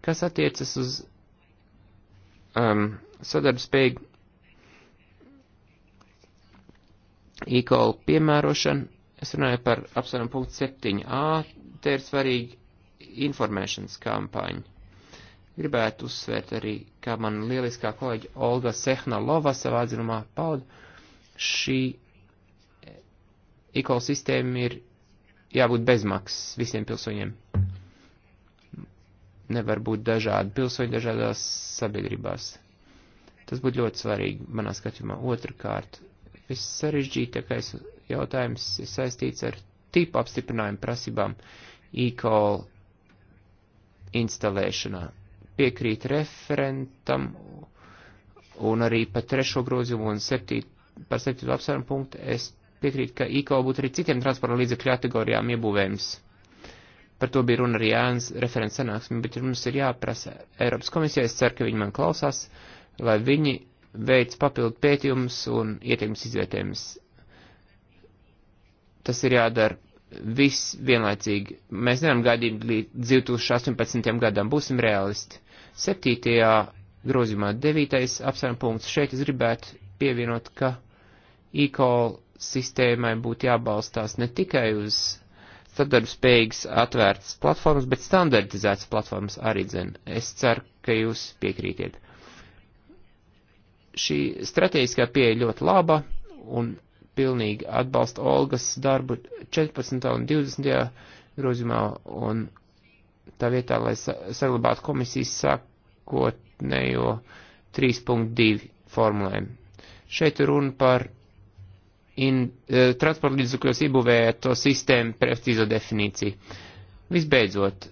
Kas attiecas uz um, sadarbspēju e-call piemērošanu, es runāju par apsvērumu punktu 7a, te ir svarīgi informēšanas kampaņa. Gribētu uzsvērt arī, kā man lieliskā kolēģa Olga Sehnalova savā atzinumā pauda, šī ekosistēma ir jābūt bezmaksas visiem pilsoņiem. Nevar būt dažādi pilsoņi dažādās sabiedrībās. Tas būtu ļoti svarīgi manā skatījumā. Otrakārt, viss sarežģītākais jautājums ir saistīts ar tipu apstiprinājumu prasībām e-call instalēšanā piekrīt referentam un arī par trešo grozījumu un septīt, par septīto apsvērumu punktu es piekrītu, ka IKO būtu arī citiem transporta līdzekļu kategorijām iebūvējums. Par to bija runa arī Jānis referents sanāksmē, bet mums ir jāprasa Eiropas komisijai, es ceru, ka viņi man klausās, lai viņi veids papildu pētījumus un ietekmes izvērtējumus. Tas ir jādara viss vienlaicīgi. Mēs nevaram gaidīt līdz 2018. gadam, būsim realisti. Septītajā grozījumā devītais apsvērum punkts. Šeit es gribētu pievienot, ka e-call sistēmai būtu jābalstās ne tikai uz sadarbspējīgas atvērtas platformas, bet standartizētas platformas arī dzen. Es ceru, ka jūs piekrītiet. Šī strateģiskā pieeja ļoti laba un pilnīgi atbalsta Olgas darbu 14. un 20. grozījumā un tā vietā, lai saglabātu komisijas sākotnējo 3.2 formulējumu. Šeit runa par in, uh, transporta līdzakļos iebūvēto sistēmu precīzo definīciju. Visbeidzot,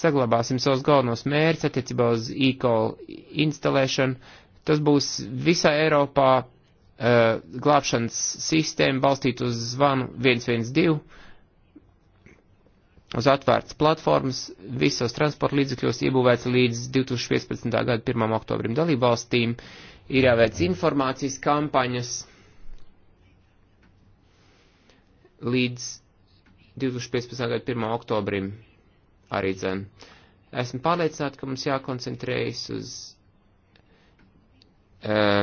saglabāsim savus galvenos mērķus attiecībā uz e-call instalēšanu. Tas būs visā Eiropā uh, glābšanas sistēma balstīt uz zvanu 112 uz atvērtas platformas visos transporta līdzekļos iebūvēts līdz 2015. gada 1. oktobrim dalību valstīm, ir jāveic informācijas kampaņas līdz 2015. gada 1. oktobrim arī dzen. Esmu pārliecināta, ka mums jākoncentrējas uz uh, eh,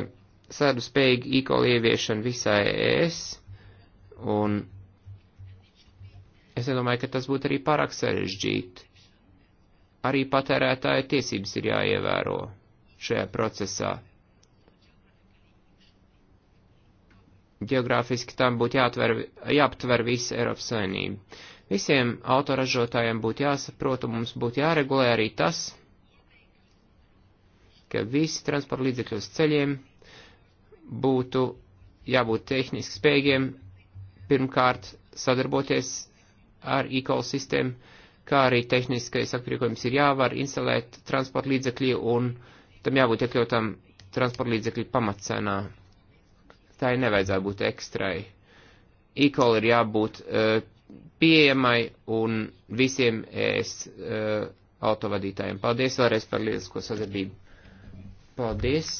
sēdu spējīgu īkolu ieviešanu visai ES un Es nedomāju, ka tas būtu arī pārāk sarežģīti. Arī patērētāja tiesības ir jāievēro šajā procesā. Geogrāfiski tam būtu jāatver, jāaptver visa Eiropas saimnība. Visiem autoražotājiem būtu jāsaprot, un mums būtu jāregulē arī tas, ka visi transporta līdzekļos ceļiem būtu jābūt tehniski spējīgiem pirmkārt sadarboties ar e-call sistēmu, kā arī tehniskais aprīkojums ir jāvar instalēt transporta līdzekļi un tam jābūt iekļautam transporta līdzekļu pamatcenā. Tā ir nevajadzētu būt ekstrai. E-call ir jābūt uh, pieejamai un visiem ES uh, autovadītājiem. Paldies vēlreiz par lielisko sadarbību. Paldies!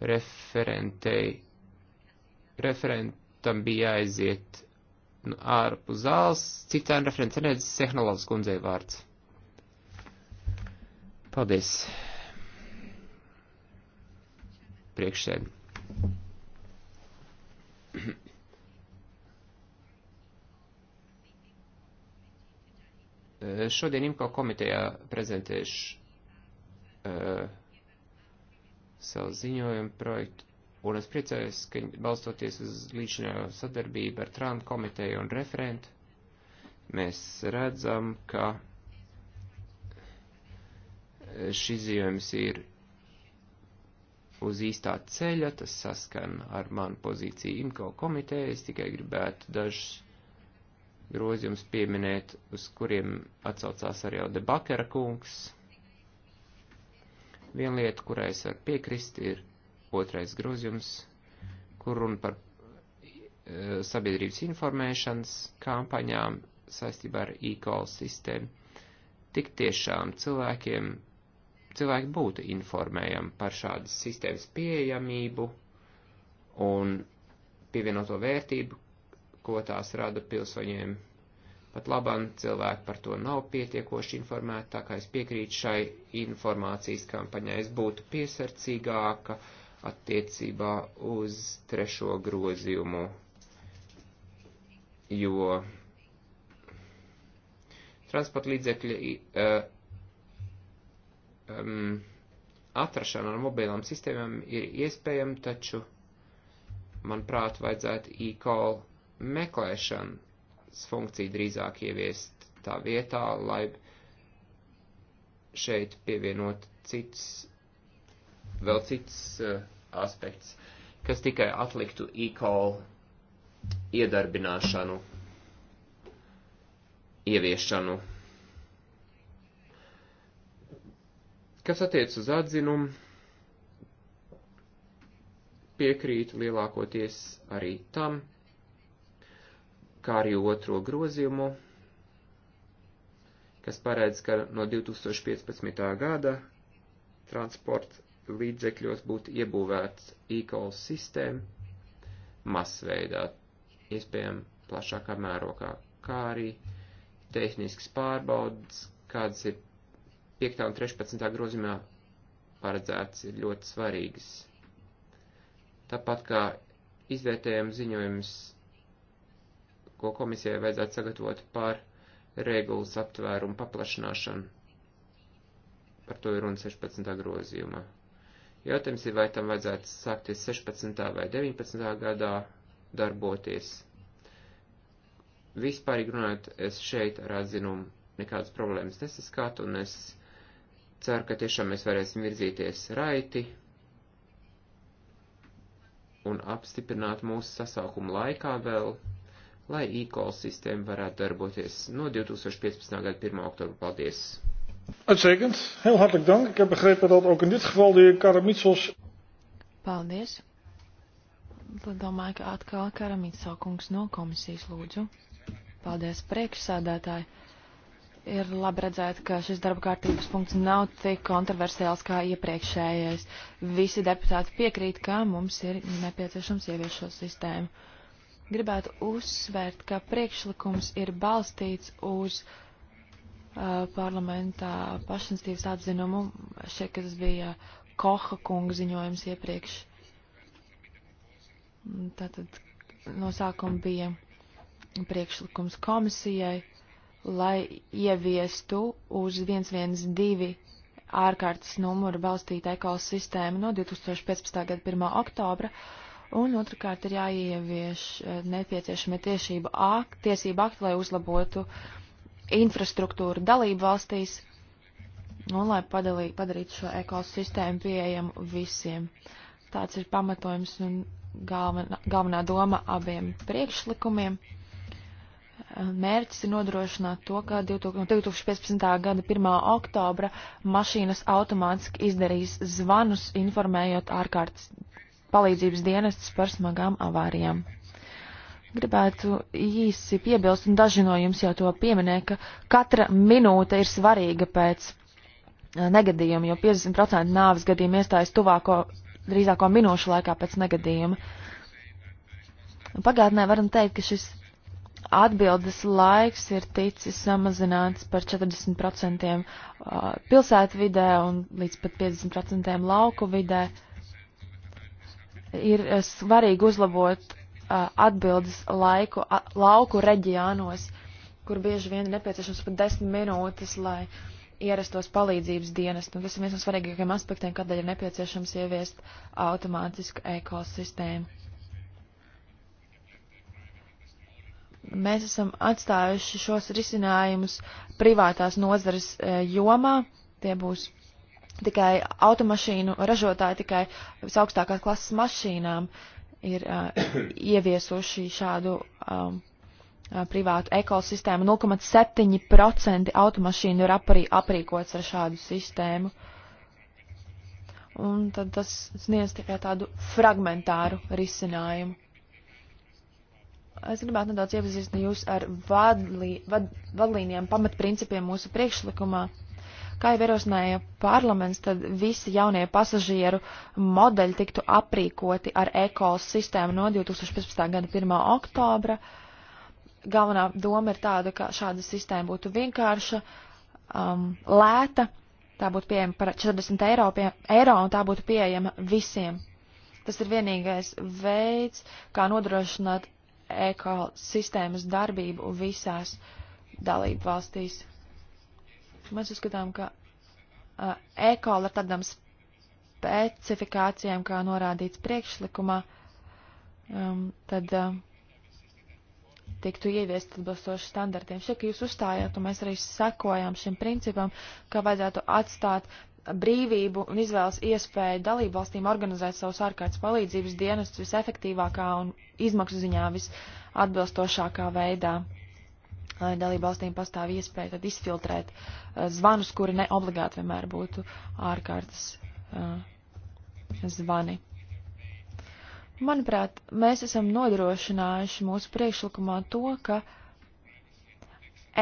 referentei, referentam bija jāaiziet nu, ārpus zāles, citām referents redzes Sehnalovs kundzei vārds. Paldies. Priekšsēd. Šodien IMCO komitejā prezentēšu uh, savu ziņojumu projektu, un es priecājos, ka balstoties uz līdzinājo sadarbību ar Trānu komiteju un referentu, mēs redzam, ka šis ziņojums ir uz īstā ceļa, tas saskan ar manu pozīciju IMCO komiteja, es tikai gribētu dažus grozījumus pieminēt, uz kuriem atsaucās arī jau debakera kungs Viena lieta, kurai es varu piekrist, ir otrais grozījums, kur runa par e, sabiedrības informēšanas kampaņām saistībā ar e-call sistēmu. Tik tiešām cilvēkiem, cilvēki būtu informējami par šādas sistēmas pieejamību un pievienoto vērtību, ko tās rada pilsoņiem Pat labam cilvēki par to nav pietiekoši informēti, tā kā es piekrītu šai informācijas kampaņai. Es būtu piesardzīgāka attiecībā uz trešo grozījumu, jo transporta līdzekļi uh, um, atrašana ar mobilām sistēmām ir iespējama, taču, manuprāt, vajadzētu e-call meklēšanu funkciju drīzāk ieviest tā vietā, lai šeit pievienot cits, vēl cits uh, aspekts, kas tikai atliktu e-call iedarbināšanu, ieviešanu. Kas attiec uz atzinumu, piekrītu lielākoties arī tam, kā arī otro grozījumu, kas paredz, ka no 2015. gada transporta līdzekļos būtu iebūvēts e-call sistēma masveidā, iespējami plašākā mērokā, kā arī tehnisks pārbaudas, kādas ir 5. un 13. grozījumā paredzēts, ir ļoti svarīgas. Tāpat kā izvērtējuma ziņojums ko komisijai vajadzētu sagatavot par regulas aptvērumu paplašināšanu. Par to ir runa 16. grozījumā. Jautājums ir, vai tam vajadzētu sākties 16. vai 19. gadā darboties. Vispārīgi runājot, es šeit ar atzinumu nekādas problēmas nesaskatu, un es ceru, ka tiešām mēs varēsim virzīties raiti un apstiprināt mūsu sasaukumu laikā vēl lai e-call sistēma varētu darboties no 2015. gada 1. oktobra. Paldies! Uitstekend, heel hartelijk dank. Ik heb begrepen dat ook in dit geval de heer Karamitsos. Paldies. Tad domāju, ka atkal Karamitsa kungs no komisijas lūdzu. Paldies priekšsādātāji. Ir labi redzēt, ka šis darba kārtības punkts nav tik kontroversiāls kā iepriekšējais. Visi deputāti piekrīt, ka mums ir nepieciešams ievies šo sistēmu gribētu uzsvērt, ka priekšlikums ir balstīts uz uh, parlamentā pašinstīvas atzinumu. Šeit, ka tas bija Koha kunga ziņojums iepriekš. Tātad no sākuma bija priekšlikums komisijai, lai ieviestu uz 112 ārkārtas numuru balstītu ekosistēmu no 2015. gada 1. oktobra. Uh, Un otrkārt ir jāievieš eh, nepieciešami tiesība akti, tiesība akti, lai uzlabotu infrastruktūru dalību valstīs un lai padalī, padarītu šo ekosistēmu pieejamu visiem. Tāds ir pamatojums un galvenā, galvenā doma abiem priekšlikumiem. Eh, mērķis ir nodrošināt to, ka 2015. gada 1. oktobra mašīnas automātiski izdarīs zvanus, informējot ārkārtas palīdzības dienestus par smagām avārijām. Gribētu īsi piebilst, un daži no jums jau to pieminēja, ka katra minūte ir svarīga pēc eh, negadījuma, jo 50% nāves gadījumu iestājas tuvāko, drīzāko minūšu laikā pēc negadījuma. Pagātnē varam teikt, ka šis atbildes laiks ir ticis samazināts par 40% eh, pilsētvidē un līdz pat 50% lauku vidē. Uh, ir eh, svarīgi uzlabot uh, atbildes laiku a, lauku reģionos, kur bieži vien ir nepieciešams pat desmit minūtes, lai ierastos palīdzības dienas. Un tas ir viens no svarīgākajiem aspektiem, kādēļ ir nepieciešams ieviest automātisku ekosistēmu. Mēs esam atstājuši šos risinājumus privātās nozares uh, jomā. Tie būs tikai automašīnu ražotāji tikai visaugstākās klases mašīnām ir uh, ieviesuši šādu um, privātu ekosistēmu. 0,7% automašīnu ir aprī, aprīkots ar šādu sistēmu. Un tad tas sniedz tikai tādu fragmentāru risinājumu. Es gribētu nedaudz iepazīstināt jūs ar vadlī, vad, vadlīnijām pamatprincipiem mūsu priekšlikumā. Uh, Kā jau ierosināja parlaments, tad visi jaunie pasažieru modeļi tiktu aprīkoti ar e-calls sistēmu no 2015. gada 1. oktobra. Galvenā doma ir tāda, ka šāda sistēma būtu vienkārša, um, lēta, tā būtu pieejama par 40 eiro, pie, eiro un tā būtu pieejama visiem. Tas ir vienīgais veids, kā nodrošināt ekosistēmas darbību visās dalību valstīs. Mēs uzskatām, ka uh, ekola ar tādām specifikācijām, kā norādīts priekšlikumā, um, tad uh, tiktu ieviest atbilstoši standartiem. Šeit, ka jūs uzstājāt, un mēs arī sekojām šim principam, ka vajadzētu atstāt brīvību un izvēles iespēju dalību valstīm organizēt savus ārkārtas palīdzības dienestus visefektīvākā un izmaksu ziņā visatbilstošākā veidā dalību valstīm pastāv iespēja tad izfiltrēt eh, zvanus, kuri ne obligāti vienmēr būtu ārkārtas eh, zvani. Manuprāt, mēs esam nodrošinājuši mūsu priekšlikumā to, ka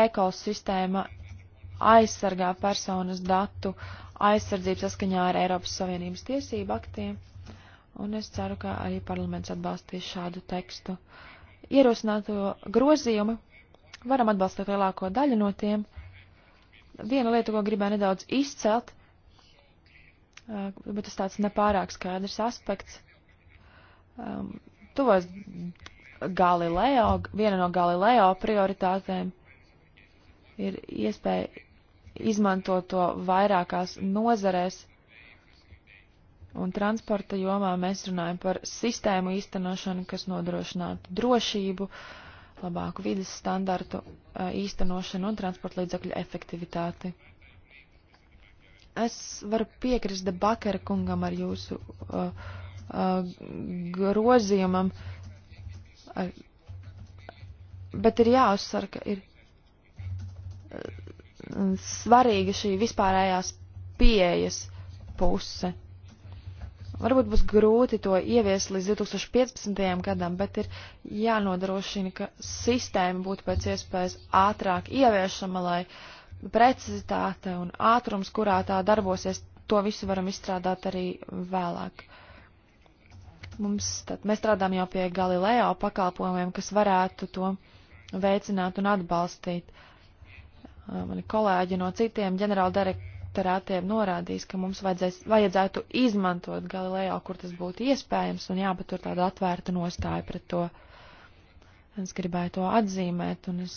ekosistēma aizsargā personas datu aizsardzību saskaņā ar Eiropas Savienības tiesību aktiem, un es ceru, ka arī parlaments atbalstīs šādu tekstu. Ierosināto grozījumu varam atbalstīt lielāko daļu no tiem. Viena lieta, ko gribēju nedaudz izcelt, uh, bet tas tāds nepārāk skaidrs aspekts. Um, Tuvojas Galileo, viena no Galileo prioritātēm ir iespēja izmantot to vairākās nozarēs, un transporta jomā mēs runājam par sistēmu īstenošanu, kas nodrošinātu drošību, uh, labāku vidas standartu eh, īstenošanu un transporta līdzakļu efektivitāti. Es varu piekrist debakara kungam ar jūsu uh, uh, grozījumam, ar, bet ir jāuzsver, ka ir svarīga šī vispārējās pieejas puse. Varbūt būs grūti to ieviest līdz 2015. gadam, bet ir jānodrošina, ka sistēma būtu pēc iespējas ātrāk ieviešama, lai precizitāte un ātrums, kurā tā darbosies, to visu varam izstrādāt arī vēlāk. Mums, tad, mēs strādājam jau pie Galileo pakalpojumiem, kas varētu to veicināt un atbalstīt. Mani kolēģi no citiem ģenerāla direktoriem doktorātiem norādījis, ka mums vajadzēs, vajadzētu izmantot Galileo, kur tas būtu iespējams, un jāpatur tāda atvērta nostāja pret to. Es gribēju to atzīmēt, un es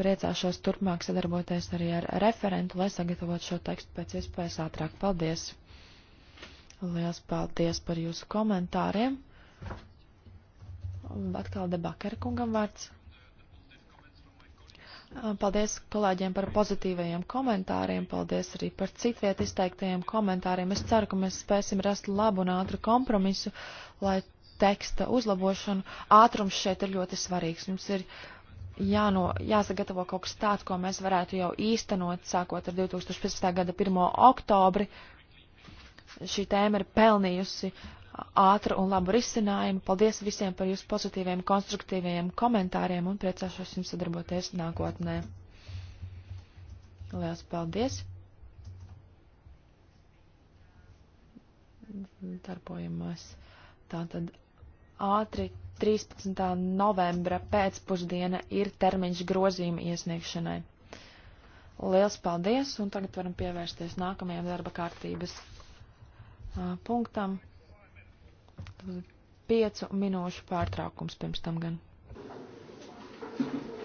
priecāšos turpmāk sadarboties arī ar referentu, lai sagatavotu šo tekstu pēc iespējas ātrāk. Paldies! Lielas paldies par jūsu komentāriem! Atkal debakar kungam vārds. Paldies kolēģiem par pozitīvajiem komentāriem, paldies arī par citviet izteiktajiem komentāriem. Es ceru, ka mēs spēsim rast labu un ātru kompromisu, lai teksta uzlabošanu. Ātrums šeit ir ļoti svarīgs. Mums ir jāno, jāsagatavo kaut kas tāds, ko mēs varētu jau īstenot, sākot ar 2015. gada 1. oktobri. Šī tēma ir pelnījusi uh, ātru un labu risinājumu. Paldies visiem par jūsu pozitīviem, konstruktīviem komentāriem un priecāšos jums sadarboties nākotnē. Lielas paldies! Darbojamies tātad ātri. 13. novembra pēcpusdiena ir termiņš grozījuma iesniegšanai. Liels paldies, un tagad varam pievērsties nākamajam darba kārtības uh, punktam. Piecu minūšu pārtraukums pirms tam gan. Thank you.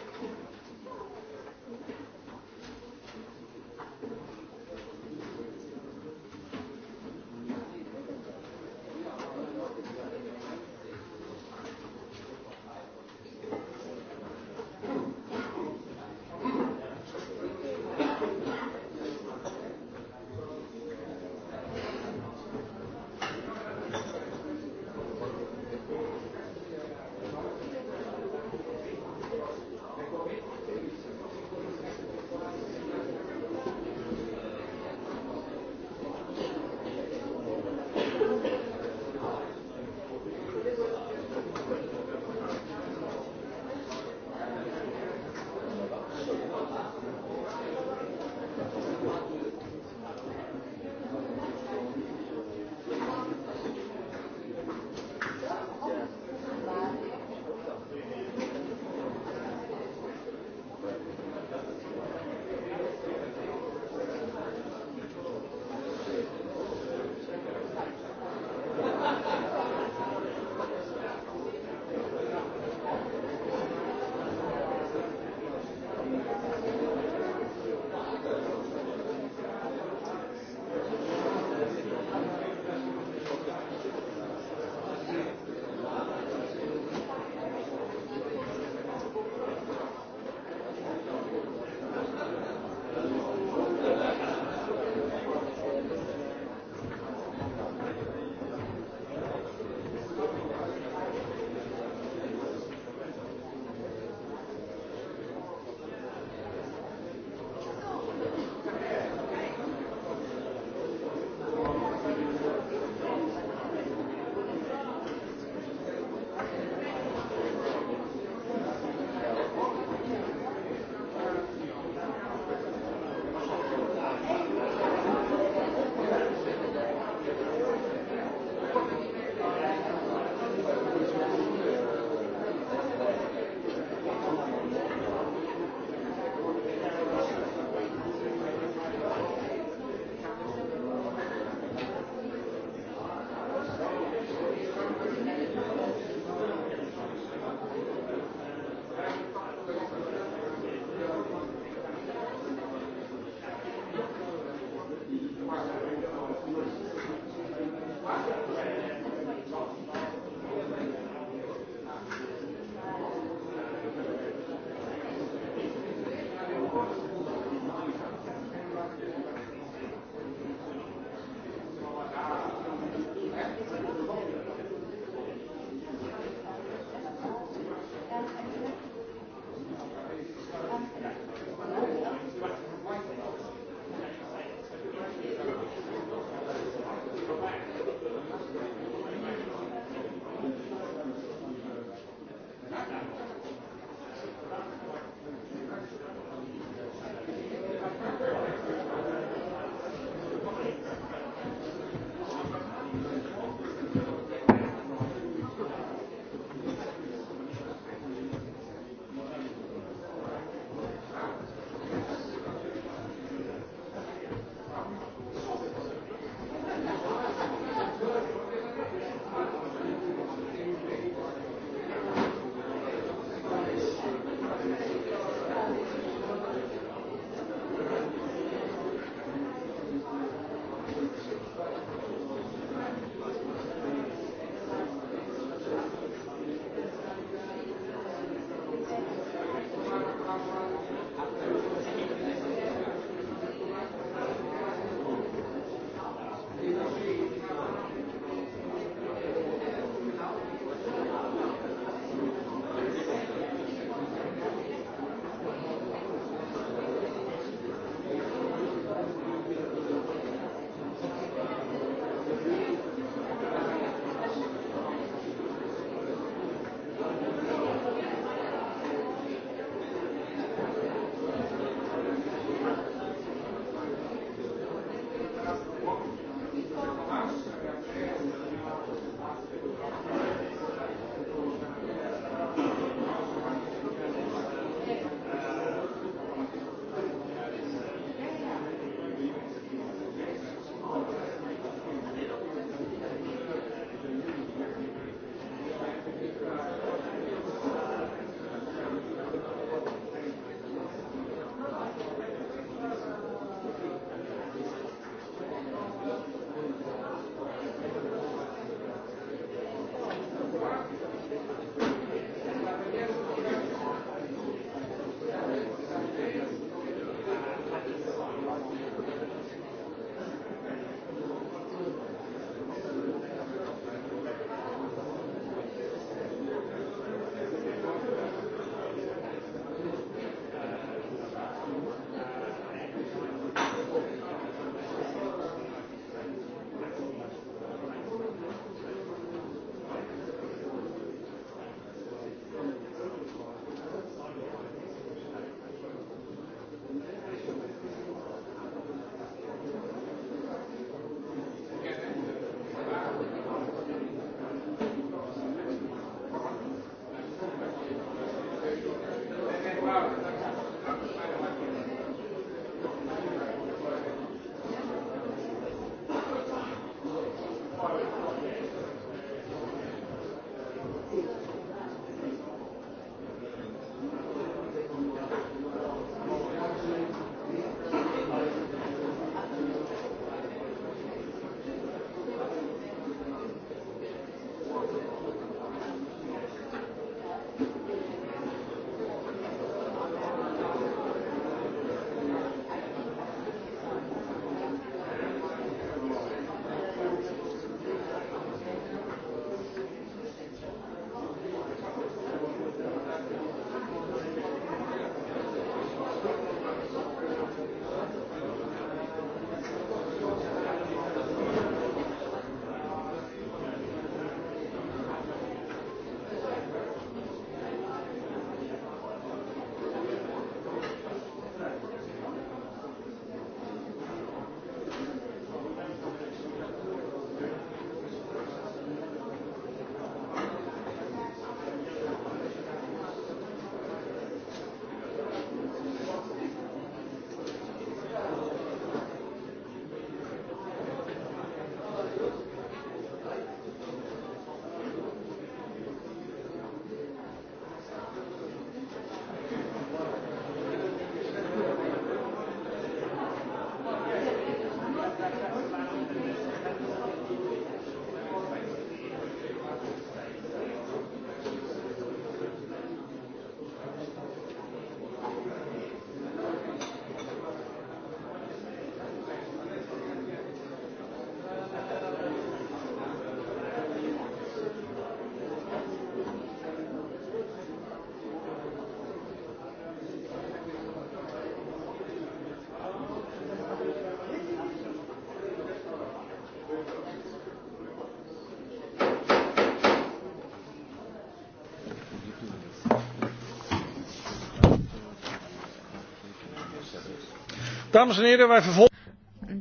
Dāmas un ieri, vai vervolg...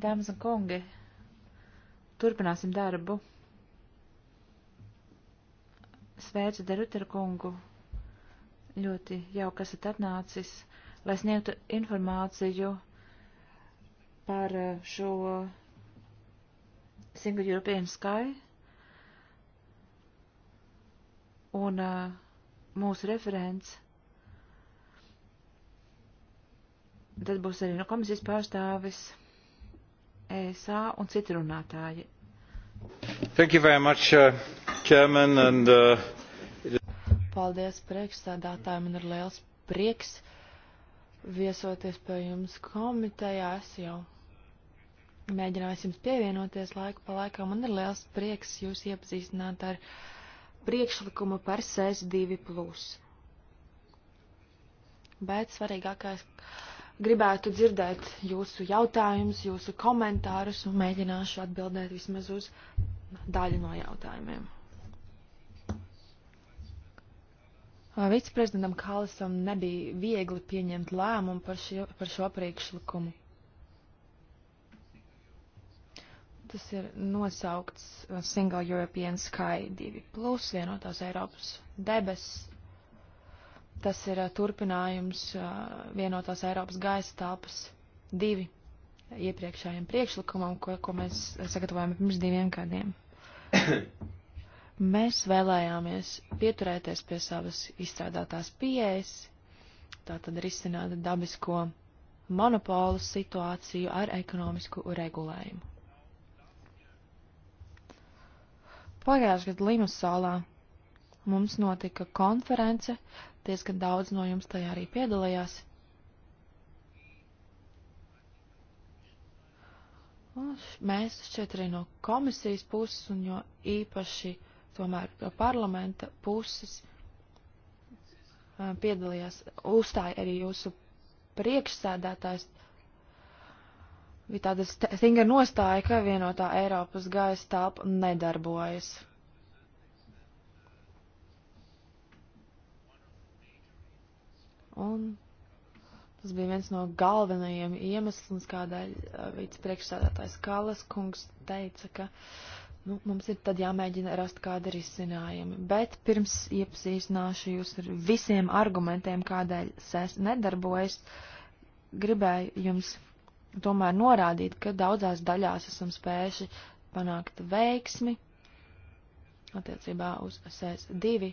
Dāmas un kungi, turpināsim darbu. Sveicu Derutera kungu. Ļoti jauki esat atnācis, lai sniegtu informāciju par eh, šo Single European Sky. Un uh, mūsu referents tad būs arī no komisijas pārstāvis ESA un citi runātāji. Thank you very much, uh, Chairman, and, uh... Paldies priekšsēdātājiem, man ir liels prieks viesoties pie jums komitejā. Es jau mēģināju jums pievienoties laiku pa laikam. Man ir liels prieks jūs iepazīstināt ar priekšlikumu par SES 2. Bet svarīgākais gribētu dzirdēt jūsu jautājumus, jūsu komentārus un mēģināšu atbildēt vismaz uz daļu no jautājumiem. Viceprezidentam Kālisam nebija viegli pieņemt lēmumu par, šie, par šo priekšlikumu. Tas ir nosaukts Single European Sky 2, vienotās Eiropas debesis Tas ir turpinājums vienotās Eiropas gaisa telpas divi iepriekšējiem priekšlikumam, ko, ko mēs sagatavojam pirms diviem gadiem. mēs vēlējāmies pieturēties pie savas izstrādātās pieejas, tātad risināt dabisko monopolu situāciju ar ekonomisku regulējumu. Pagājušajā gadā Limasolā mums notika konference diezgan daudz no jums tajā arī piedalījās. Un mēs šķiet arī no komisijas puses un jo īpaši tomēr parlamenta puses piedalījās, uzstāja arī jūsu priekšsēdētājs. Bija tāda stingra nostāja, ka vienotā Eiropas gaisa telpa nedarbojas. Un tas bija viens no galvenajiem iemesliem, kādēļ eh, vicepriekšsādātājs Kalas kungs teica, ka nu, mums ir tad jāmēģina rast kādi risinājumi. Bet pirms iepazīstināšu jūs ar visiem argumentiem, kādēļ SES nedarbojas, gribēju jums tomēr norādīt, ka daudzās daļās esam spējuši panākt veiksmi attiecībā uz SES2,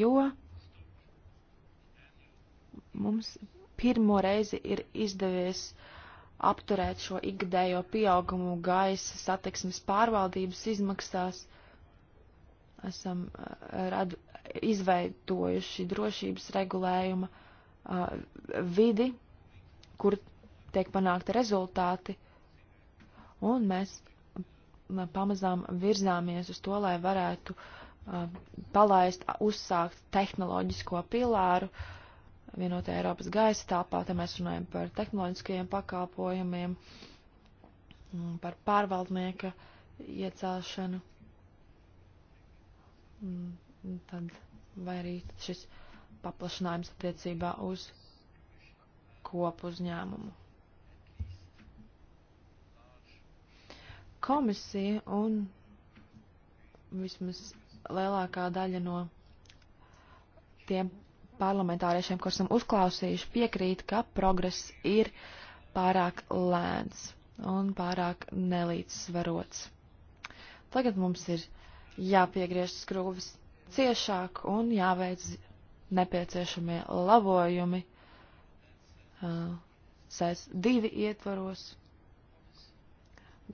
jo mums pirmo reizi ir izdevies apturēt šo ikgadējo pieaugumu gaisa satiksmes pārvaldības izmaksās. Esam eh, radu, izveidojuši drošības regulējuma uh, vidi, kur tiek panākti rezultāti, un mēs pamazām virzāmies uz to, lai varētu uh, palaist, uzsākt tehnoloģisko pilāru, uh, vienotā Eiropas gaisa tāpā, te mēs runājam par tehnoloģiskajiem pakāpojumiem, mm, par pārvaldnieka iecelšanu. Mm, tad vai arī šis paplašinājums attiecībā uz kopu uzņēmumu. Komisija un vismaz lielākā daļa no tiem parlamentāriešiem, kurus esam uzklausījuši, piekrīt, ka progress ir pārāk lēns un pārāk nelīdzsvarots. Tagad mums ir jāpiegriež skrūvis ciešāk un jāveic nepieciešamie labojumi uh, sēs divi ietvaros.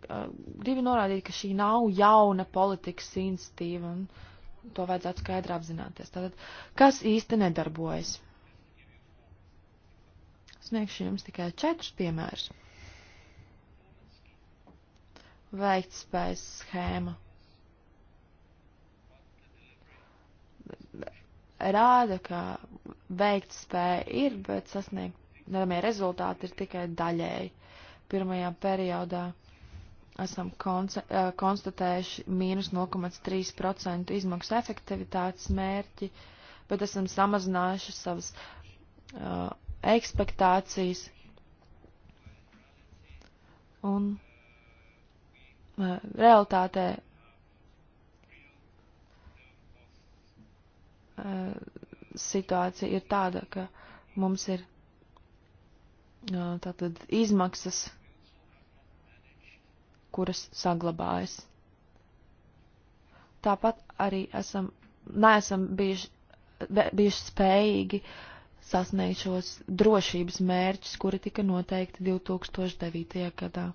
Uh, gribu norādīt, ka šī nav jauna politikas institīva un uh, to vajadzētu skaidri apzināties. Tātad, kas īsti nedarbojas? Sniegšu jums tikai četrus piemērus. Veiktspējas schēma. Rāda, ka veiktspēja ir, bet sasniegt, nezināmie rezultāti ir tikai daļēji pirmajā periodā esam konstatējuši mīnus 0,3% izmaksu efektivitātes mērķi, bet esam samazinājuši savas uh, ekspektācijas. Un uh, realitātē uh, situācija ir tāda, ka mums ir uh, tātad izmaksas kuras saglabājas. Tāpat arī esam, neesam bijuši, bijuši spējīgi sasniegt šos drošības mērķus, kuri tika noteikti 2009. gadā.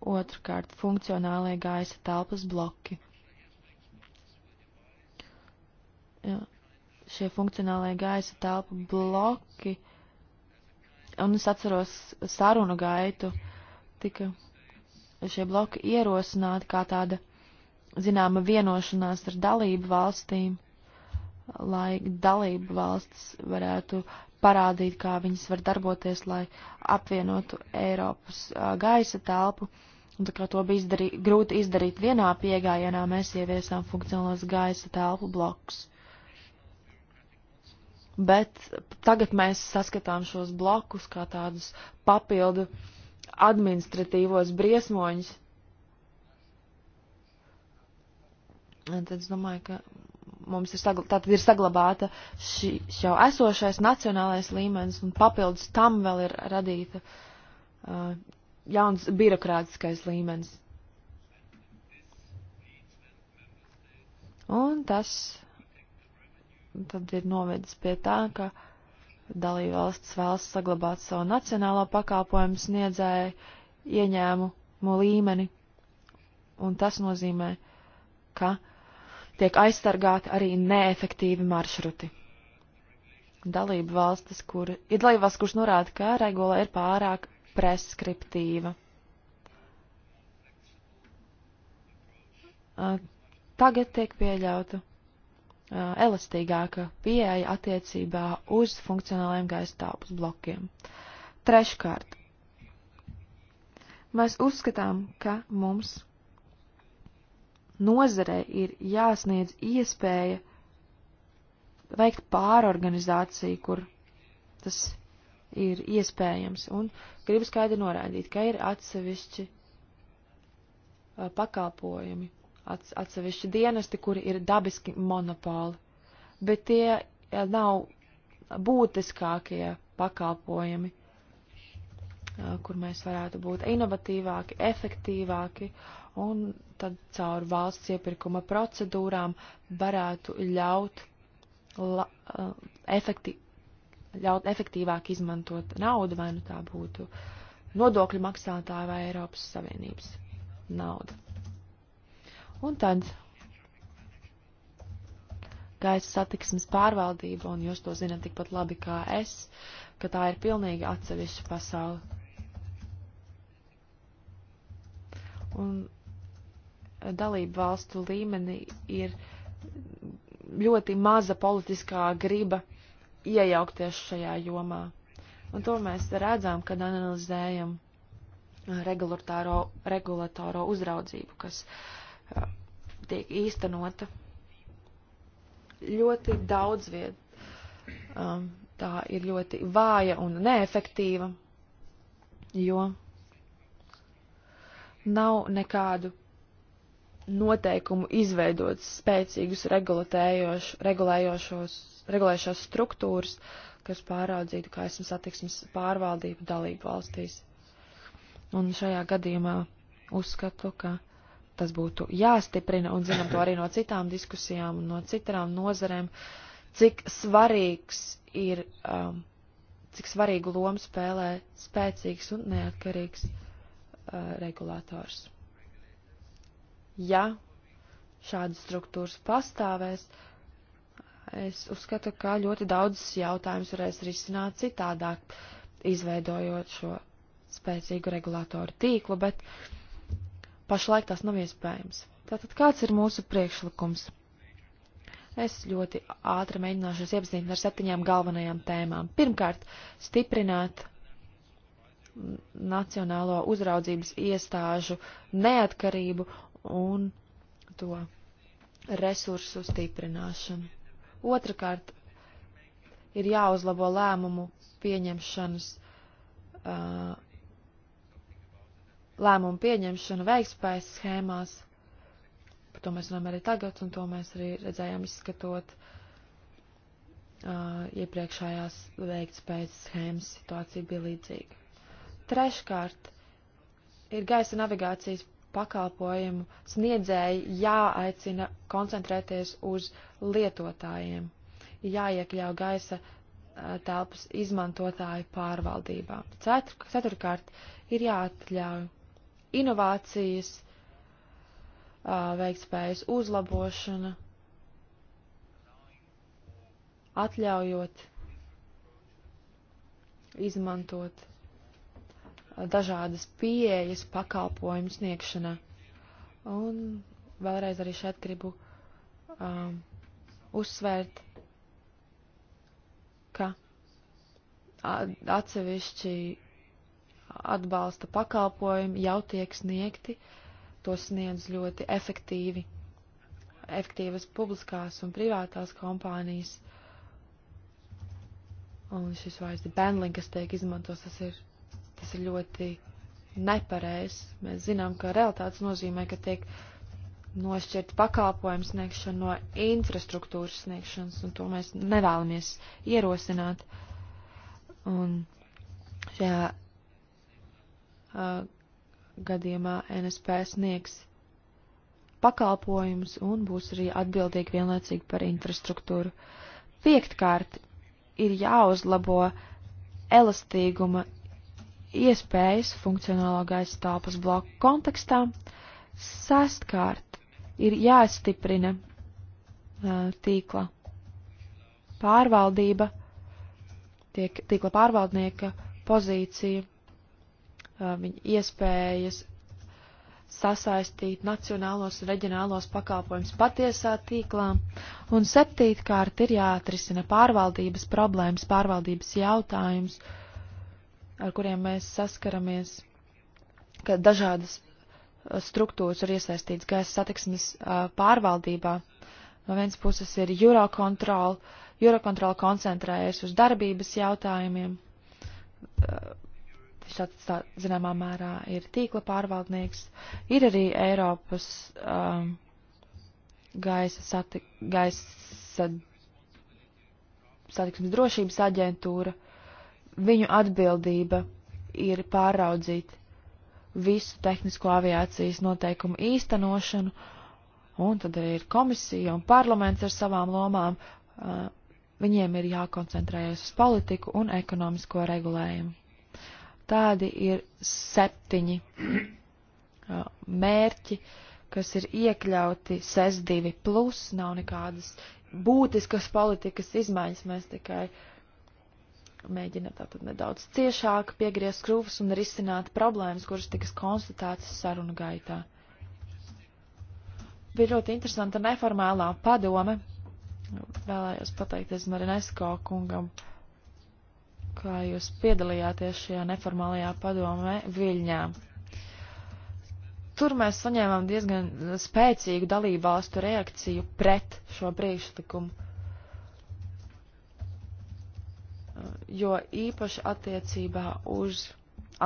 Otrkārt, funkcionālie gaisa telpas bloki. Jā. Šie funkcionālie gaisa telpu bloki, un es atceros sarunu gaitu, tika šie bloki ierosināti kā tāda zināma vienošanās ar dalību valstīm, lai dalību valsts varētu parādīt, kā viņas var darboties, lai apvienotu Eiropas a, gaisa telpu. Un tā kā to bija izdarī, grūti izdarīt vienā piegājienā, mēs ieviesām funkcionālos gaisa telpu blokus. Bet tagad mēs saskatām šos blokus kā tādus papildu uh, administratīvos briesmoņus. Tad es domāju, ka mums ir, sagl tātad ir saglabāta šī, jau esošais nacionālais līmenis, un papildus tam vēl ir radīta uh, jauns birokrātiskais līmenis. Un tas tad ir novedis pie tā, ka uh, dalībvalstis vēlas saglabāt savu nacionālo pakalpojumu sniedzēju ieņēmumu līmeni, un tas nozīmē, ka tiek aizsargāti arī neefektīvi maršruti. Dalību valstis, kur ir dalībvalsts, kurš norāda, ka regula ir pārāk preskriptīva. Tagad tiek pieļauta elastīgāka pieeja attiecībā uz funkcionāliem gaisa telpas blokiem. Treškārt, mēs uzskatām, ka mums nozarei ir jāsniedz iespēja veikt pārorganizāciju, kur tas ir iespējams, un gribu skaidri norādīt, ka ir atsevišķi pakalpojumi, atsevišķi dienesti, kuri ir dabiski monopoli, bet tie nav būtiskākie pakalpojumi, eh, kur mēs varētu būt inovatīvāki, efektīvāki, un tad caur valsts iepirkuma procedūrām varētu ļaut, la, eh, efekti, ļaut efektīvāk izmantot naudu, vai nu tā būtu nodokļu maksātāja vai Eiropas Savienības nauda. Un tad gaisa satiksmes pārvaldība, un jūs to zinat tikpat labi kā es, ka tā ir pilnīgi atsevišķa pasaule. Un dalību valstu līmenī ir ļoti maza politiskā griba iejaukties šajā jomā. Un to mēs redzam, kad analizējam regulatoro, regulatoro uzraudzību, kas uh, tiek īstenota ļoti daudz viet. Um, tā ir ļoti vāja un neefektīva, jo nav nekādu noteikumu izveidot spēcīgus regulējošos struktūras, kas pāraudzītu, kā esam satiksmes pārvaldību dalību valstīs. Un šajā gadījumā uzskatu, ka tas būtu jāstiprina, un zinām to arī no citām diskusijām un no citām nozarēm, cik svarīgs ir, um, cik svarīgu lomu spēlē spēcīgs un neatkarīgs uh, regulators. Ja šādas struktūras pastāvēs, es uzskatu, ka ļoti daudzas jautājumas varēs risināt citādāk, izveidojot šo spēcīgu regulātoru tīklu, bet uh, pašlaik tas nav iespējams. Tātad kāds ir mūsu priekšlikums? Es ļoti ātri mēģināšu iepazīstināt ar septiņām galvenajām tēmām. Pirmkārt, stiprināt nacionālo uzraudzības iestāžu neatkarību un to resursu stiprināšanu. Otrakārt, ir jāuzlabo lēmumu pieņemšanas uh, lēmumu pieņemšanu veikspējas schēmās. Par to mēs runājam arī tagad, un to mēs arī redzējām izskatot uh, iepriekšējās veiktspējas schēmas situācija bija līdzīga. Treškārt, ir gaisa navigācijas pakalpojumu sniedzēji jāaicina koncentrēties uz lietotājiem, jāiekļau gaisa telpas izmantotāju pārvaldībā. Ceturkārt, ir jāatļauj inovācijas, veiktspējas uzlabošana, atļaujot izmantot dažādas pieejas pakalpojumu sniegšanā. Un vēlreiz arī šeit gribu um, uzsvērt, ka atsevišķi atbalsta pakalpojumi jau tiek sniegti, to sniedz ļoti efektīvi, efektīvas publiskās un privātās kompānijas. Un šis vārds bandling, kas tiek izmantos, tas ir, tas ir ļoti nepareizs. Mēs zinām, ka realitātes nozīmē, ka tiek nošķirt pakalpojumu sniegšanu no infrastruktūras sniegšanas, un to mēs nevēlamies ierosināt. Un šajā uh, gadījumā NSP sniegs pakalpojumus un būs arī atbildīgi vienlaicīgi par infrastruktūru. Piektkārt, ir jāuzlabo elastīguma iespējas funkcionālo gaisa telpas bloku kontekstā. Sestkārt, ir jāstiprina uh, tīkla pārvaldība, tiek, tīkla pārvaldnieka pozīcija Uh, viņa iespējas sasaistīt nacionālos un reģionālos pakalpojumus patiesā tīklā, un septītkārt ir jāatrisina pārvaldības problēmas, pārvaldības jautājums, ar kuriem mēs saskaramies, ka dažādas uh, struktūras ir iesaistīts gaisa satiksmes uh, pārvaldībā. No vienas puses ir Eurocontrol, Eurocontrol koncentrējas uz darbības jautājumiem, Viņš atstā, zināmā mērā ir tīkla pārvaldnieks. Ir arī Eiropas um, gaisa, sati, gaisa satiksmes drošības aģentūra. Viņu atbildība ir pāraudzīt visu tehnisko aviācijas noteikumu īstenošanu, un tad arī ir komisija un parlaments ar savām lomām. Uh, viņiem ir jākoncentrējas uz politiku un ekonomisko regulējumu. Tādi ir septiņi mērķi, kas ir iekļauti SES2, nav nekādas būtiskas politikas izmaiņas, mēs tikai mēģinām tātad nedaudz ciešāk piegriezt skrūvus un risināt problēmas, kuras tikas konstatētas sarunu gaitā. Bija ļoti interesanta neformālā padome. Vēlējos pateikties Marinesko kungam kā jūs piedalījāties šajā neformālajā padomē Viļņā. Tur mēs saņēmām diezgan spēcīgu dalībvalstu reakciju pret šo priekšlikumu, jo īpaši attiecībā uz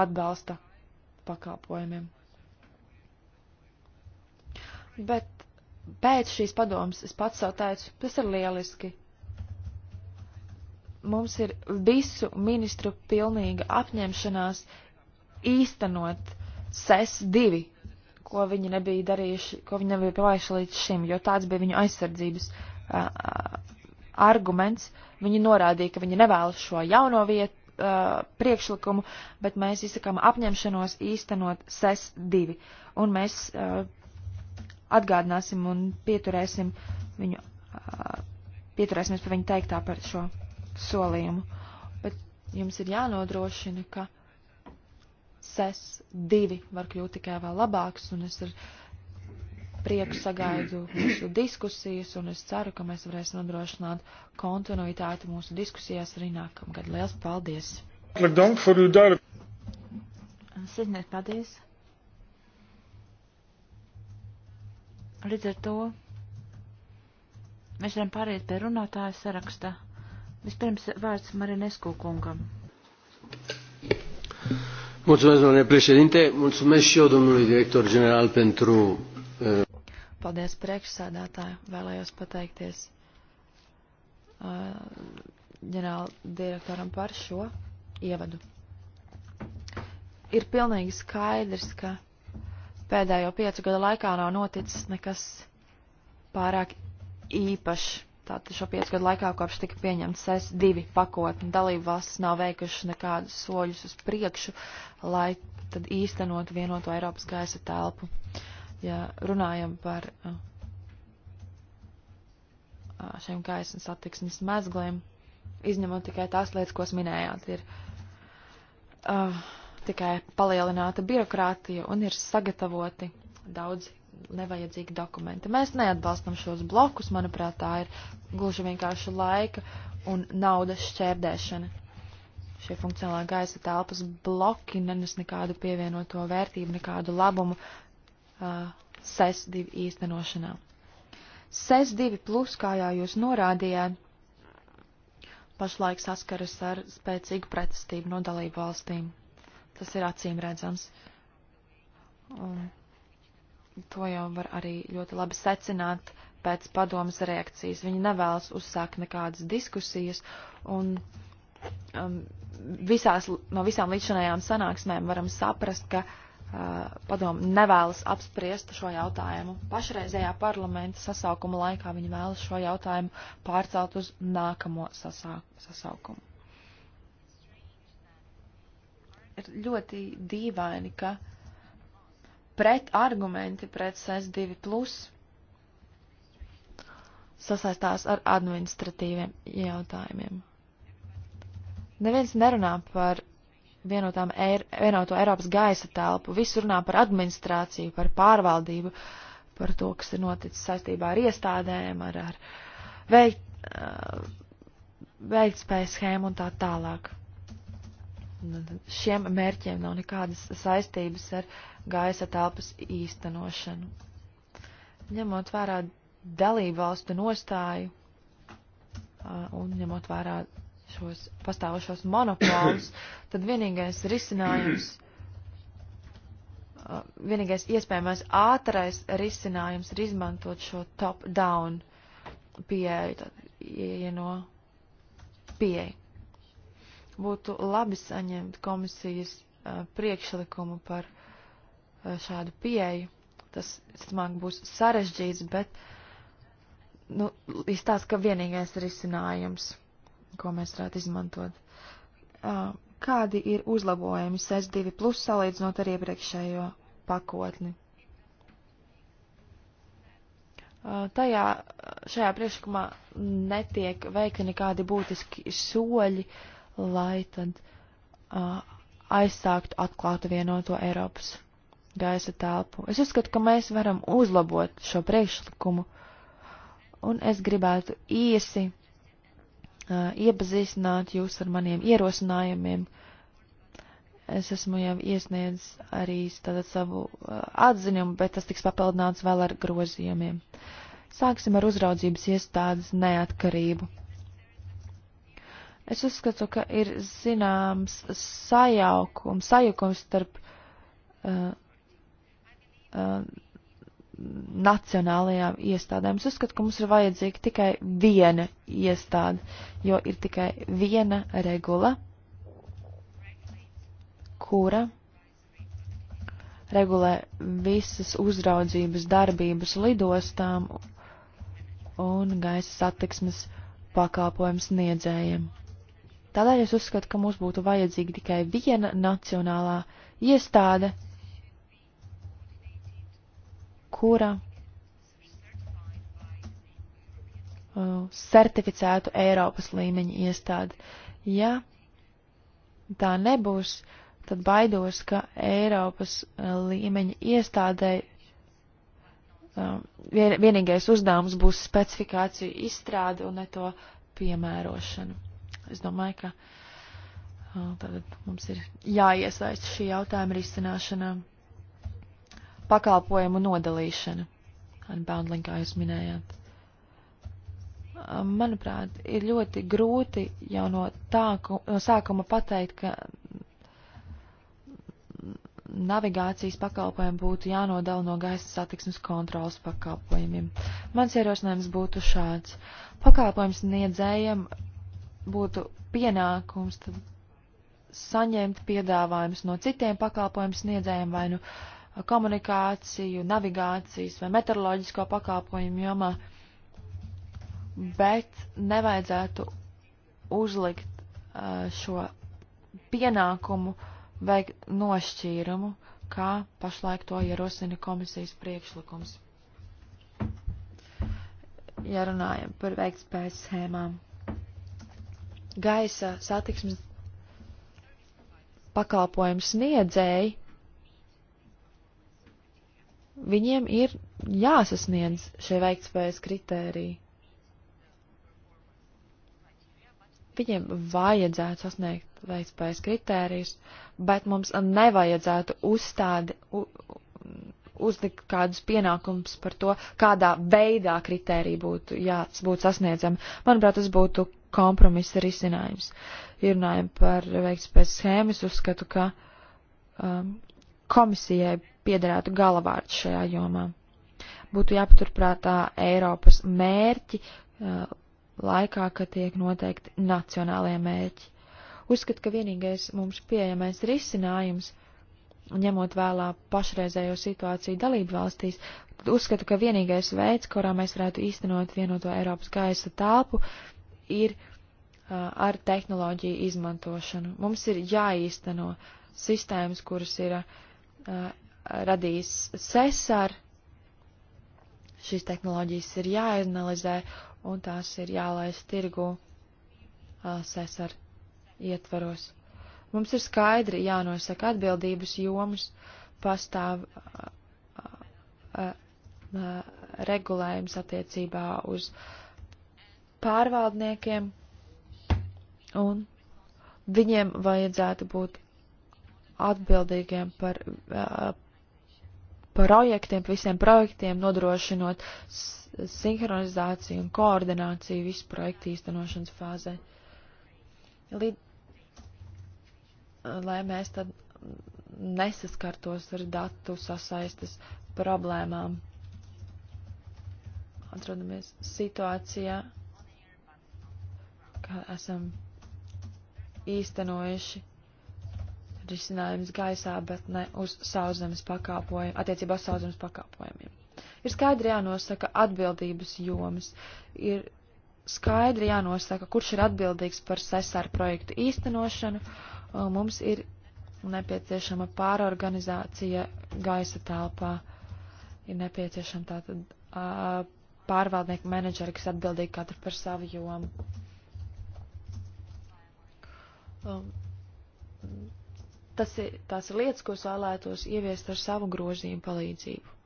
atbalsta pakalpojumiem. Bet pēc šīs padomas es pats sev teicu, tas ir lieliski, mums ir visu ministru pilnīga apņemšanās īstenot SES 2, ko viņi nebija darījuši, ko viņi nebija pavājuši līdz šim, jo tāds bija viņu aizsardzības uh, arguments. Viņi norādīja, ka viņi nevēlas šo jauno vietu uh, priekšlikumu, bet mēs izsakām apņemšanos īstenot SES 2. Un mēs uh, atgādināsim un pieturēsim viņu, uh, pieturēsimies pie viņa teiktā par šo solījumu, bet jums ir jānodrošina, ka SES 2 var kļūt tikai vēl labāks, un es ar prieku sagaidu mūsu diskusijas, un es ceru, ka mēs varēsim nodrošināt kontinuitāti mūsu diskusijās arī nākamgad. Liels paldies! Sidniet, paldies! Līdz ar to mēs varam pāriet pie runātāja saraksta. Vispirms vārds Marinesku kungam. Mulțumesc, domnule președinte. Mulțumesc și eu, domnului director general, pentru. Uh... Paldies, priekšsēdētāji. Vēlējos pateikties uh, ģenerāla direktoram par šo ievadu. Ir pilnīgi skaidrs, ka pēdējo piecu gadu laikā nav noticis nekas pārāk īpašs Tātad šo piecu gadu laikā kopš tika pieņemts S2 pakotni. Dalību valstis nav veikuši nekādus soļus uz priekšu, lai tad īstenot vienoto Eiropas gaisa telpu. Ja runājam par šiem gaisa un satiksmes mezgliem, izņemot tikai tās lietas, ko minējāt, ir uh, tikai palielināta birokrātija un ir sagatavoti daudzi nevajadzīgi dokumenti. Mēs neatbalstam šos blokus, manuprāt, tā ir gluži vienkārši laika un naudas šķērdēšana. Šie funkcionālā gaisa telpas bloki nenes nekādu pievienoto vērtību, nekādu labumu uh, SES2 īstenošanā. SES2 plus, kā jau jūs norādījāt, pašlaik saskaras ar spēcīgu pretestību no dalību valstīm. Tas ir acīm redzams. Un to jau var arī ļoti labi secināt pēc padomas reakcijas. Viņi nevēlas uzsākt nekādas diskusijas, un um, visās, no visām līdzinājām sanāksmēm varam saprast, ka uh, padomu nevēlas apspriest šo jautājumu. Pašreizējā parlamenta sasaukuma laikā viņi vēlas šo jautājumu pārcelt uz nākamo sasā, sasaukumu. Ir ļoti dīvaini, ka uh, pret argumenti pret SES2 plus sasaistās ar administratīviem jautājumiem. Neviens nerunā par vienotām Eir vienoto Eiropas gaisa telpu, viss runā par administrāciju, par pārvaldību, par to, kas ir noticis saistībā ar iestādēm, ar, ar veikt, uh, veiktspējas schēmu un tā tālāk šiem mērķiem nav nekādas saistības ar gaisa telpas īstenošanu. Ņemot vērā dalību valstu nostāju un ņemot vērā šos pastāvošos monopolus, tad vienīgais risinājums, vienīgais iespējamais ātrais risinājums ir izmantot šo top-down pieeju, ieno pieeju. Būtu labi saņemt komisijas uh, priekšlikumu par uh, šādu pieeju. Tas, smāk, būs sarežģīts, bet, nu, izstāst, ka vienīgais risinājums, ko mēs varētu izmantot. Uh, kādi ir uzlabojumi SES2 plus salīdzinot ar iepriekšējo pakotni? tajā, šajā priekšlikumā netiek veikti nekādi būtiski soļi, lai tad uh, aizsākt atklātu vienoto Eiropas gaisa telpu. Es uzskatu, ka mēs varam uzlabot šo priekšlikumu, un es gribētu īsi uh, iepazīstināt jūs ar maniem ierosinājumiem. Es esmu jau iesniedzis arī tātad savu uh, atziņumu, bet tas tiks papildināts vēl ar grozījumiem. Sāksim ar uzraudzības iestādes neatkarību Es uzskatu, ka ir zināms sajaukums, sajaukums starp uh, uh, nacionālajām iestādēm. Es uzskatu, ka mums ir vajadzīga tikai viena iestāde, jo ir tikai viena regula, kura regulē visas uzraudzības darbības lidostām un gaisa satiksmes pakalpojums niedzējiem. Tādēļ es uzskatu, ka mums būtu vajadzīga tikai viena nacionālā iestāde, kura uh, certificētu Eiropas līmeņa iestādi. Ja tā nebūs, tad baidos, ka Eiropas uh, līmeņa iestādei um, uh, vien, vienīgais uzdevums būs specifikāciju izstrāde un ne to piemērošanu. Es domāju, ka tātad mums ir jāiesaist šī jautājuma risināšanā pakalpojumu nodalīšana. Unboundling, kā jūs minējāt. Manuprāt, ir ļoti grūti jau no, tā, no sākuma pateikt, ka navigācijas pakalpojumi būtu jānodala no gaisa satiksmes kontrolas pakalpojumiem. Mans ierosinājums būtu šāds. Pakalpojums niedzējiem būtu pienākums saņemt piedāvājumus no citiem pakalpojumu sniedzējiem vai nu komunikāciju, navigācijas vai meteoroloģisko pakalpojumu jomā, bet nevajadzētu uzlikt uh, šo pienākumu veikt nošķīrumu, kā pašlaik to ierosina komisijas priekšlikums. Ja runājam par veiktspējas schēmām gaisa satiksmes pakalpojumu sniedzēji, viņiem ir jāsasniedz šie veiktspējas kritēriji. Viņiem vajadzētu sasniegt veiktspējas kritērijus, bet mums nevajadzētu uzstādi, u, uzlikt kādus pienākums par to, kādā veidā kritērija būtu, jā, būtu sasniedzama. Manuprāt, tas būtu kompromisa risinājums. Runājam par veikts pēc schēmas, uzskatu, ka um, komisijai piederētu galavārds šajā jomā. Būtu jāpaturprātā Eiropas mērķi uh, laikā, kad tiek noteikti nacionālajie mērķi. Uzskat, ka vienīgais mums pieejamais risinājums ņemot vēlā pašreizējo situāciju dalību valstīs, uzskatu, ka vienīgais veids, kurā mēs varētu īstenot vienoto Eiropas gaisa telpu, ir uh, ar tehnoloģiju izmantošanu. Mums ir jāīsteno sistēmas, kuras ir uh, radījis SESAR. Šīs tehnoloģijas ir jāanalizē un tās ir jālaist tirgu uh, SESAR ietvaros. Mums ir skaidri jānosaka atbildības jomas, pastāv a, a, a, regulējums attiecībā uz pārvaldniekiem, un viņiem vajadzētu būt atbildīgiem par projektiem, visiem projektiem, nodrošinot sinhronizāciju un koordināciju visu projektu īstenošanas fāzē. Līdz lai mēs tad nesaskartos ar datu sasaistes problēmām. Atrodamies situācijā, ka esam īstenojuši risinājums gaisā, bet ne uz sauszemes pakāpojumiem, attiecībā uz sauszemes pakāpojumiem. Ir skaidri jānosaka atbildības jomas, ir skaidri jānosaka, kurš ir atbildīgs par sesāru projektu īstenošanu, uh, Uh, mums ir nepieciešama pārorganizācija gaisa telpā. Ir nepieciešama tātad uh, pārvaldnieku menedžeri, kas atbildīgi katru par savu jomu. Um, tas ir tās lietas, ko es vēlētos ieviest ar savu grozījumu palīdzību.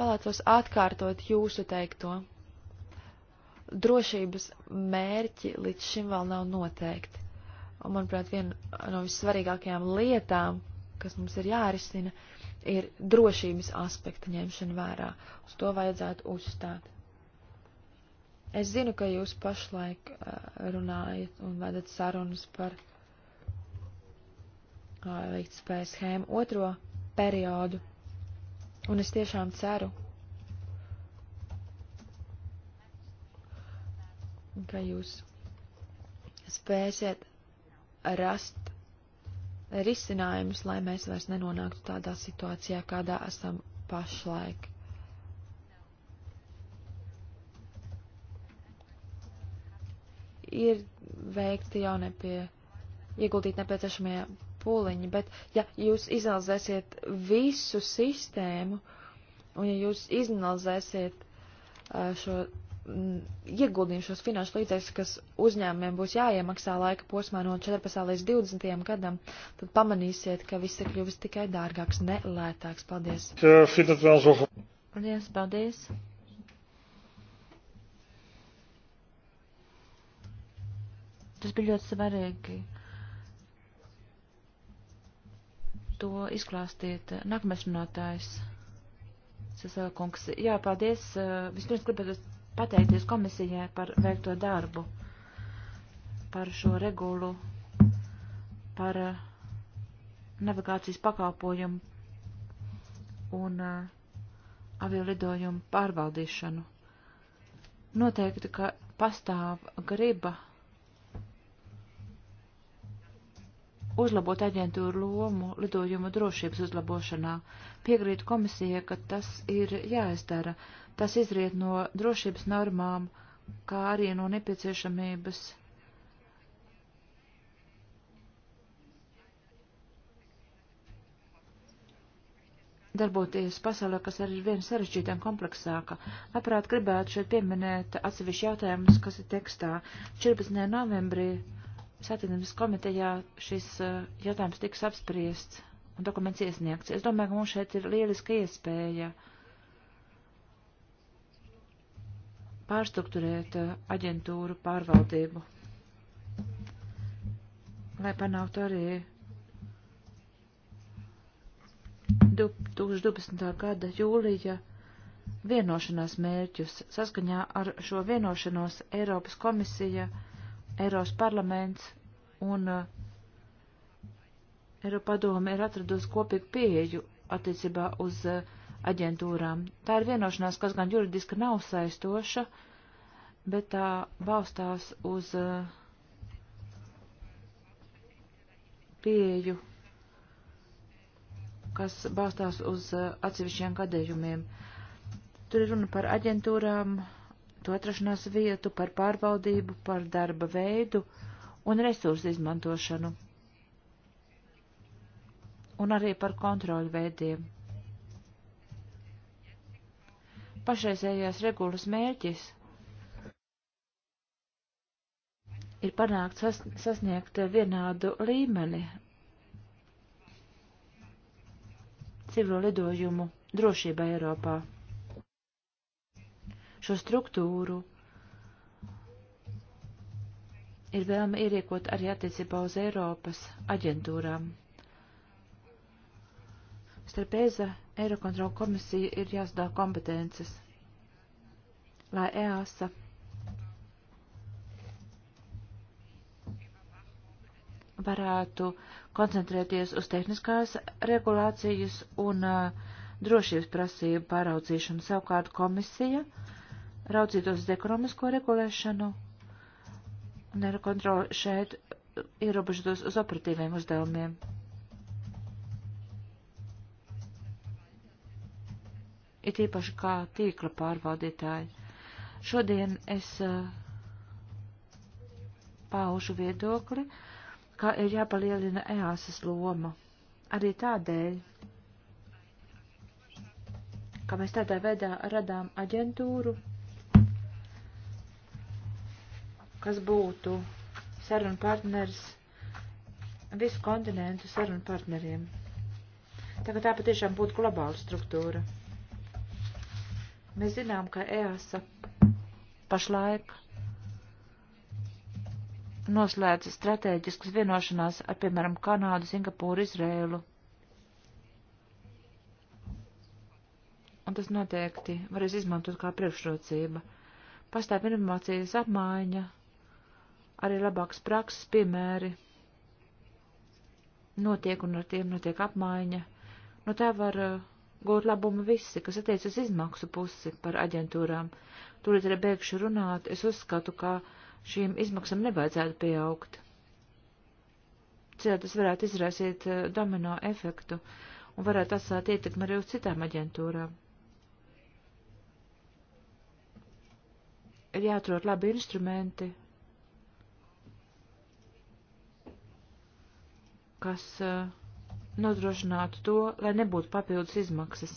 Vēlētos atkārtot jūsu teikto. Drošības mērķi līdz šim vēl nav noteikti. Un, manuprāt, viena no vissvarīgākajām lietām, kas mums ir jārisina, ir drošības aspekta ņemšana vērā. Uz to vajadzētu uzstāt. Es zinu, ka jūs pašlaik eh, runājat un vedat sarunas par veiktspēju eh, schēmu otro periodu. Un es tiešām ceru, ka jūs spēsiet rast risinājumus, lai mēs vairs nenonāktu tādā situācijā, kādā esam pašlaik. Ir veikti jau nepie, ieguldīt nepieciešamie pūliņi, bet ja jūs izanalizēsiet visu sistēmu un ja jūs izanalizēsiet uh, šo Mm, ieguldījumu šos finanšu līdzekļus, kas uzņēmumiem būs jāiemaksā laika posmā no 14. līdz 20. gadam, tad pamanīsiet, ka viss ir kļuvis tikai dārgāks, ne lētāks. Paldies! Paldies, paldies! Tas bija ļoti svarīgi. To izklāstiet nākamais runātājs. Sasēlkungs. Jā, paldies. Vispirms gribētu pateikties komisijai par veikto darbu, par šo regulu, par eh, navigācijas pakalpojumu un eh, aviolidojumu pārvaldīšanu. Noteikti, ka pastāv griba uzlabot aģentūru lomu lidojumu drošības uzlabošanā, piekrītu komisija, ka tas ir jāizdara. Tas izriet no drošības normām, kā arī no nepieciešamības darboties pasaulē, kas arī ir viena sarežģītāka un kompleksāka. Labprāt, gribētu šeit pieminēt atsevišķi jautājumus, kas ir tekstā. 14. novembrī Satinājumas komitejā šis eh, jautājums tiks apspriests un dokuments iesniegts. Es domāju, ka mums šeit ir lieliska iespēja pārstruktūrēt uh, aģentūru pārvaldību, lai panāktu arī 2012. gada jūlija vienošanās mērķus. Saskaņā ar šo vienošanos Eiropas komisija, Eiropas parlaments un uh, Eiropa padome ir atradusi kopīgu pieeju attiecībā uz eh, aģentūrām. Tā ir vienošanās, kas gan juridiski nav saistoša, bet tā balstās uz eh, pieeju, kas balstās uz eh, atsevišķiem gadījumiem. Tur ir runa par aģentūrām, to atrašanās vietu, par pārvaldību, par darba veidu un resursu izmantošanu un arī par kontroļu veidiem. Pašreizējās regulas mērķis ir panākt sas, sasniegt vienādu līmeni civilo lidojumu drošība Eiropā. Šo struktūru ir vēlme ierīkot arī attiecībā uz Eiropas aģentūrām starp EZA, Eirokontrola komisiju ir jāsadala kompetences, lai EASA varētu koncentrēties uz tehniskās regulācijas un uh, drošības prasību pāraudzīšanu. Savukārt komisija raudzītos uz ekonomisko regulēšanu un kontroli šeit ierobežotos uz operatīviem uzdevumiem. it īpaši kā tīkla pārvaldītāji. Šodien es uh, paužu viedokli, ka ir jāpalielina EASas loma. Arī tādēļ, ka mēs tādā veidā radām aģentūru, kas būtu sarunu partners visu kontinentu sarunu partneriem. Tā kā tā patiešām būtu globāla struktūra. Mēs zinām, ka EASA pašlaik noslēdz strateģiskas vienošanās ar, piemēram, Kanādu, Singapūru, Izrēlu. Un tas noteikti varēs izmantot kā priekšrocība. Pastāv informācijas apmaiņa, arī labāks prakses piemēri. Notiek un ar tiem notiek apmaiņa. No tā var uh, gūt labumu visi, kas attiecas izmaksu pusi par aģentūrām. Tūlīt arī bēgšu runāt, es uzskatu, ka šīm izmaksām nevajadzētu pieaugt. Citādi tas varētu izraisīt eh, domino efektu un varētu atstāt ietekmi arī uz citām aģentūrām. Ir jāatrod labi instrumenti, kas uh, nodrošinātu to, lai nebūtu papildus izmaksas.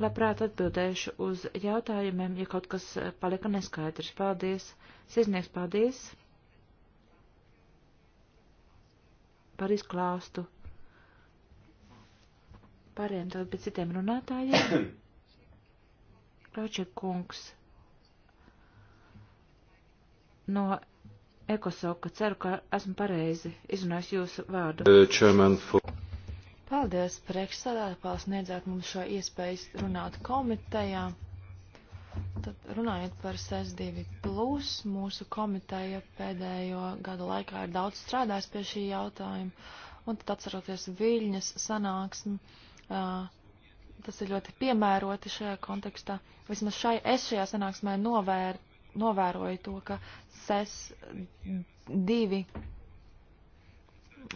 Labprāt atbildēšu uz jautājumiem, ja kaut kas eh, palika neskaidrs. Paldies! Siznieks, paldies! Par izklāstu. Pārējiem tad pie citiem runātājiem. Kroček kungs no Ekosoka. Ceru, ka esmu pareizi izrunājis jūsu vārdu. Uh, Paldies, priekšsādātāji, pasniedzāt mums šo iespēju runāt komitejā. Tad runājot par SES2, mūsu komiteja pēdējo gadu laikā ir daudz strādājis pie šī jautājuma, un tad atceroties Viļņas sanāksmi, uh, tas ir ļoti piemēroti šajā kontekstā. Vismaz šai, es šajā sanāksmē novēr, novēroju to, ka SES2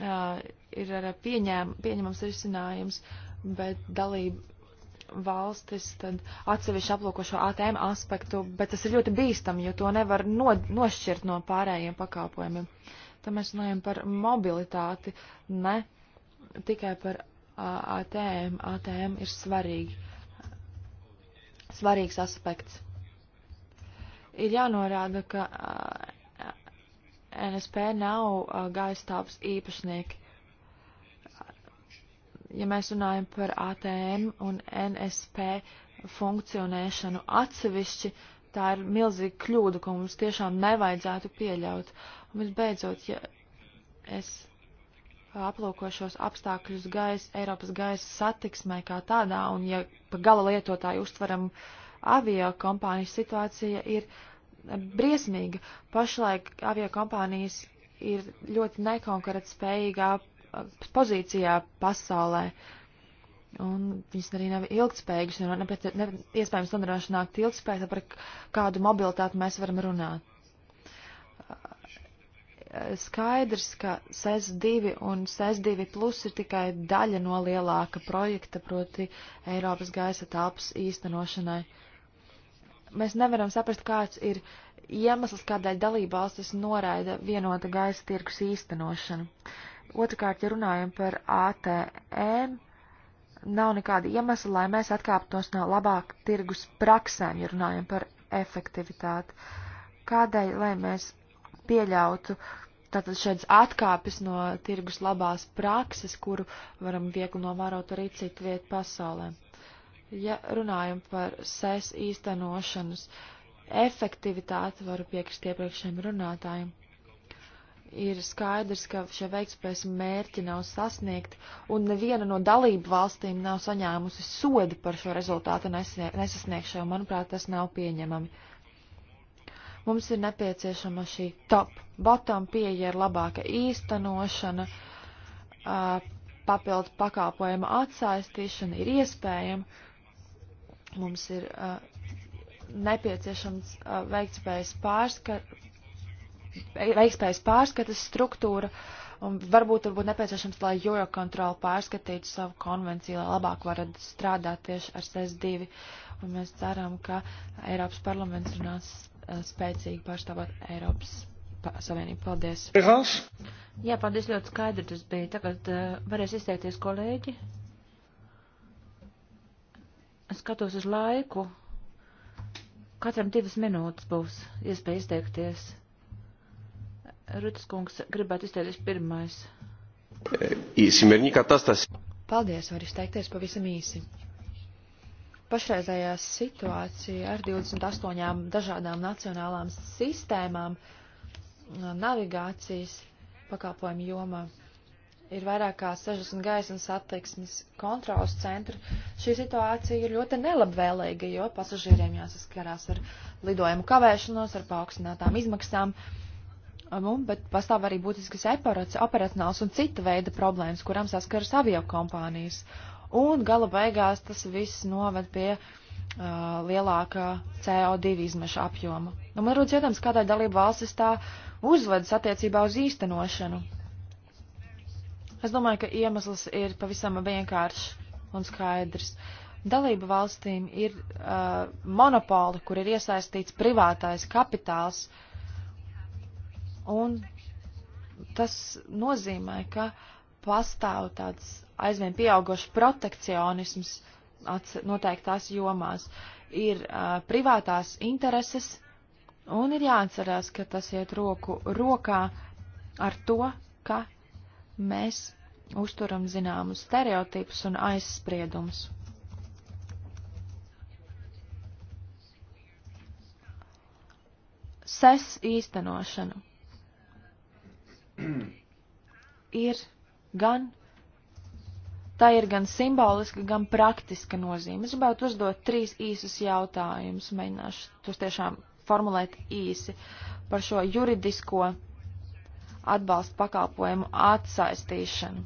uh, ir ar pieņēm, pieņemams risinājums, bet dalība valstis tad atsevišķi aplūko šo ATM aspektu, bet tas ir ļoti bīstam, jo to nevar no, nošķirt no pārējiem pakalpojumiem. Tad mēs runājam par mobilitāti, ne tikai par uh, ATM. ATM ir svarīgi. Svarīgs aspekts. Ir jānorāda, ka uh, NSP e nav uh, e, gaisa telpas īpašnieki. Ja mēs runājam par ATM un NSP funkcionēšanu atsevišķi, tā ir milzīga kļūda, ko mums tiešām nevajadzētu pieļaut. Un visbeidzot, ja es aplūkošos apstākļus gaisa, Eiropas gaisa satiksmē kā tādā, un ja pa gala lietotāju uztveram avio kompānijas situācija ir briesmīga. Pašlaik aviokompānijas ir ļoti nekonkurētspējīgā uh, pozīcijā pasaulē. Un viņas arī nav ilgtspējīgas, un nepēc, ne, iespējams nodrošināt ilgtspēju, par kādu mobilitāti mēs varam runāt. Uh, skaidrs, ka SES2 un SES2 plus ir tikai daļa no lielāka projekta, proti Eiropas gaisa telpas īstenošanai. Uh, Mēs nevaram saprast, kāds ir iemesls, kādēļ dalībvalstis noraida vienota gaisa tirkus īstenošanu. Otrakārt, ja runājam par ATM, nav nekāda iemesla, lai mēs atkāptos no labāk tirgus praksēm, ja runājam par efektivitāti. Kādēļ, lai mēs pieļautu tātad šādas atkāpes no tirgus labās prakses, kuru varam viegli novērot arī citu vietu pasaulē. Ja runājam par SES īstenošanas efektivitāti, varu piekrist iepriekšējiem runātājiem. Ir skaidrs, ka šie veiktspējas mērķi nav sasniegti, un neviena no dalību valstīm nav saņēmusi sodu par šo rezultātu nesasniegšanu. Manuprāt, tas nav pieņemami. Mums ir nepieciešama šī top-bottom pieeja ar labāka īstenošana, uh, papildu pakalpojuma atsaistīšana ir iespējama, Mums ir uh, nepieciešams uh, veiktspējas, pārska veiktspējas pārskatas struktūra, un varbūt ir nepieciešams, lai Eurocontrol pārskatītu savu konvenciju, lai labāk varētu strādāt tieši ar SES2, un mēs ceram, ka Eiropas parlaments runās uh, spēcīgi pārstāvot Eiropas Savienību. Paldies! Jā, paldies ļoti skaidri tas bija. Tagad uh, varēs izteikties kolēģi skatos uz laiku. Katram divas minūtes būs iespēja izteikties. Rutskungs gribētu izteikties pirmais. Īsimirņī katastas. Paldies, var izteikties pavisam īsi. Pašreizējā situācija ar 28 dažādām nacionālām sistēmām navigācijas pakalpojumu jomā ir vairāk kā 60 gaismas attieksmes kontrolas centri. Šī situācija ir ļoti nelabvēlīga, jo pasažieriem jāsaskarās ar lidojumu kavēšanos, ar paaugstinātām izmaksām. Um, bet pastāv arī būtiskas operacionāls un cita veida problēmas, kurām saskaras avio kompānijas. Un gala beigās tas viss noved pie uh, lielākā CO2 izmeša apjoma. Nu, man rūdz jautājums, kādai dalību valstis tā uzvedas attiecībā uz īstenošanu Es domāju, ka iemesls ir pavisam vienkāršs un skaidrs. Dalību valstīm ir uh, monopoli, kur ir iesaistīts privātais kapitāls, un tas nozīmē, ka pastāv tāds aizvien pieaugošs protekcionisms noteiktās jomās. Ir uh, privātās intereses, un ir jāatcerās, ka tas iet roku rokā ar to, ka mēs uzturam zināmus stereotipus un aizspriedumus. SES īstenošana ir gan, tā ir gan simboliska, gan praktiska nozīme. Es gribētu uzdot trīs īsus jautājumus, mēģināšu tos tiešām formulēt īsi par šo juridisko atbalsta pakalpojumu atsaistīšanu.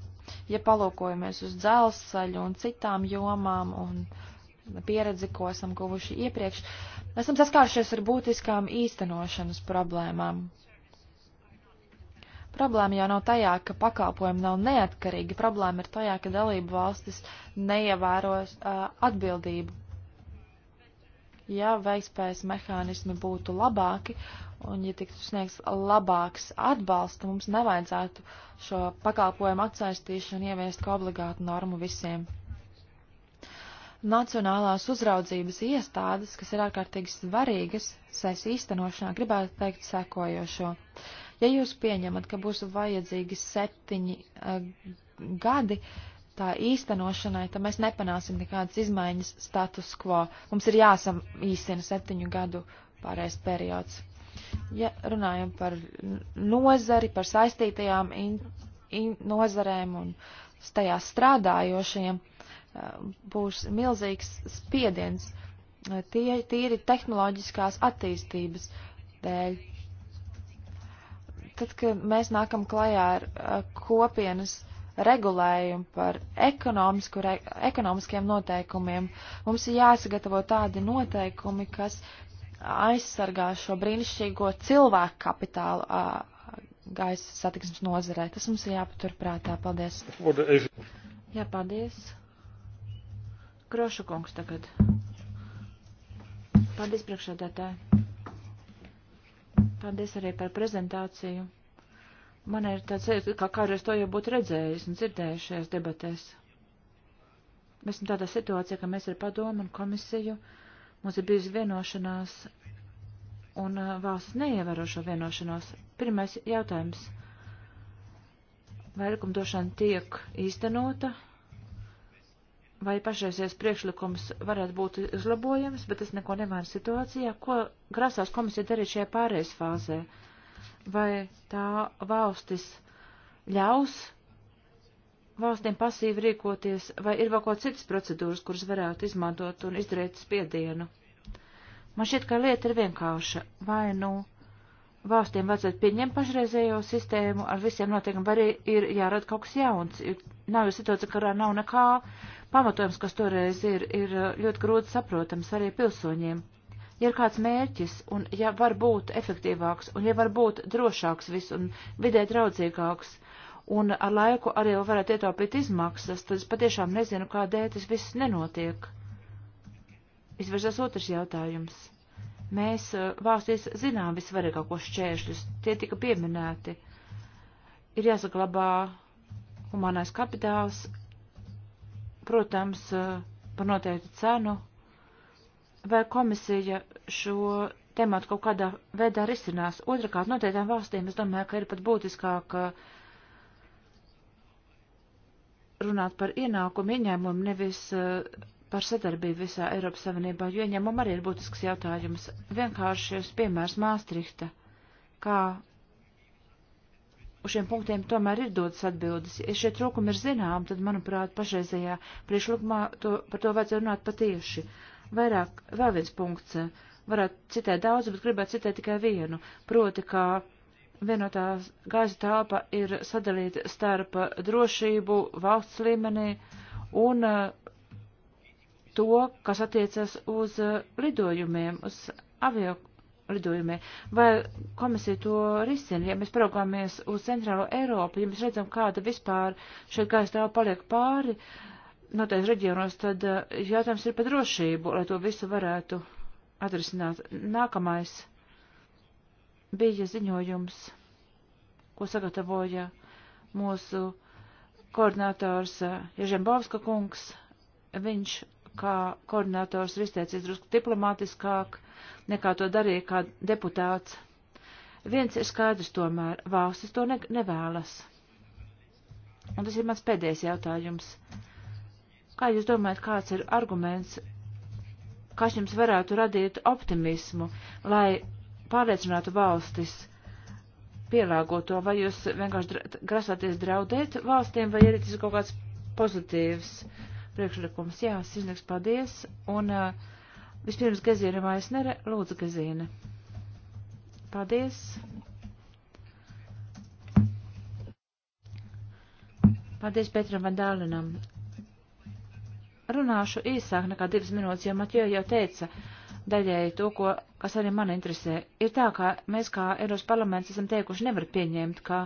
Ja palūkojamies uz dzelzceļu un citām jomām un pieredzi, ko esam guvuši iepriekš, esam saskārušies ar būtiskām īstenošanas problēmām. Problēma jau nav tajā, ka pakalpojumi nav neatkarīgi, problēma ir tajā, ka dalību valstis neievēros uh, atbildību. Ja veikspējas mehānismi būtu labāki Un, ja tiktu sniegs labāks atbalsts, mums nevajadzētu šo pakalpojumu atsaistīšanu ieviest kā obligātu normu visiem. Nacionālās uzraudzības iestādes, kas ir ārkārtīgi svarīgas ses īstenošanā, gribētu teikt sekojošo. Ja jūs pieņemat, ka būs vajadzīgi septiņi uh, gadi, tā īstenošanai, tad mēs nepanāsim nekādas izmaiņas status quo. Mums ir jāsamīsina septiņu gadu pārējais periods. Ja runājam par nozari, par saistītajām in, in, nozarēm un tajā strādājošiem, eh, būs milzīgs spiediens eh, tie, tīri tehnoloģiskās attīstības dēļ. Tad, kad mēs nākam klajā ar eh, kopienas regulējumu par ekonomiskiem noteikumiem, mums ir jāsagatavo tādi noteikumi, kas aizsargā šo brīnišķīgo cilvēku kapitālu gaisa satiksmes nozarē. Tas mums ir jāpatur prātā. Paldies. Jā, paldies. Kroša kungs tagad. Paldies priekšādātāji. Paldies arī par prezentāciju. Man ir tāds, kā kādreiz to jau būtu redzējis un dzirdējis šajās debatēs. Mēs esam tādā situācijā, ka mēs ar padomu un komisiju uh, Mums ir bijusi vienošanās, un uh, valsts neievēro šo vienošanos. Pirmais jautājums. Vai likumdošana tiek īstenota, vai pašreizies priekšlikums varētu būt uzlabojams, bet tas neko nevēra situācijā? Ko grasās komisija darīt šajā pārējais fāzē? Vai tā valstis ļaus valstīm pasīvi rīkoties, vai ir vēl kaut citas procedūras, kuras varētu izmantot un izdarīt spiedienu? Man šķiet, ka lieta ir vienkārša. Vai nu valstīm vajadzētu pieņemt pašreizējo sistēmu ar visiem noteikumiem, vai arī ir jārada kaut kas jauns. Nav jau situācija, kurā nav nekā pamatojums, kas toreiz ir, ir ļoti grūti saprotams arī pilsoņiem. Ja ir kāds mērķis, un ja var būt efektīvāks, un ja var būt drošāks viss, un vidē draudzīgāks, un ar laiku arī jau varētu ietaupīt izmaksas, tad es patiešām nezinu, kādēļ tas viss nenotiek. Izvirzās otrs jautājums. Mēs eh, valstīs zinām visvarīgākos šķēršļus, tie tika pieminēti. Ir jāsaglabā humanais kapitāls, protams, eh, par noteiktu cenu. Vai komisija šo tematu kaut kādā veidā risinās? Otrakārt, noteiktām valstīm es domāju, ka ir pat būtiskāk uh, runāt par ienākumu ieņēmumu, nevis uh, par sadarbību visā Eiropas Savienībā, jo ieņēmumu arī ir būtisks jautājums. Vienkārši šis piemērs Māstrihta, kā uz šiem punktiem tomēr ir dotas atbildes. Ja šie trūkumi ir zinām, tad, manuprāt, pašreizējā priekšlikumā to, par to vajadzētu runāt patieši. Vairāk, vēl viens punkts. Eh, varētu citēt daudz, bet gribētu citēt tikai vienu. Proti, kā. Ka vienotās gaisa telpa ir sadalīta starp drošību valsts līmenī un eh, to, kas attiecas uz eh, lidojumiem, uz avio lidojumiem. Vai komisija to risina? Ja mēs paraugāmies uz centrālo Eiropu, ja mēs redzam, kāda vispār šeit gaisa telpa paliek pāri noteikti reģionos, tad eh, jautājums ir par drošību, lai to visu varētu atrisināt. Nākamais bija ziņojums, ko sagatavoja mūsu koordinators eh, Ježembovska kungs. Viņš kā koordinators ir izteicies drusku diplomātiskāk nekā to darīja kā deputāts. Viens ir skaidrs tomēr, valstis to ne nevēlas. Un tas ir mans pēdējais jautājums. Kā jūs domājat, kāds ir arguments, kas jums varētu radīt optimismu, lai pārliecinātu valstis pielāgot to, vai jūs vienkārši grasāties draudēt valstīm, vai ir tas kaut kāds pozitīvs priekšlikums. Jā, Sīsnieks, paldies. Un uh, vispirms Gezīna Maisnere, lūdzu, Gezīna. Paldies. Paldies Petram Vandālinam runāšu īsāk nekā divas minūtes, jo Matjo jau teica, daļēji to, ko, kas arī man interesē. Ir tā, ka mēs kā Eiropas parlaments esam teikuši, nevar pieņemt, ka,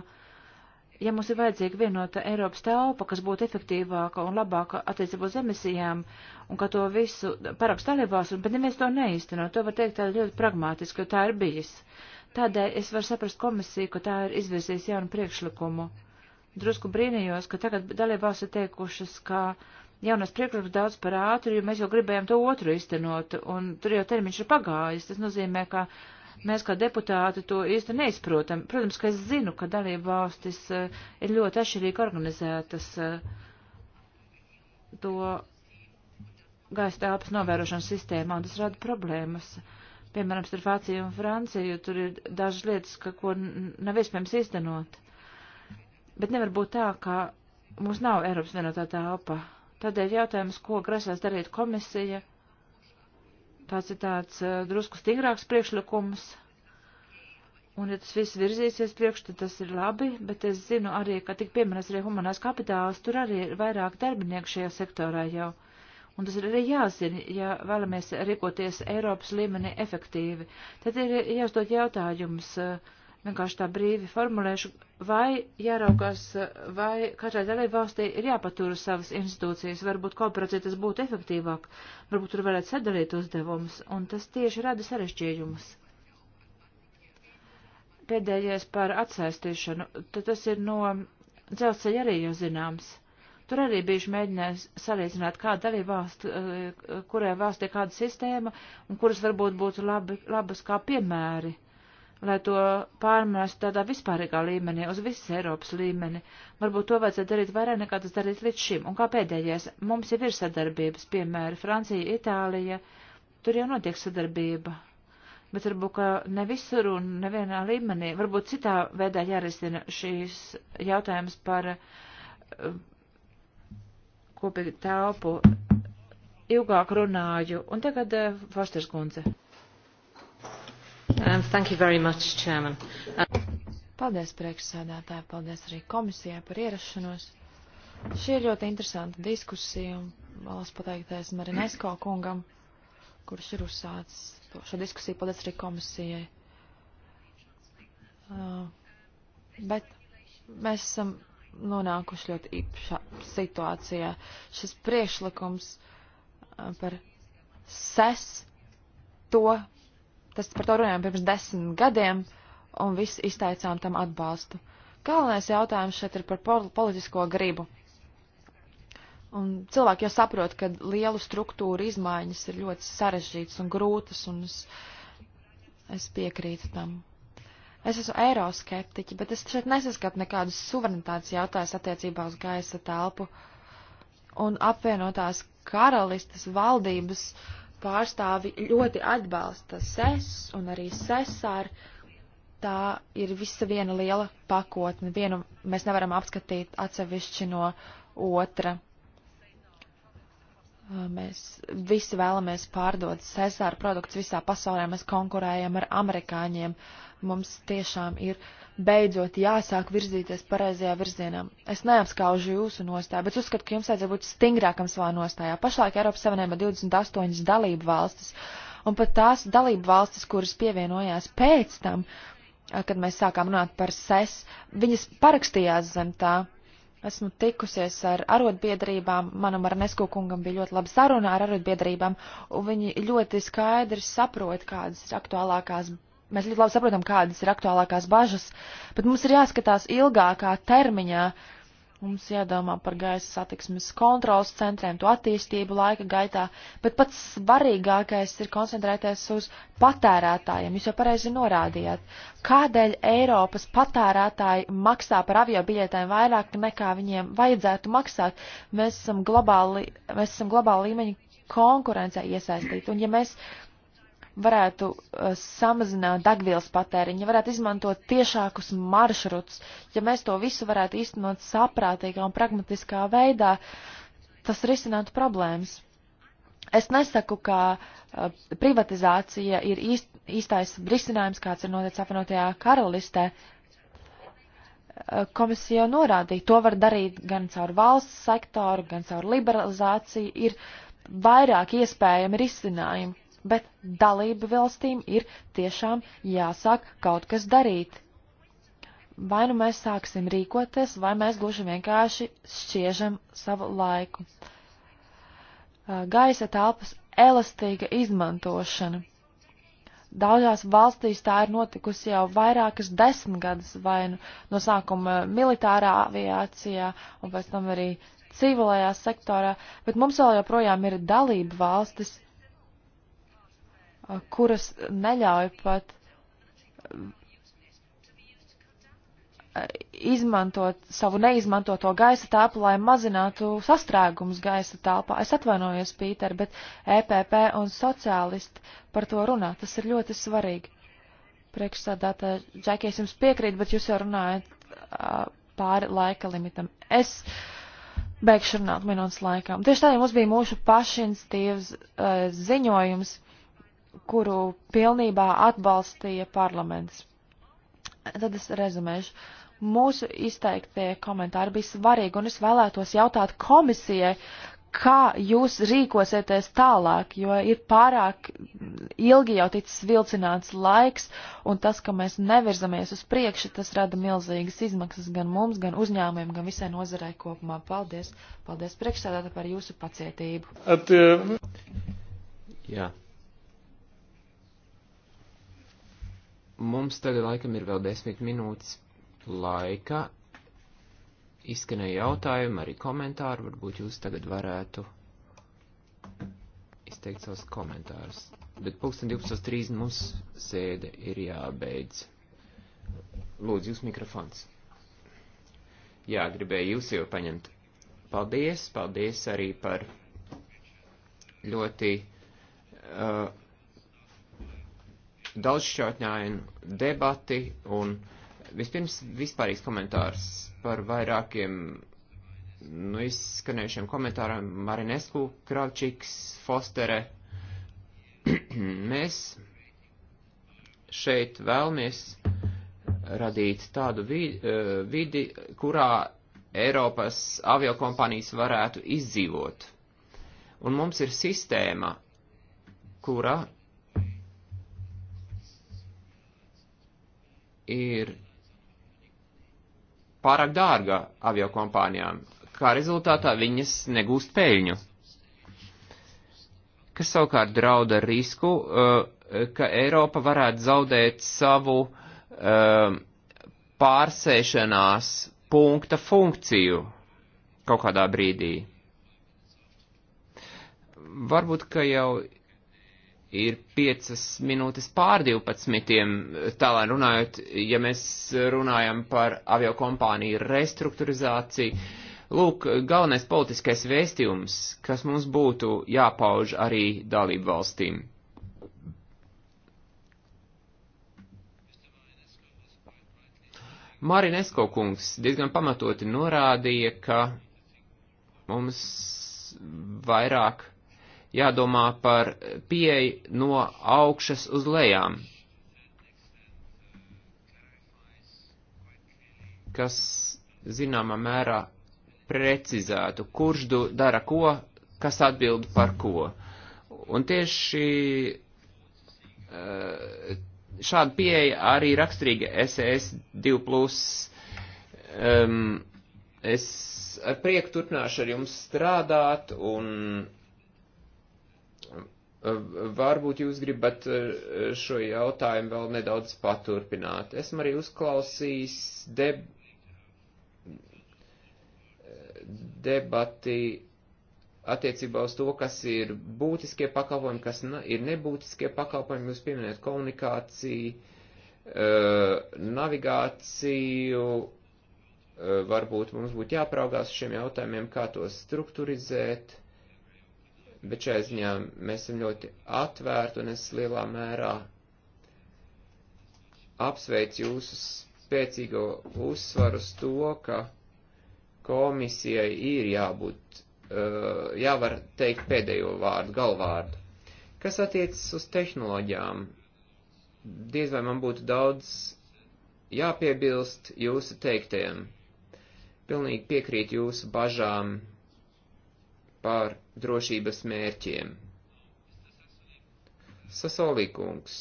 ja mums ir vajadzīga vienota Eiropas telpa, kas būtu efektīvāka un labāka attiecībā uz emisijām, un ka to visu parakst dalībās, un, bet neviens to neīsteno, to var teikt tā ļoti pragmātiski, jo tā ir bijis. Tādēļ es varu saprast komisiju, ka tā ir izvirsījusi jaunu priekšlikumu. Drusku brīnījos, ka tagad dalībās ir teikušas, ka. Kā jaunais priekšlikums daudz par ātri, jo mēs jau gribējām to otru iztenot, un tur jau termiņš ir pagājis. Tas nozīmē, ka mēs kā deputāti to īsti neizprotam. Protams, ka es zinu, ka dalība valstis eh, ir ļoti atšķirīgi organizētas eh, to gaisa telpas novērošanas sistēmā, un tas rada problēmas. Piemēram, starp Vāciju un Franciju tur ir dažas lietas, ka, ko nav iespējams īstenot. Bet nevar būt tā, ka mums nav Eiropas vienotā telpa. Tādēļ jautājums, ko grasās darīt komisija, tāds ir tāds uh, drusku stingrāks priekšlikums. Un, ja tas viss virzīsies priekš, tad tas ir labi, bet es zinu arī, ka tik pieminēs arī humanās kapitāls, tur arī ir vairāk darbinieku šajā sektorā jau. Un tas ir arī jāzina, ja vēlamies rīkoties Eiropas līmenī efektīvi. Tad ir jāuzdod jautājums. Uh, vienkārši tā brīvi formulēšu, vai jāraugās, vai katrai dalībvalstī ir jāpatura savas institūcijas, varbūt kooperācija tas būtu efektīvāk, varbūt tur varētu sadalīt uzdevumus, un tas tieši rada sarežģījumus. Pēdējais par atsaistīšanu, tad tas ir no dzelzceļa arī jau zināms. Tur arī bijuši mēģinājis salīdzināt, kāda dalībvalsts, eh, kurai valstī kāda sistēma, un kuras varbūt būtu labi, labas kā piemēri lai to pārmest tādā vispārīgā līmenī, uz visas Eiropas līmeni. Varbūt to vajadzētu darīt vairāk nekā tas darīt līdz šim. Un kā pēdējais, mums jau ir sadarbības, piemēram, Francija, Itālija, tur jau notiek sadarbība. Bet varbūt, ka ne visur un nevienā līmenī, varbūt citā veidā jārisina šīs jautājums par uh, kopīgu telpu. Ilgāk runāju, un tagad uh, Forsters kundze. Um, thank you very much, Chairman. Um... Paldies, priekšsēdētāji, paldies arī komisijai par ierašanos. Šī ir ļoti interesanta diskusija, un vēlos pateikties Marinesko kungam, kurš ir uzsācis šo diskusiju, paldies arī komisijai. Uh, bet mēs esam nonākuši ļoti īpašā situācijā. Šis priešlikums uh, par ses to Tas par to runājām pirms desmit gadiem, un viss izteicām tam atbalstu. Galvenais jautājums šeit ir par pol politisko gribu. Un cilvēki jau saprot, ka lielu struktūru izmaiņas ir ļoti sarežģītas un grūtas, un es, es piekrītu tam. Es esmu eiroskeptiķi, bet es šeit nesaskatu nekādus suverenitātes jautājumus attiecībā uz gaisa telpu. Un apvienotās karalistas valdības pārstāvi ļoti atbalsta SES un arī SESAR. Tā ir visa viena liela pakotne. Vienu mēs nevaram apskatīt atsevišķi no otra. Mēs visi vēlamies pārdot Cezāra produktus visā pasaulē, mēs konkurējam ar amerikāņiem. Mums tiešām ir beidzot jāsāk virzīties pareizajā virzienā. Es neapskaužu jūsu nostāju, bet uzskatu, ka jums vajadzētu būt stingrākam savā nostājā. Pašlaik Eiropas Savienība 28 dalību valstis, un pat tās dalību valstis, kuras pievienojās pēc tam, kad mēs sākām runāt par SES, viņas parakstījās zem tā Esmu tikusies ar arotbiedrībām, manam ar Nesku kungam bija ļoti laba saruna ar arotbiedrībām, un viņi ļoti skaidri saprot, kādas ir aktuālākās, mēs ļoti labi saprotam, kādas ir aktuālākās bažas, bet mums ir jāskatās ilgākā termiņā, uh, Mums jādomā par gaisa satiksmes kontrolas centriem, to attīstību laika gaitā, bet pats svarīgākais ir koncentrēties uz patērētājiem. Jūs jau pareizi norādījāt, kādēļ Eiropas patērētāji maksā par avio biļetēm vairāk nekā viņiem vajadzētu maksāt. Mēs esam globāli, mēs esam globāli līmeņi konkurencē iesaistīti, un ja mēs uh, varētu uh, samazināt degvielas patēriņu, ja varētu izmantot tiešākus maršrutus, ja mēs to visu varētu īstenot saprātīgā un pragmatiskā veidā, tas risinātu problēmas. Es nesaku, ka uh, privatizācija ir īst, īstais risinājums, kāds ir noticis apvienotajā karalistē. Uh, komisija jau norādīja, to var darīt gan caur valsts sektoru, gan caur liberalizāciju. Ir vairāk iespējami risinājumi bet dalību valstīm ir tiešām jāsāk kaut kas darīt. Vai nu mēs sāksim rīkoties, vai mēs gluži vienkārši šķiežam savu laiku. Gaisa telpas elastīga izmantošana. Daudzās valstīs tā ir notikusi jau vairākas desmitgades, vai nu, no sākuma militārā aviācijā un pēc tam arī civilajā sektorā, bet mums vēl joprojām ir dalība valstis, kuras neļauj pat izmantot savu neizmantoto gaisa telpu, lai mazinātu sastrēgumus gaisa telpā. Es atvainojos, Pīter, bet EPP un sociālisti par to runā. Tas ir ļoti svarīgi. Priekšsādātā Džeki, es jums piekrītu, bet jūs jau runājat pāri laika limitam. Es beigšu runāt minūtes laikām. Tieši tā, ja mums bija mūsu pašinstīvas uh, ziņojums kuru pilnībā atbalstīja parlaments. Tad es rezumēšu. Mūsu izteiktie komentāri bija svarīgi, un es vēlētos jautāt komisijai, kā jūs rīkosieties tālāk, jo ir pārāk ilgi jau ticis vilcināts laiks, un tas, ka mēs nevirzamies uz priekšu, tas rada milzīgas izmaksas gan mums, gan uzņēmumiem, gan visai nozarei kopumā. Paldies! Paldies priekšsēdētā par jūsu pacietību! At, uh... Jā. Mums tagad laikam ir vēl desmit minūtes laika. Izskanēja jautājumi, arī komentāri. Varbūt jūs tagad varētu izteikt savus komentārus. Bet pulksten 12.30 mums sēde ir jābeidz. Lūdzu, jūs mikrofons. Jā, gribēju jūs jau paņemt. Paldies, paldies arī par ļoti. Uh, daudzšķautņainu debati un vispirms vispārīgs komentārs par vairākiem nu, izskanējušiem komentāriem Marinesku, Kravčiks, Fostere. Mēs šeit vēlamies radīt tādu vidi, eh, vidi kurā Eiropas aviokompānijas varētu izdzīvot. Un mums ir sistēma, kura ir pārāk dārga avio kompānijām. Kā rezultātā viņas negūst peļņu, kas savukārt drauda risku, eh, ka Eiropa varētu zaudēt savu eh, pārsēšanās punkta funkciju kaut kādā brīdī. Varbūt, ka jau ir 5 minūtes pār 12. Tālāk runājot, ja mēs runājam par aviokompāniju restruktūrizāciju, lūk, galvenais politiskais vēstījums, kas mums būtu jāpauž arī dalību valstīm. Marinesko kungs diezgan pamatoti norādīja, ka mums vairāk jādomā par pieeju no augšas uz lejām, kas zināmā mērā precizētu, kurš dara ko, kas atbild par ko. Un tieši eh, šāda pieeja arī raksturīga SS2. E um, es ar prieku turpināšu ar jums strādāt un Varbūt jūs gribat eh, šo jautājumu vēl nedaudz paturpināt. Esmu arī uzklausījis deb debati attiecībā uz to, kas ir būtiskie pakalpojumi, kas ir nebūtiskie pakalpojumi. Jūs pieminējat komunikāciju, eh, navigāciju. Eh, varbūt mums būtu jāpraugās šiem jautājumiem, kā tos strukturizēt bet šajā ziņā mēs esam ļoti atvērti un es lielā mērā apsveicu jūsu spēcīgo uzsvaru uz to, ka komisijai ir jābūt, eh, jāvar teikt pēdējo vārdu, galvārdu. Kas attiecas uz tehnoloģijām, diez vai man būtu daudz jāpiebilst jūsu teiktajam. Pilnīgi piekrīt jūsu bažām par drošības mērķiem. Sasolīkungs.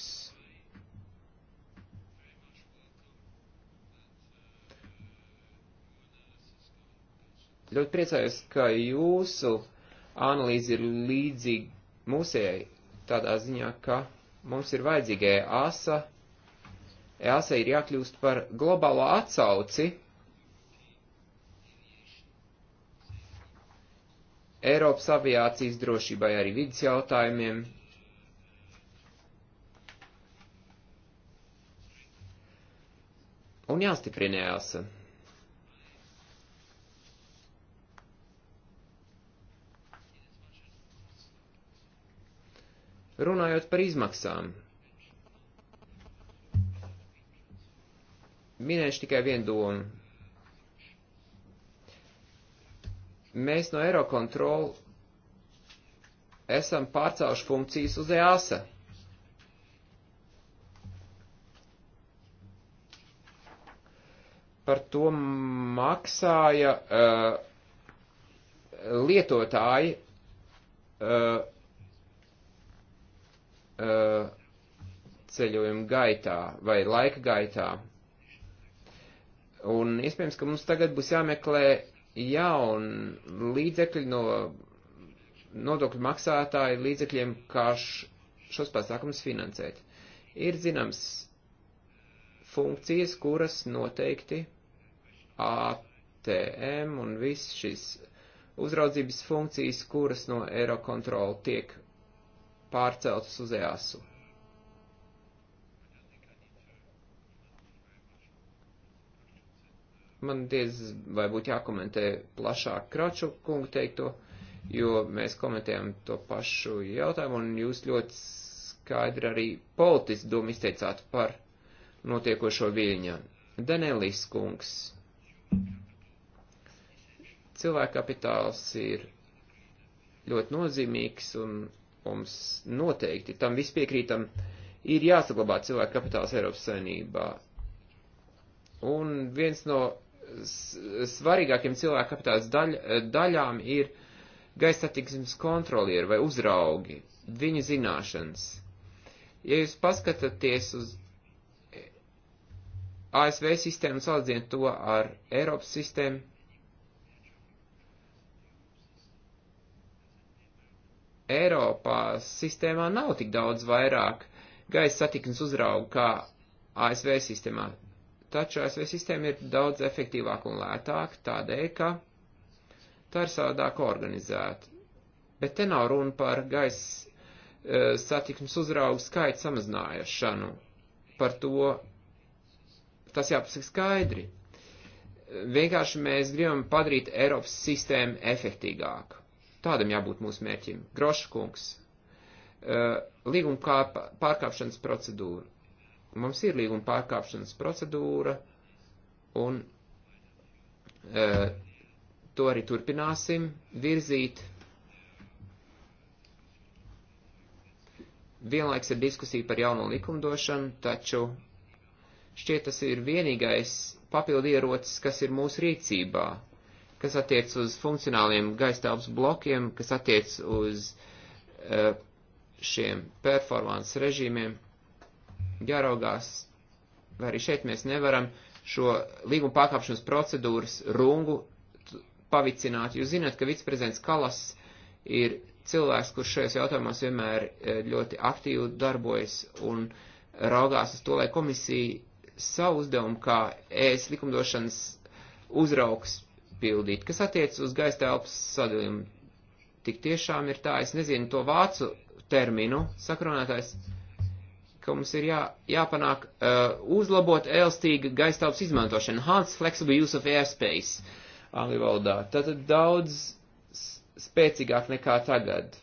Ļoti priecājos, ka jūsu analīze ir līdzīga mūsējai tādā ziņā, ka mums ir vajadzīga EASA. EASA ir jākļūst par globālo atsauci Eiropas aviācijas drošībai, arī vidas jautājumiem. Un jāstiprinājās. Runājot par izmaksām, minēšu tikai vienu domu Mēs no Eirokontrolu esam pārcēluši funkcijas uz EASA. Par to maksāja uh, lietotāji uh, uh, ceļojuma gaitā vai laika gaitā. Un iespējams, ka mums tagad būs jāmeklē jauni līdzekļi no nodokļu maksātāju līdzekļiem, kā šos pasākumus finansēt. Ir zināms funkcijas, kuras noteikti ATM un viss šis uzraudzības funkcijas, kuras no Eirokontrola tiek pārceltas uz EASU. Man diez vai būtu jākomentē plašāk Kraču kungu teikto, jo mēs komentējam to pašu jautājumu, un jūs ļoti skaidri arī politiski domu izteicāt par notiekošo viļņā. Danēlis kungs. Cilvēka kapitāls ir ļoti nozīmīgs un mums noteikti, tam vispiekrītam, ir jāsaglabā cilvēka kapitāls Eiropas saimnībā. Un viens no svarīgākiem cilvēku kapitāls daļ, daļām ir gaisa attīksmes kontrolieri vai uzraugi, viņa zināšanas. Ja jūs paskatāties uz ASV sistēmu un salīdziniet to ar Eiropas sistēmu, Eiropā sistēmā nav tik daudz vairāk gaisa satiknes uzraugu kā ASV sistēmā taču ASV sistēma ir daudz efektīvāka un lētāka tādēļ, ka tā ir savādāk organizēta. Bet te nav runa par gaisa e, satiksmes uzraugu skaitu samazināšanu. Par to tas jāpasaka skaidri. Vienkārši mēs gribam padarīt Eiropas sistēmu efektīgāku. Tādam jābūt mūsu mērķim. Groškungs, e, līguma pārkāpšanas procedūra Mums ir līguma pārkāpšanas procedūra, un e, to arī turpināsim virzīt. Vienlaiks ir diskusija par jauno likumdošanu, taču šķiet tas ir vienīgais papildu ierocis, kas ir mūsu rīcībā, kas attiec uz funkcionāliem gaistāvs blokiem, kas attiec uz uh, šiem performance režīmiem jāraugās, vai arī šeit mēs nevaram šo līguma pārkāpšanas procedūras rungu pavicināt. Jūs zināt, ka viceprezidents Kalas ir cilvēks, kurš šajos jautājumos vienmēr e, ļoti aktīvi darbojas un raugās uz to, lai komisija savu uzdevumu kā ēs likumdošanas uzrauks pildīt, kas attiec uz gaisa telpas sadalījumu. Tik tiešām ir tā, es nezinu to vācu terminu, sakronātais ka mums ir jā, jāpanāk uh, uzlabot elastīga gaistāvs izmantošana, enhance flexible use of airspace, angļu valodā. Tātad daudz spēcīgāk nekā tagad.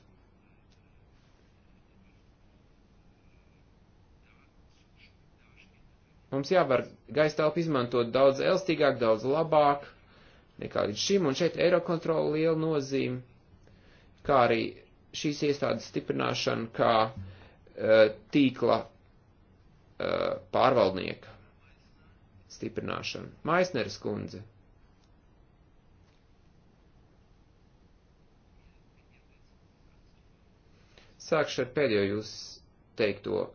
Mums jāvar gaistālpu izmantot daudz elastīgāk, daudz labāk nekā līdz šim, un šeit Eirokontrola liela nozīme, kā arī šīs iestādes stiprināšana, kā uh, Eh, tīkla eh, pārvaldnieka stiprināšanu. Maisneres kundze. Sākšu ar pēdējo jūs teikto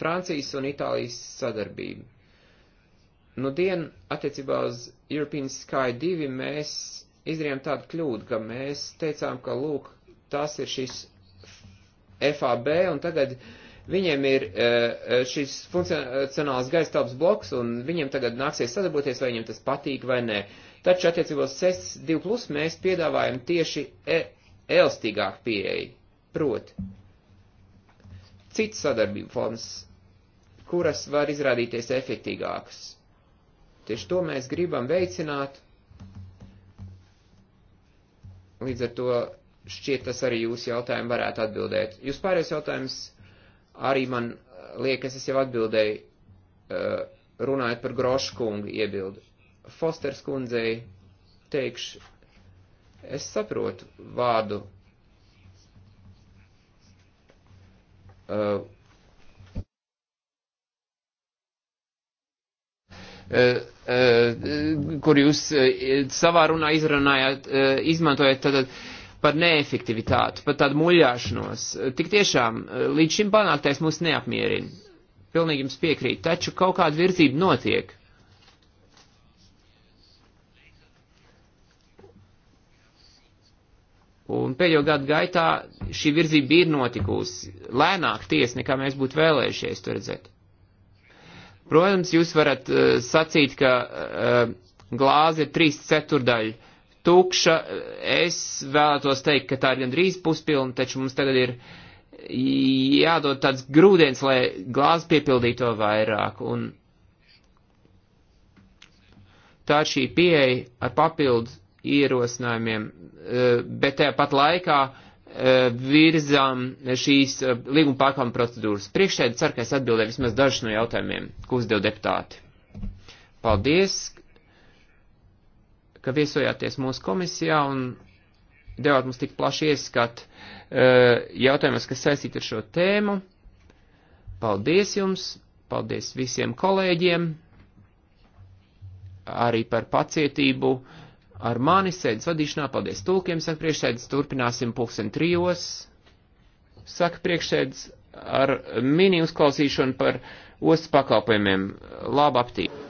Francijas un Itālijas sadarbību. Nu dien, attiecībā uz European Sky 2 mēs izdarījām tādu kļūdu, ka mēs teicām, ka lūk, tas ir šis FAB, un tagad viņiem ir e, e, šis funkcionāls gaistāps bloks, un viņiem tagad nāksies sadarboties, vai viņiem tas patīk vai nē. Taču attiecībos CES 2 plus mēs piedāvājam tieši e elastīgāku pieeju, proti, citas sadarbību formas, kuras var izrādīties efektīgākas. Tieši to mēs gribam veicināt. Līdz ar to šķiet tas arī jūsu jautājumu varētu atbildēt. Jūs pārējais jautājums arī man eh, liekas, es jau atbildēju, eh, runājot par Grošu kungu iebildu. Fosters kundzei teikšu, es saprotu vārdu. Uh, Uh, uh, kur jūs uh, savā runā izrunājāt, izmantojat tātad par neefektivitāti, par tādu muļāšanos. Tik tiešām eh, līdz šim panāktais mūs neapmierina. Pilnīgi jums piekrīt, taču kaut kāda virzība notiek. Un pēdējo gadu gaitā šī virzība ir notikusi lēnāk ties, nekā mēs būtu vēlējušies to redzēt. Protams, jūs varat uh, sacīt, ka uh, glāze ir trīs ceturdaļu uh, tukša. Es vēlētos teikt, ka tā ir gandrīz puspilna, taču mums tagad ir jādod tāds grūdienis, lai glāzi piepildītu vairāk. Un tā šī pieeja ar papildu ierosinājumiem, e, bet tajā pat laikā e, virzām šīs e, līguma pārkāpuma procedūras. Priekšēdi ceru, ka es atbildēju vismaz dažus no jautājumiem, ko uzdev deputāti. Paldies, ka viesojāties mūsu komisijā un devāt mums tik plaši ieskatu e, jautājumus, kas saistīti ar šo tēmu. Paldies jums, paldies visiem kolēģiem, arī par pacietību ar mani sēdes vadīšanā. Paldies tulkiem, saka priekšsēdes, turpināsim pulksten trijos. Saka priekšsēdes ar mini uzklausīšanu par ostas pakalpojumiem. Labu aptīku!